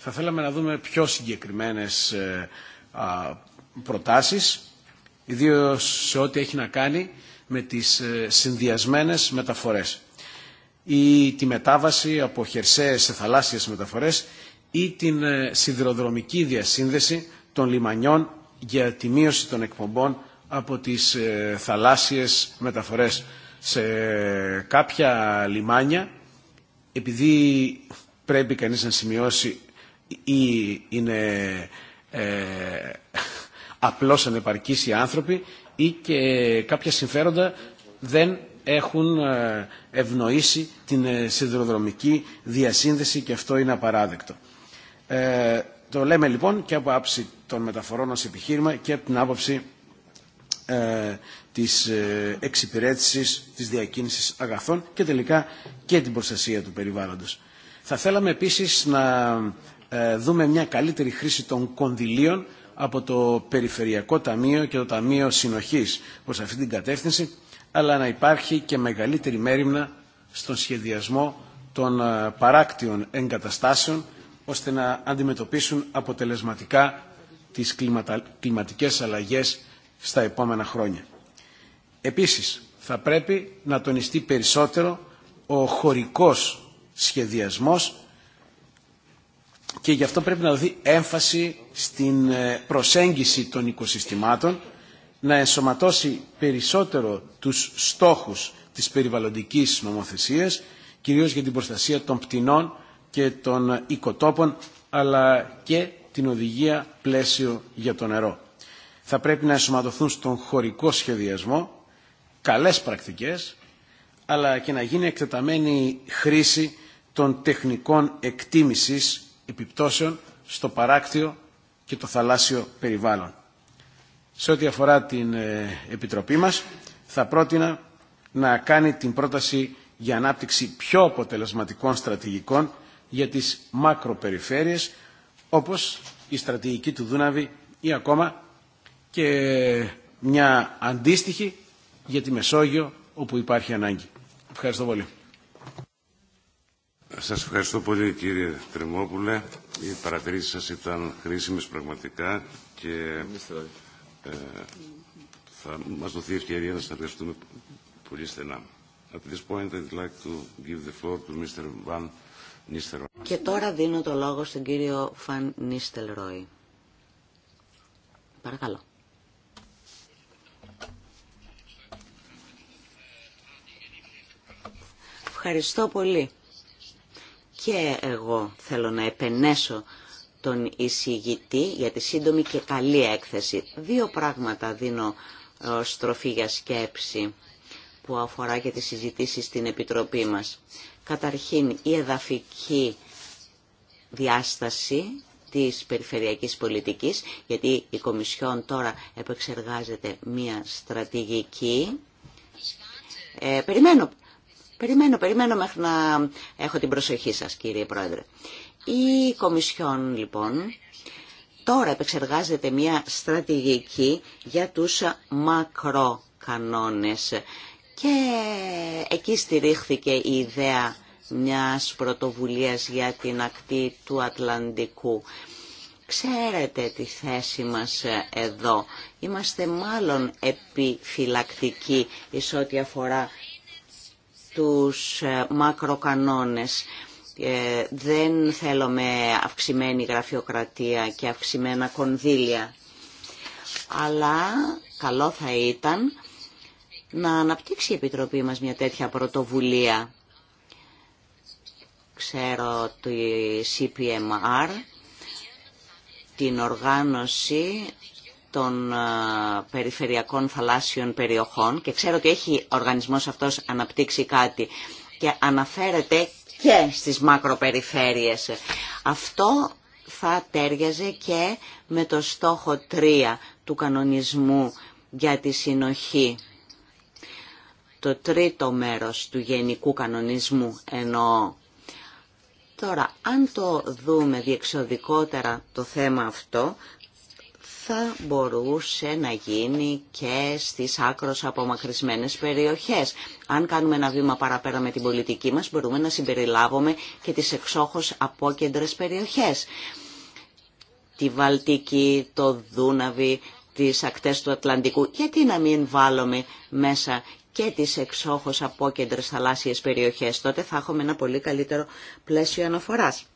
θα θέλαμε να δούμε πιο συγκεκριμένες ε, προτάσεις, ιδίως σε ό,τι έχει να κάνει με τις ε, συνδυασμένες μεταφορές ή τη μετάβαση από χερσαίες σε θαλάσσιες μεταφορές ή την ε, σιδηροδρομική διασύνδεση των λιμανιών για τη μείωση των εκπομπών από τις θαλάσσιες μεταφορές. Σε κάποια λιμάνια, επειδή πρέπει κανείς να σημειώσει ή είναι ε, απλώς ανεπαρκείς οι άνθρωποι ή και κάποια συμφέροντα δεν έχουν ε, ευνοήσει την ε, σιδηροδρομική διασύνδεση και αυτό είναι απαράδεκτο. Ε, το λέμε λοιπόν και από άψη των μεταφορών ως επιχείρημα και από την άποψη ε, της ε, εξυπηρέτησης της διακίνησης αγαθών και τελικά και την προστασία του περιβάλλοντος. Θα θέλαμε επίσης να ε, δούμε μια καλύτερη χρήση των κονδυλίων από το Περιφερειακό Ταμείο και το Ταμείο Συνοχής προς αυτή την κατεύθυνση, αλλά να υπάρχει και μεγαλύτερη μέρημνα στον σχεδιασμό των ε, παράκτιων εγκαταστάσεων, ώστε να αντιμετωπίσουν αποτελεσματικά τις κλιματικές αλλαγές στα επόμενα χρόνια. Επίσης, θα πρέπει να τονιστεί περισσότερο ο χωρικός σχεδιασμός και γι' αυτό πρέπει να δοθεί έμφαση στην ε, προσέγγιση των οικοσυστημάτων, να ενσωματώσει περισσότερο τους στόχους της περιβαλλοντικής νομοθεσίας, κυρίως για την προστασία των πτηνών και των οικοτόπων, αλλά και την οδηγία πλαίσιο για το νερό. Θα πρέπει να ενσωματωθούν στον χωρικό σχεδιασμό καλές πρακτικές, αλλά και να γίνει εκτεταμένη χρήση των τεχνικών εκτίμησης επιπτώσεων στο παράκτιο και το θαλάσσιο περιβάλλον. Σε ό,τι αφορά την ε, Επιτροπή μας, θα πρότεινα να κάνει την πρόταση για ανάπτυξη πιο αποτελεσματικών στρατηγικών για τις μακροπεριφέρειες, όπως η στρατηγική του Δούναβη ή ακόμα και μια αντίστοιχη για τη Μεσόγειο, όπου υπάρχει ανάγκη. Ευχαριστώ πολύ. Σας ευχαριστώ πολύ κύριε Τρεμόπουλε. Οι παρατηρήσεις σας ήταν χρήσιμες πραγματικά και ε, θα μας δοθεί ευκαιρία να συνεργαστούμε πολύ στενά. At this point I'd like to give the floor to Mr. Van Nistelrooy. Και τώρα δίνω το λόγο στον κύριο Φαν Νίστελρόι. Παρακαλώ. Ευχαριστώ πολύ. Και εγώ θέλω να επενέσω τον εισηγητή για τη σύντομη και καλή έκθεση. Δύο πράγματα δίνω ε, στροφή για σκέψη που αφορά και τις συζητήσει στην Επιτροπή μας. Καταρχήν, η εδαφική διάσταση της περιφερειακής πολιτικής, γιατί η Κομισιόν τώρα επεξεργάζεται μία στρατηγική. Ε, περιμένω Περιμένω, περιμένω μέχρι να έχω την προσοχή σας κύριε Πρόεδρε. Η Κομισιόν λοιπόν τώρα επεξεργάζεται μια στρατηγική για τους μακροκανόνες και εκεί στηρίχθηκε η ιδέα μιας πρωτοβουλίας για την ακτή του Ατλαντικού. Ξέρετε τη θέση μας εδώ. Είμαστε μάλλον επιφυλακτικοί εις ό,τι αφορά τους ε, μακροκανόνες. Ε, δεν θέλουμε αυξημένη γραφειοκρατία και αυξημένα κονδύλια. Αλλά καλό θα ήταν να αναπτύξει η Επιτροπή μας μια τέτοια πρωτοβουλία. Ξέρω το CPMR, την οργάνωση των περιφερειακών θαλάσσιων περιοχών και ξέρω ότι έχει ο οργανισμός αυτός αναπτύξει κάτι και αναφέρεται και στις μακροπεριφέρειες. Αυτό θα τέριαζε και με το στόχο 3 του κανονισμού για τη συνοχή. Το τρίτο μέρος του γενικού κανονισμού εννοώ. Τώρα, αν το δούμε διεξοδικότερα το θέμα αυτό, θα μπορούσε να γίνει και στις άκρως απομακρυσμένες περιοχές. Αν κάνουμε ένα βήμα παραπέρα με την πολιτική μας, μπορούμε να συμπεριλάβουμε και τις εξόχως απόκεντρες περιοχές. Τη Βαλτική, το Δούναβι, τις ακτές του Ατλαντικού. Γιατί να μην βάλουμε μέσα και τις εξόχως απόκεντρες θαλάσσιες περιοχές. Τότε θα έχουμε ένα πολύ καλύτερο πλαίσιο αναφοράς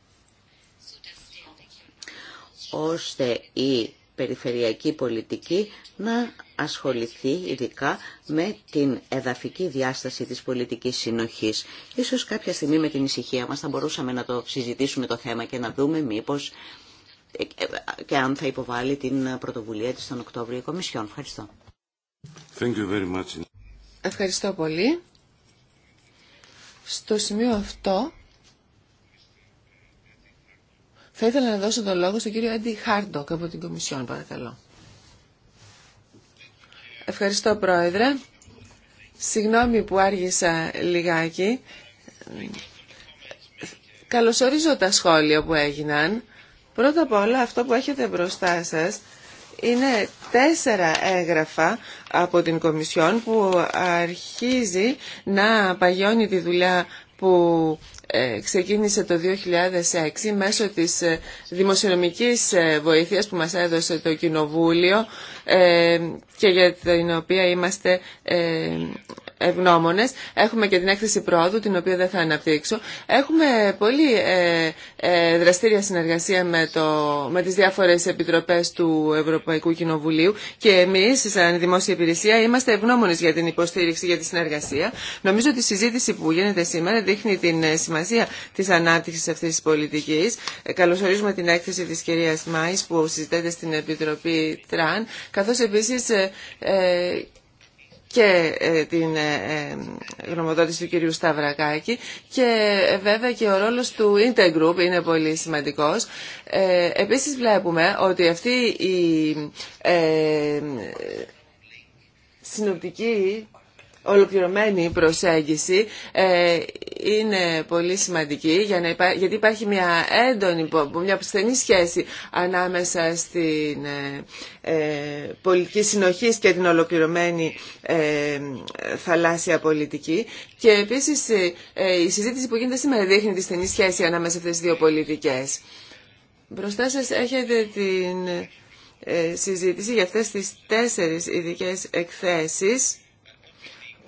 ώστε οι περιφερειακή πολιτική να ασχοληθεί ειδικά με την εδαφική διάσταση της πολιτικής συνοχής. Ίσως κάποια στιγμή με την ησυχία μας θα μπορούσαμε να το συζητήσουμε το θέμα και να δούμε μήπως ε, ε, και αν θα υποβάλει την πρωτοβουλία της τον Οκτώβριο Κομισιόν. Ευχαριστώ. Thank you very much. Ευχαριστώ πολύ. Στο σημείο αυτό θα ήθελα να δώσω τον λόγο στον κύριο Έντι Χάρντοκ από την Κομισιόν, παρακαλώ. Ευχαριστώ, Πρόεδρε. Συγγνώμη που άργησα λιγάκι. Καλωσορίζω τα σχόλια που έγιναν. Πρώτα απ' όλα αυτό που έχετε μπροστά σας είναι τέσσερα έγγραφα από την Κομισιόν που αρχίζει να παγιώνει τη δουλειά που ε, ξεκίνησε το 2006 μέσω της ε, δημοσιονομικής ε, βοήθειας που μας έδωσε το Κοινοβούλιο και για την οποία είμαστε ευγνώμονε. Έχουμε και την έκθεση πρόοδου, την οποία δεν θα αναπτύξω. Έχουμε πολύ ε, ε, δραστήρια συνεργασία με, το, με τις διάφορες επιτροπές του Ευρωπαϊκού Κοινοβουλίου και εμείς, σαν δημόσια υπηρεσία, είμαστε ευγνώμονες για την υποστήριξη, για τη συνεργασία. Νομίζω ότι η συζήτηση που γίνεται σήμερα δείχνει την ε, σημασία της ανάπτυξης αυτής της πολιτικής. Καλωσορίζουμε την έκθεση της κυρίας Μάης που συζητάται στην Επιτροπή Τραν, καθώς επίσης και ε, την ε, ε, γνωμοδότηση του κυρίου Σταυρακάκη και βέβαια και ο ρόλος του Intergroup είναι πολύ σημαντικός. Επίσης βλέπουμε ότι αυτή η συνοπτική ολοκληρωμένη προσέγγιση ε, είναι πολύ σημαντική για να γιατί υπάρχει μια έντονη, μια στενή σχέση ανάμεσα στην ε, ε, πολιτική συνοχή και την ολοκληρωμένη θαλάσσια πολιτική και επίσης η συζήτηση που γίνεται σήμερα δείχνει τη στενή σχέση ανάμεσα σε αυτές δύο πολιτικές. Μπροστά σας έχετε την συζήτηση για αυτές τις τέσσερις ειδικές εκθέσεις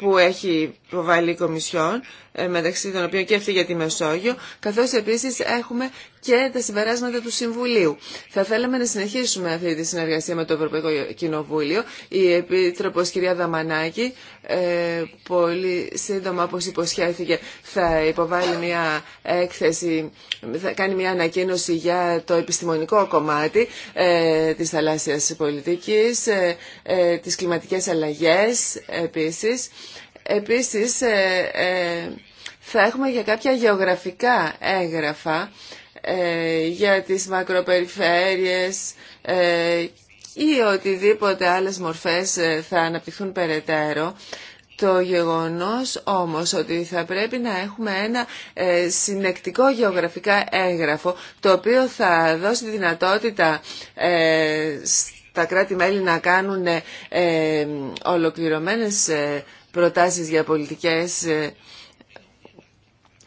που έχει η κομισιόν, ε, μεταξύ των οποίων και αυτή για τη Μεσόγειο, καθώς επίσης έχουμε και τα συμπεράσματα του Συμβουλίου. Θα θέλαμε να συνεχίσουμε αυτή τη συνεργασία με το Ευρωπαϊκό Κοινοβούλιο. Η Επίτροπος κυρία Δαμανάκη, ε, πολύ σύντομα όπως υποσχέθηκε, θα υποβάλει μια έκθεση, θα κάνει μια ανακοίνωση για το επιστημονικό κομμάτι ε, της θαλάσσιας πολιτικής, ε, ε, τις κλιματικές αλλαγές επίσης. Επίσης, ε, ε, θα έχουμε για κάποια γεωγραφικά έγγραφα ε, για τις μακροπεριφέρειες ή οτιδήποτε άλλες μορφές θα αναπτυχθούν περαιτέρω. Το γεγονός όμως ότι θα πρέπει να έχουμε ένα συνεκτικό γεωγραφικά έγγραφο το οποίο θα δώσει τη δυνατότητα στα κράτη-μέλη να κάνουν ολοκληρωμένες προτάσεις για πολιτικές. Ε,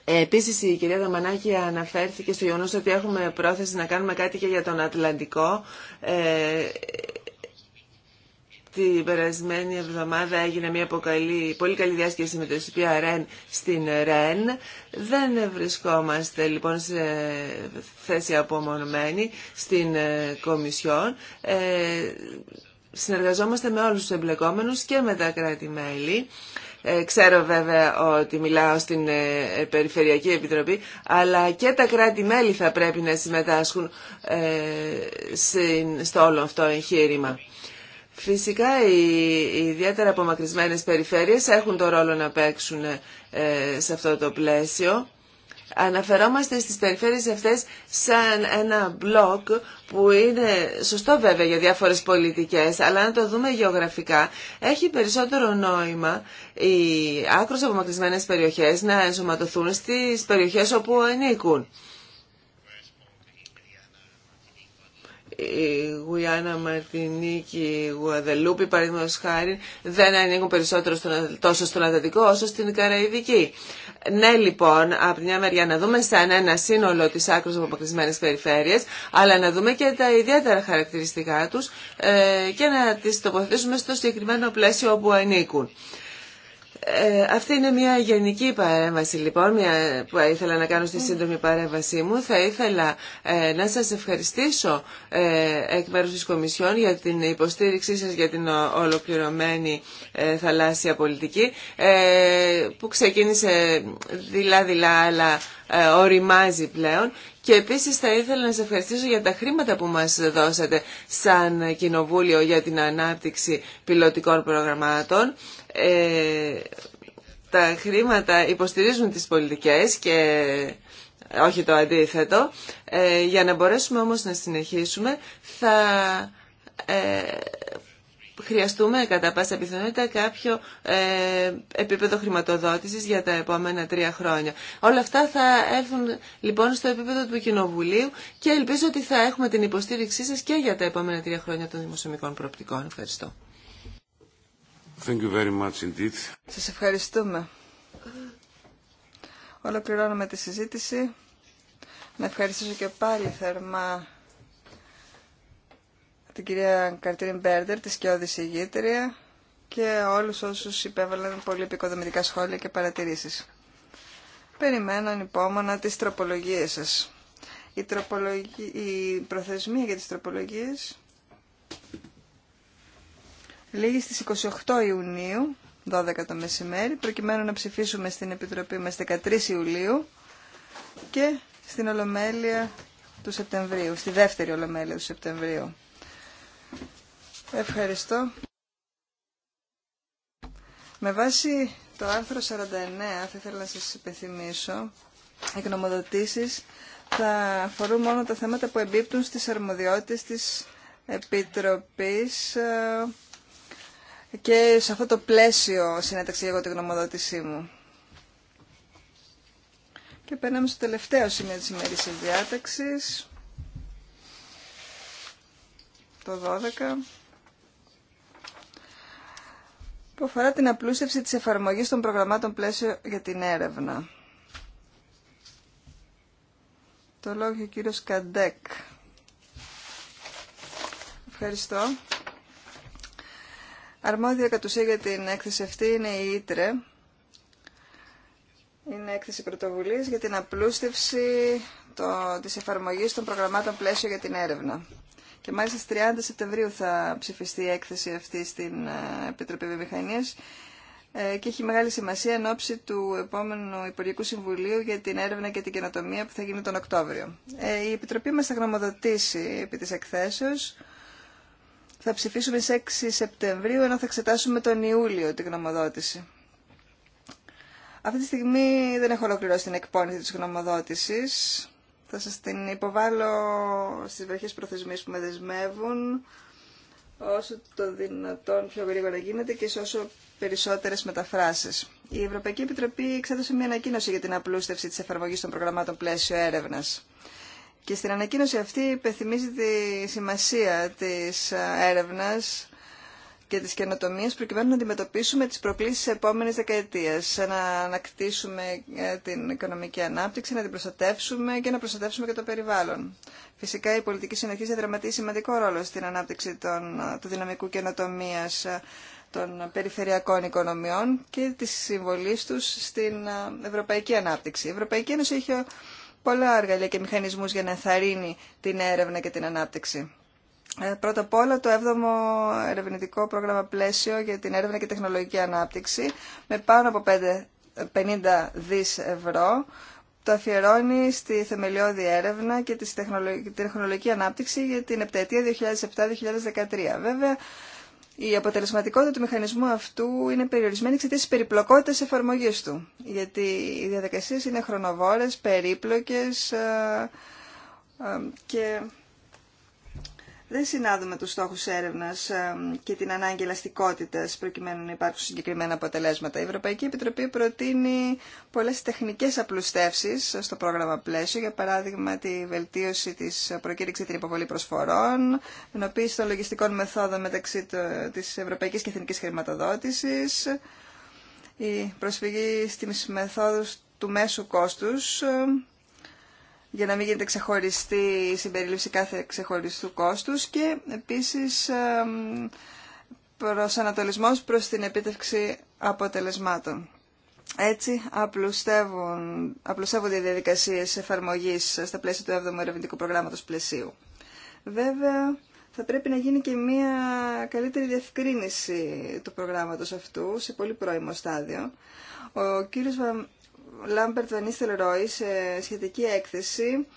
ε, επίσης η κυρία Δαμανάκη αναφέρθηκε στο γεγονός ότι έχουμε πρόθεση να κάνουμε κάτι και για τον Ατλαντικό. Ε, την περασμένη εβδομάδα έγινε μια αποκαλή, πολύ καλή διάσκεψη με το ΣΥΠΙΑ ΡΕΝ στην ΡΕΝ. Δεν βρισκόμαστε λοιπόν σε θέση απομονωμένη στην Κομισιόν. Ε, συνεργαζόμαστε με όλους τους εμπλεκόμενους και με τα κράτη-μέλη. Ε, ξέρω βέβαια ότι μιλάω στην ε, Περιφερειακή Επιτροπή, αλλά και τα κράτη-μέλη θα πρέπει να συμμετάσχουν ε, στο όλο αυτό εγχείρημα. Φυσικά οι ιδιαίτερα απομακρυσμένες περιφέρειες έχουν το ρόλο να παίξουν σε αυτό το πλαίσιο Αναφερόμαστε στις περιφέρειες αυτές σαν ένα μπλοκ που είναι σωστό βέβαια για διάφορες πολιτικές, αλλά αν το δούμε γεωγραφικά, έχει περισσότερο νόημα οι άκρως απομακρυσμένες περιοχές να ενσωματωθούν στις περιοχές όπου ανήκουν. η Γουιάννα, Μαρτινίκη, η Γουαδελούπη, παραδείγματο χάρη, δεν ανήκουν περισσότερο τόσο στον Ανατολικό όσο στην Καραϊβική ναι λοιπόν, από μια μεριά να δούμε σαν ένα σύνολο τις άκρως αποκλεισμένες περιφέρειες, αλλά να δούμε και τα ιδιαίτερα χαρακτηριστικά τους ε, και να τις τοποθετήσουμε στο συγκεκριμένο πλαίσιο όπου ανήκουν. Ε, αυτή είναι μια γενική παρέμβαση λοιπόν μια, που ήθελα να κάνω στη σύντομη παρέμβασή μου. Θα ήθελα ε, να σας ευχαριστήσω ε, εκ μέρους της Κομισιόν για την υποστήριξή σας για την ολοκληρωμένη θαλάσσια πολιτική που ξεκίνησε δειλά-δειλά αλλά οριμάζει πλέον και επίσης θα ήθελα να σας ευχαριστήσω για τα χρήματα που μας δώσατε σαν Κοινοβούλιο για την ανάπτυξη πιλωτικών προγραμμάτων. Ε, τα χρήματα υποστηρίζουν τις πολιτικές και όχι το αντίθετο. Ε, για να μπορέσουμε όμως να συνεχίσουμε θα ε, χρειαστούμε κατά πάσα πιθανότητα κάποιο επίπεδο χρηματοδότησης για τα επόμενα τρία χρόνια. Όλα αυτά θα έρθουν λοιπόν στο επίπεδο του Κοινοβουλίου και ελπίζω ότι θα έχουμε την υποστήριξή σας και για τα επόμενα τρία χρόνια των δημοσιομικών προοπτικών. Ευχαριστώ. Thank you very much Σας ευχαριστούμε. Ολοκληρώνουμε τη συζήτηση. Να ευχαριστήσω και πάλι θερμά την κυρία Καρτίν Μπέρντερ, τη Σκιώδη Ηγήτρια και όλους όσους υπέβαλαν πολύ επικοδομητικά σχόλια και παρατηρήσεις. Περιμένω ανυπόμονα τις τροπολογίες σας. Η, τροπολογική η προθεσμία για τις τροπολογίες λίγη στις 28 Ιουνίου, 12 το μεσημέρι, προκειμένου να ψηφίσουμε στην Επιτροπή μας 13 Ιουλίου και στην Ολομέλεια του Σεπτεμβρίου, στη δεύτερη Ολομέλεια του Σεπτεμβρίου. Ευχαριστώ. Με βάση το άρθρο 49 θα ήθελα να σας υπενθυμίσω, οι θα αφορούν μόνο τα θέματα που εμπίπτουν στις αρμοδιότητες της Επιτροπής ε, και σε αυτό το πλαίσιο συνέταξε εγώ τη γνωμοδότησή μου. Και περνάμε στο τελευταίο σημείο της της διάταξης, το 12, που αφορά την απλούστευση της εφαρμογής των προγραμμάτων πλαίσιο για την έρευνα. Το λόγιο ο κύριος Καντέκ. Ευχαριστώ. Αρμόδια κατ' ουσία για την έκθεση αυτή είναι η Ήτρε. Είναι έκθεση πρωτοβουλία για την απλούστευση το, της εφαρμογής των προγραμμάτων πλαίσιο για την έρευνα. Και μάλιστα στις 30 Σεπτεμβρίου θα ψηφιστεί η έκθεση αυτή στην ε, Επιτροπή Βιομηχανίας ε, και έχει μεγάλη σημασία εν ώψη του επόμενου Υπουργικού Συμβουλίου για την έρευνα και την καινοτομία που θα γίνει τον Οκτώβριο. Ε, η Επιτροπή μας θα γνωμοδοτήσει επί της εκθέσεως θα ψηφίσουμε στις 6 Σεπτεμβρίου, ενώ θα εξετάσουμε τον Ιούλιο την γνωμοδότηση. Αυτή τη στιγμή δεν έχω ολοκληρώσει την εκπόνηση της γνωμοδότησης. Θα σας την υποβάλω στις βραχές προθεσμίες που με δεσμεύουν όσο το δυνατόν πιο γρήγορα γίνεται και σε όσο περισσότερες μεταφράσεις. Η Ευρωπαϊκή Επιτροπή εξέδωσε μια ανακοίνωση για την απλούστευση της εφαρμογής των προγραμμάτων πλαίσιο έρευνας. Και στην ανακοίνωση αυτή υπενθυμίζει τη σημασία της ε, έρευνας και της καινοτομίας προκειμένου να αντιμετωπίσουμε τις προκλήσεις της επόμενης δεκαετίας, να ανακτήσουμε ε, την οικονομική ανάπτυξη, να την προστατεύσουμε και να προστατεύσουμε και το περιβάλλον. Φυσικά η πολιτική συνοχή διαδραματίζει σημαντικό ρόλο στην ανάπτυξη των, ε, του δυναμικού καινοτομία των περιφερειακών οικονομιών και της συμβολής τους στην ευρωπαϊκή ανάπτυξη. Η Ευρωπαϊκή Ένωση έχει πολλά εργαλεία και μηχανισμούς για να ενθαρρύνει την έρευνα και την ανάπτυξη. Ε, πρώτα απ' όλα το 7ο ερευνητικό πρόγραμμα πλαίσιο για την έρευνα και τεχνολογική ανάπτυξη με πάνω από 50 δις ευρώ το αφιερώνει στη θεμελιώδη έρευνα και τη τεχνολογική ανάπτυξη για την επταετία 2007-2013. Βέβαια, η αποτελεσματικότητα του μηχανισμού αυτού είναι περιορισμένη εξαιτία τη περιπλοκότητα εφαρμογή του. Γιατί οι διαδικασίε είναι χρονοβόρε, περίπλοκε ε, ε, και δεν συνάδουμε τους στόχους έρευνας και την ανάγκη ελαστικότητας προκειμένου να υπάρχουν συγκεκριμένα αποτελέσματα. Η Ευρωπαϊκή Επιτροπή προτείνει πολλές τεχνικές απλουστεύσεις στο πρόγραμμα πλαίσιο, για παράδειγμα τη βελτίωση της προκήρυξης την υποβολή προσφορών, ενοποίηση των λογιστικών μεθόδων μεταξύ της Ευρωπαϊκής και Εθνικής Χρηματοδότησης, η προσφυγή στις μεθόδους του μέσου κόστους για να μην γίνεται ξεχωριστή η συμπερίληψη κάθε ξεχωριστού κόστους και επίσης ανατολισμός προς την επίτευξη αποτελεσμάτων. Έτσι απλουστεύονται οι διαδικασίες εφαρμογής στα πλαίσια του 7ου ερευνητικού προγράμματος πλαισίου. Βέβαια, θα πρέπει να γίνει και μια καλύτερη διευκρίνηση του προγράμματος αυτού σε πολύ πρώιμο στάδιο. Ο κύριος Λάμπερτ Βανίστελ Ρόι σε σχετική έκθεση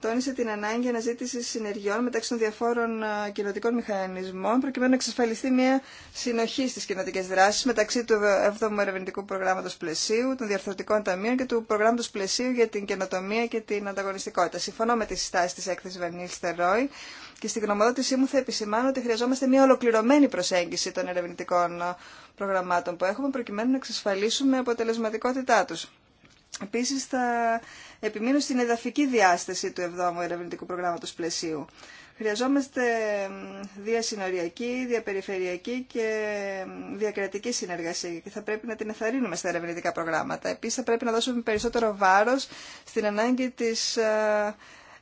τόνισε την ανάγκη αναζήτηση συνεργειών μεταξύ των διαφόρων ε, κοινοτικών μηχανισμών, προκειμένου να εξασφαλιστεί μια συνοχή στι κοινοτικέ δράσει μεταξύ του 7ου Ερευνητικού Προγράμματο Πλαισίου, των Διαρθρωτικών Ταμείων και του Προγράμματο Πλαισίου για την Καινοτομία και την Ανταγωνιστικότητα. Συμφωνώ με τι συστάσει τη έκθεση Βανίλστερ Ρόι και στην γνωμοδότησή μου θα επισημάνω ότι χρειαζόμαστε μια ολοκληρωμένη προσέγγιση των ερευνητικών ε, προγραμμάτων που έχουμε, προκειμένου να εξασφαλίσουμε αποτελεσματικότητά του. Επίση, θα επιμείνω στην εδαφική διάσταση του 7ου ερευνητικού προγράμματο πλαισίου. Χρειαζόμαστε διασυνοριακή, διαπεριφερειακή και διακρατική συνεργασία και θα πρέπει να την εθαρρύνουμε στα ερευνητικά προγράμματα. Επίση θα πρέπει να δώσουμε περισσότερο βάρο στην ανάγκη τη ε,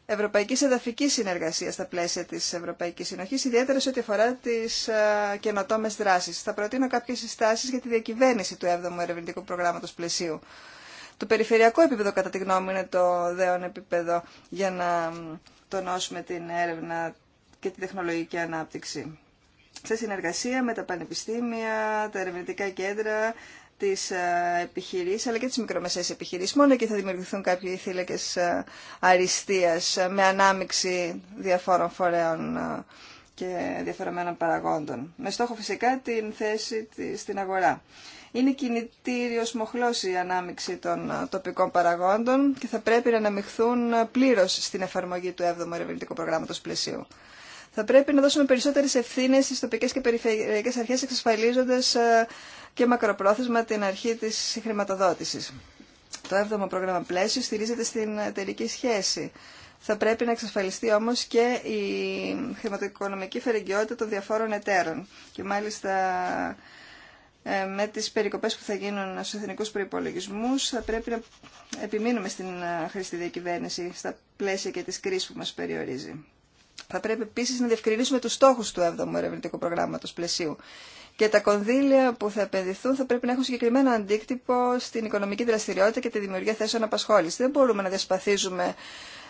ευρωπαϊκή εδαφική συνεργασία στα πλαίσια τη Ευρωπαϊκή Συνοχής, ιδιαίτερα σε ό,τι αφορά τι ε, καινοτόμε δράσεις. Θα προτείνω κάποιε συστάσει για τη διακυβέρνηση του 7ου ερευνητικού προγράμματο πλαισίου. Το περιφερειακό επίπεδο, κατά τη γνώμη, είναι το δέον επίπεδο για να τονώσουμε την έρευνα και την τεχνολογική ανάπτυξη. Σε συνεργασία με τα πανεπιστήμια, τα ερευνητικά κέντρα, τι ε, επιχειρήσει αλλά και τι μικρομεσαίε επιχειρήσει. Μόνο εκεί θα δημιουργηθούν κάποιοι θύλακε αριστεία ε, με ανάμειξη διαφόρων φορέων ε, και διαφορεμένων παραγόντων. Με στόχο φυσικά την θέση στην αγορά. Είναι κινητήριο μοχλό η ανάμειξη των ε, τοπικών παραγόντων και θα πρέπει να αναμειχθούν ε, πλήρω στην εφαρμογή του 7ου ερευνητικού προγράμματο πλαισίου. Θα πρέπει να δώσουμε περισσότερε ευθύνε στι τοπικέ και περιφερειακές αρχέ, εξασφαλίζοντα ε, και μακροπρόθεσμα την αρχή τη χρηματοδότηση. Το 7ο πρόγραμμα πλαίσιο στηρίζεται στην εταιρική σχέση θα πρέπει να εξασφαλιστεί όμως και η χρηματοοικονομική φερεγγιότητα των διαφόρων εταίρων. Και μάλιστα ε, με τις περικοπές που θα γίνουν στους εθνικούς προϋπολογισμούς θα πρέπει να επιμείνουμε στην ε, χρηστή διακυβέρνηση στα πλαίσια και της κρίσης που μας περιορίζει. Θα πρέπει επίση να διευκρινίσουμε του στόχου του 7ου ερευνητικού προγράμματο πλαισίου. Και τα κονδύλια που θα επενδυθούν θα πρέπει να έχουν συγκεκριμένο αντίκτυπο στην οικονομική δραστηριότητα και τη δημιουργία θέσεων απασχόληση. Δεν μπορούμε να διασπαθίζουμε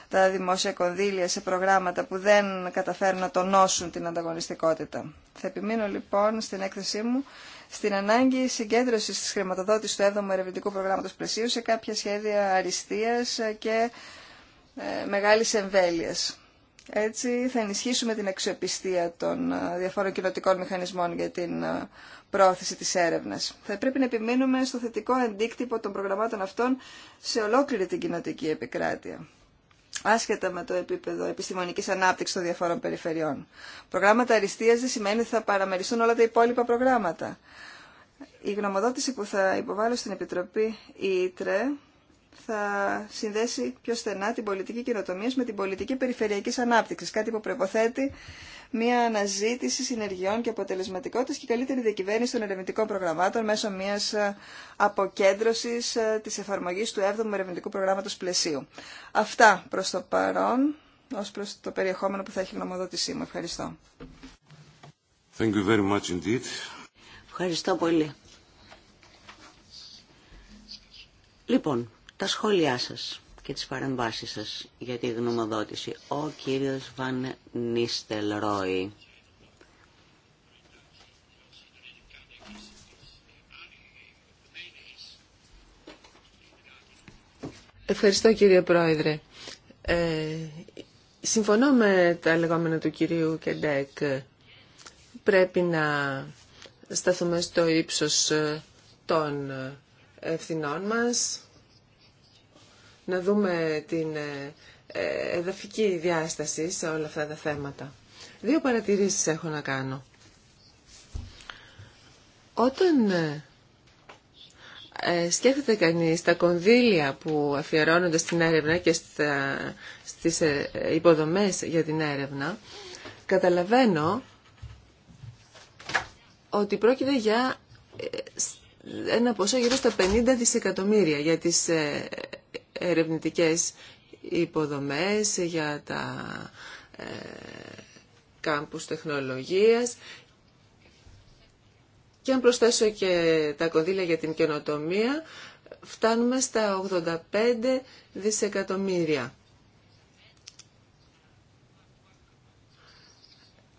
τα δημόσια κονδύλια σε προγράμματα που δεν καταφέρουν να τονώσουν την ανταγωνιστικότητα. Θα επιμείνω λοιπόν στην έκθεσή μου στην ανάγκη συγκέντρωση τη χρηματοδότηση του 7ου Ερευνητικού Προγράμματο Πλαισίου σε κάποια σχέδια αριστεία και ε, μεγάλη εμβέλεια. Έτσι θα ενισχύσουμε την αξιοπιστία των ε, διαφόρων κοινοτικών μηχανισμών για την ε, πρόθεση της έρευνας. Θα πρέπει να επιμείνουμε στο θετικό αντίκτυπο των προγραμμάτων αυτών σε ολόκληρη την κοινοτική επικράτεια άσχετα με το επίπεδο επιστημονικής ανάπτυξης των διαφόρων περιφερειών. Προγράμματα αριστείας δεν σημαίνει ότι θα παραμεριστούν όλα τα υπόλοιπα προγράμματα. Η γνωμοδότηση που θα υποβάλω στην Επιτροπή ΙΤΡΕ θα συνδέσει πιο στενά την πολιτική κοινοτομία με την πολιτική περιφερειακής ανάπτυξη, κάτι που προποθέτει μια αναζήτηση συνεργειών και αποτελεσματικότητας και καλύτερη διακυβέρνηση των ερευνητικών προγραμμάτων μέσω μιας ε, αποκέντρωσης ε, της εφαρμογής του 7ου ερευνητικού προγράμματος πλαισίου. Αυτά προς το παρόν, ω προς το περιεχόμενο που θα έχει γνωμοδότησή μου. Ευχαριστώ. Thank you very much indeed. Ευχαριστώ πολύ. Λοιπόν, τα σχόλιά σας και τις παρεμβάσεις σας για τη γνωμοδότηση. Ο κύριος Βαν Νίστελ Ευχαριστώ κύριε Πρόεδρε. Ε, συμφωνώ με τα λεγόμενα του κυρίου Κεντέκ. Πρέπει να σταθούμε στο ύψος ε, των ε, ευθυνών μας να δούμε την ε, ε, εδαφική διάσταση σε όλα αυτά τα θέματα. Δύο παρατηρήσεις έχω να κάνω. Όταν ε, σκέφτεται κανείς τα κονδύλια που αφιερώνονται στην έρευνα και στα, στις υποδομές για την έρευνα, καταλαβαίνω ότι πρόκειται για ένα ποσό γύρω στα 50 δισεκατομμύρια για τις ερευνητικές υποδομές, για τα ε, κάμπους τεχνολογίας και αν προσθέσω και τα κονδύλια για την καινοτομία, φτάνουμε στα 85 δισεκατομμύρια.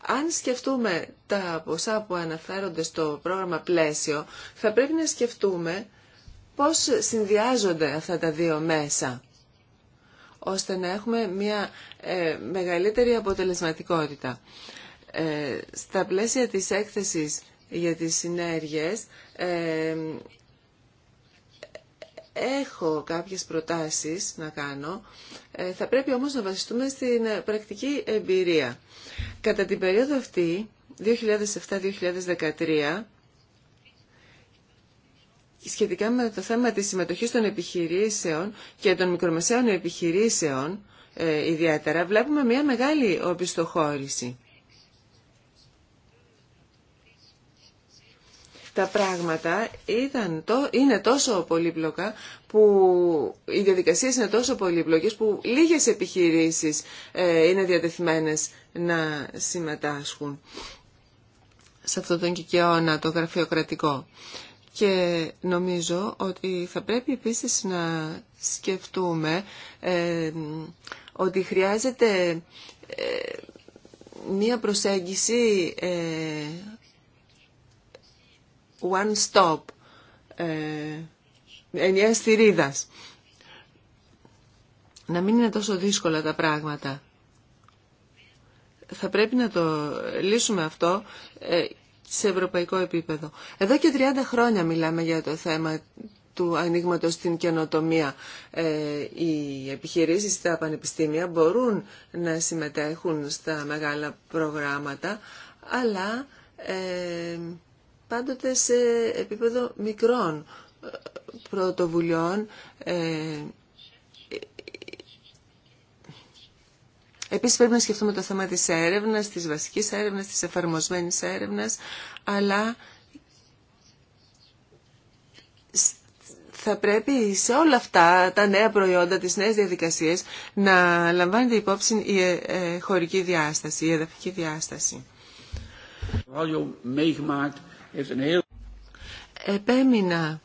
Αν σκεφτούμε τα ποσά που αναφέρονται στο πρόγραμμα πλαίσιο, θα πρέπει να σκεφτούμε Πώς συνδυάζονται αυτά τα δύο μέσα ώστε να έχουμε μια ε, μεγαλύτερη αποτελεσματικότητα. Ε, στα πλαίσια της έκθεσης για τις συνέργειες ε, έχω κάποιες προτάσεις να κάνω. Θα πρέπει όμως να βασιστούμε στην πρακτική εμπειρία. Κατά την περίοδο αυτή, 2007-2013, σχετικά με το θέμα της συμμετοχής των επιχειρήσεων και των μικρομεσαίων επιχειρήσεων ε, ιδιαίτερα, βλέπουμε μια μεγάλη οπισθοχώρηση. τα πράγματα ήταν το, είναι τόσο πολύπλοκα που οι διαδικασίες είναι τόσο πολύπλοκες που λίγες επιχειρήσεις ε, είναι διατεθειμένες να συμμετάσχουν σε αυτόν τον κυκαιώνα το γραφειοκρατικό. Και νομίζω ότι θα πρέπει επίσης να σκεφτούμε ε, ότι χρειάζεται ε, μία προσέγγιση ε, one stop, ενιαία θηρίδας. Να μην είναι τόσο δύσκολα τα πράγματα. Θα πρέπει να το λύσουμε αυτό σε ευρωπαϊκό επίπεδο. Εδώ και 30 χρόνια μιλάμε για το θέμα του ανοίγματο στην καινοτομία. Ε, οι επιχειρήσεις στα πανεπιστήμια μπορούν να συμμετέχουν στα μεγάλα προγράμματα, αλλά ε, πάντοτε σε επίπεδο μικρών ε, πρωτοβουλειών Επίση, πρέπει να σκεφτούμε το θέμα της έρευνα, τη βασική έρευνα, τη εφαρμοσμένη έρευνα, αλλά θα πρέπει σε όλα αυτά τα νέα προϊόντα, τις νέες διαδικασίες, να λαμβάνεται υπόψη η ε, ε, χωρική διάσταση, η εδαφική διάσταση. Επέμεινα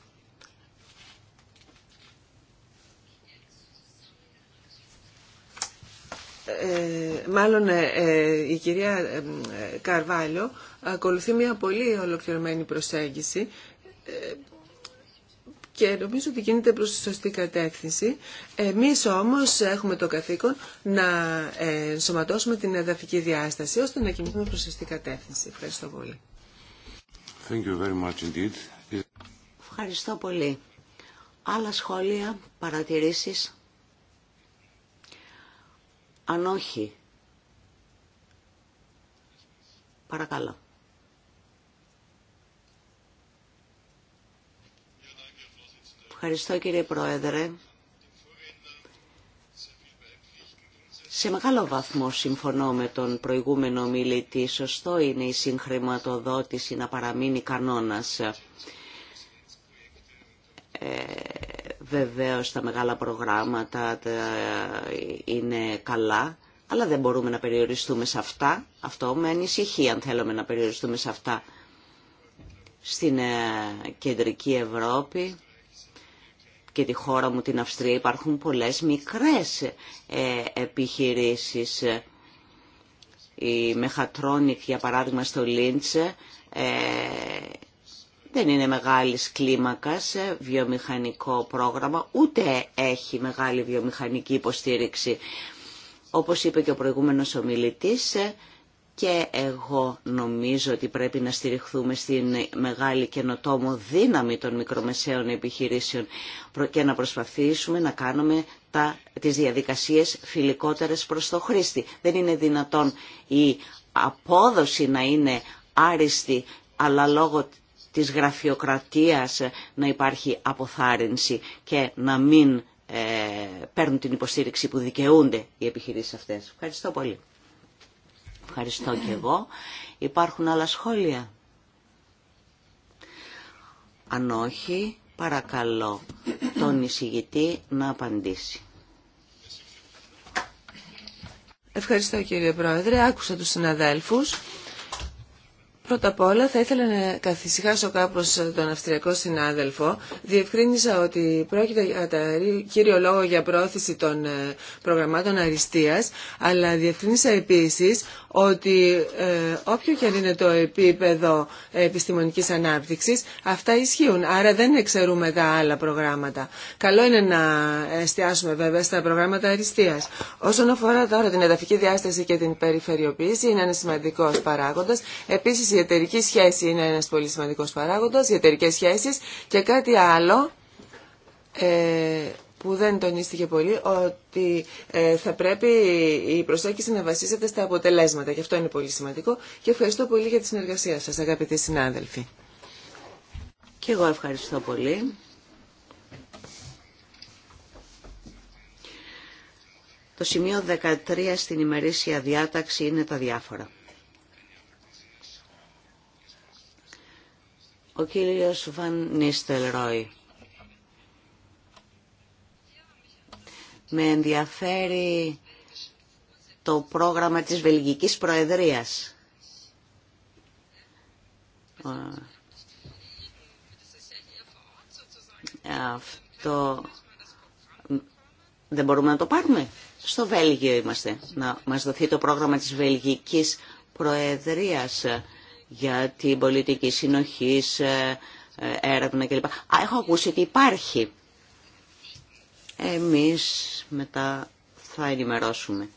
Ε, μάλλον ε, ε, η κυρία Καρβάλιο ακολουθεί μια πολύ ολοκληρωμένη προσέγγιση και νομίζω ότι κινείται προς τη σωστή κατεύθυνση. Εμείς όμως έχουμε το καθήκον να ενσωματώσουμε την εδαφική διάσταση ώστε να κινηθούμε προς τη σωστή κατεύθυνση. Ευχαριστώ πολύ. Ευχαριστώ πολύ. Άλλα σχόλια, παρατηρήσεις. Αν όχι, παρακαλώ. Ευχαριστώ κύριε Πρόεδρε. Σε μεγάλο βαθμό συμφωνώ με τον προηγούμενο μιλητή. Σωστό είναι η συγχρηματοδότηση να παραμείνει κανόνας. Ε, Βεβαίως τα μεγάλα προγράμματα ε, είναι καλά, αλλά δεν μπορούμε να περιοριστούμε σε αυτά. Αυτό με ανησυχεί αν θέλουμε να περιοριστούμε σε αυτά. Στην ε, κεντρική Ευρώπη και τη χώρα μου την Αυστρία υπάρχουν πολλές μικρές ε, επιχειρήσεις. Η Μεχατρόνικ για παράδειγμα στο Λίντσε δεν είναι μεγάλης κλίμακας ε, βιομηχανικό πρόγραμμα, ούτε έχει μεγάλη βιομηχανική υποστήριξη. Όπως είπε και ο προηγούμενος ομιλητής, ε, και εγώ νομίζω ότι πρέπει να στηριχθούμε στην μεγάλη καινοτόμο δύναμη των μικρομεσαίων επιχειρήσεων και να προσπαθήσουμε να κάνουμε τα, τις διαδικασίες φιλικότερες προς το χρήστη. Δεν είναι δυνατόν η απόδοση να είναι άριστη αλλά λόγω της γραφειοκρατίας να υπάρχει αποθάρρυνση και να μην ε, παίρνουν την υποστήριξη που δικαιούνται οι επιχειρήσεις αυτές. Ευχαριστώ πολύ. Ευχαριστώ και εγώ. Υπάρχουν άλλα σχόλια. Αν όχι, παρακαλώ τον εισηγητή να απαντήσει. Ευχαριστώ κύριε Πρόεδρε. Άκουσα τους συναδέλφους. Πρώτα απ' όλα θα ήθελα να καθησυχάσω κάπως τον αυστριακό συνάδελφο. Διευκρίνησα ότι πρόκειται κατά κύριο λόγο για πρόθεση των ε, προγραμμάτων αριστείας, αλλά διευκρίνησα επίσης ότι ε, όποιο και αν είναι το επίπεδο επιστημονικής ανάπτυξης, αυτά ισχύουν, άρα δεν εξαιρούμε τα άλλα προγράμματα. Καλό είναι να εστιάσουμε βέβαια στα προγράμματα αριστείας. Όσον αφορά τώρα την εδαφική διάσταση και την περιφερειοποίηση, είναι ένα σημαντικός παράγοντας. Επίσης η εταιρική σχέση είναι ένας πολύ σημαντικός παράγοντας, οι εταιρικέ σχέσεις και κάτι άλλο ε, που δεν τονίστηκε πολύ, ότι ε, θα πρέπει η προσέγγιση να βασίζεται στα αποτελέσματα και αυτό είναι πολύ σημαντικό και ευχαριστώ πολύ για τη συνεργασία σας αγαπητοί συνάδελφοι. Και εγώ ευχαριστώ πολύ. Το σημείο 13 στην ημερήσια διάταξη είναι τα διάφορα. Ο κύριος Βαν Νίστελρόι. Με ενδιαφέρει το πρόγραμμα της Βελγικής Προεδρίας. Αυτό δεν μπορούμε να το πάρουμε. Στο Βέλγιο είμαστε. Να μας δοθεί το πρόγραμμα της Βελγικής Προεδρίας για την πολιτική συνοχή, ε, ε, έρευνα κλπ. Α, έχω ακούσει ότι υπάρχει. Εμείς μετά θα ενημερώσουμε.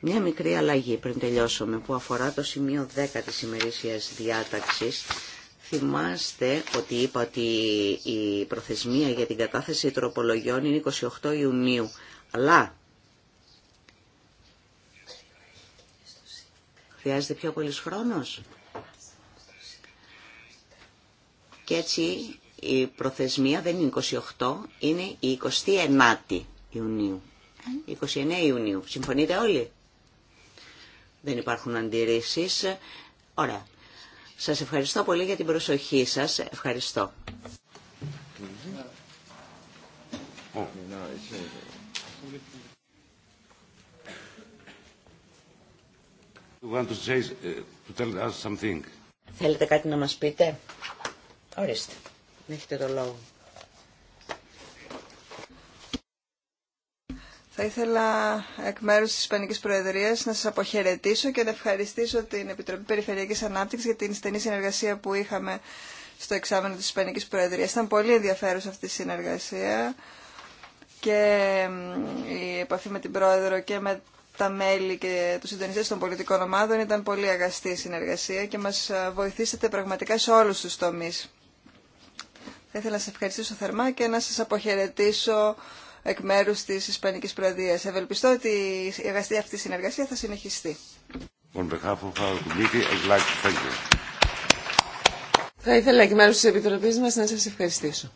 Μια μικρή αλλαγή πριν τελειώσουμε που αφορά το σημείο 10 της ημερήσιας διάταξης. Θυμάστε ότι είπα ότι η προθεσμία για την κατάθεση τροπολογιών είναι 28 Ιουνίου. Αλλά Χρειάζεται πιο πολύς χρόνος. Και έτσι η προθεσμία δεν είναι 28, είναι η 29η Ιουνίου. 29 Ιουνίου. Συμφωνείτε όλοι. Δεν υπάρχουν αντιρρήσεις. Ωραία. Σας ευχαριστώ πολύ για την προσοχή σας. Ευχαριστώ. Mm-hmm. Uh, Θέλετε κάτι να μας πείτε. Ορίστε. Έχετε το λόγο. Θα ήθελα εκ μέρους της Ισπανικής Προεδρίας να σας αποχαιρετήσω και να ευχαριστήσω την Επιτροπή Περιφερειακής Ανάπτυξης για την στενή συνεργασία που είχαμε στο εξάμενο της Ισπανικής Προεδρίας. Ήταν πολύ ενδιαφέρουσα αυτή η συνεργασία και η επαφή με την Πρόεδρο και με τα μέλη και τους συντονιστές των πολιτικών ομάδων. Ήταν πολύ αγαστή η συνεργασία και μας ε, βοηθήσατε πραγματικά σε όλους τους τομείς. Θα ήθελα να σας ευχαριστήσω θερμά και να σας αποχαιρετήσω εκ μέρους της Ισπανικής Προεδρίας. Ευελπιστώ ότι η αγαστή αυτή συνεργασία θα συνεχιστεί. Θα ήθελα εκ μέρους της Επιτροπής μας να σας ευχαριστήσω.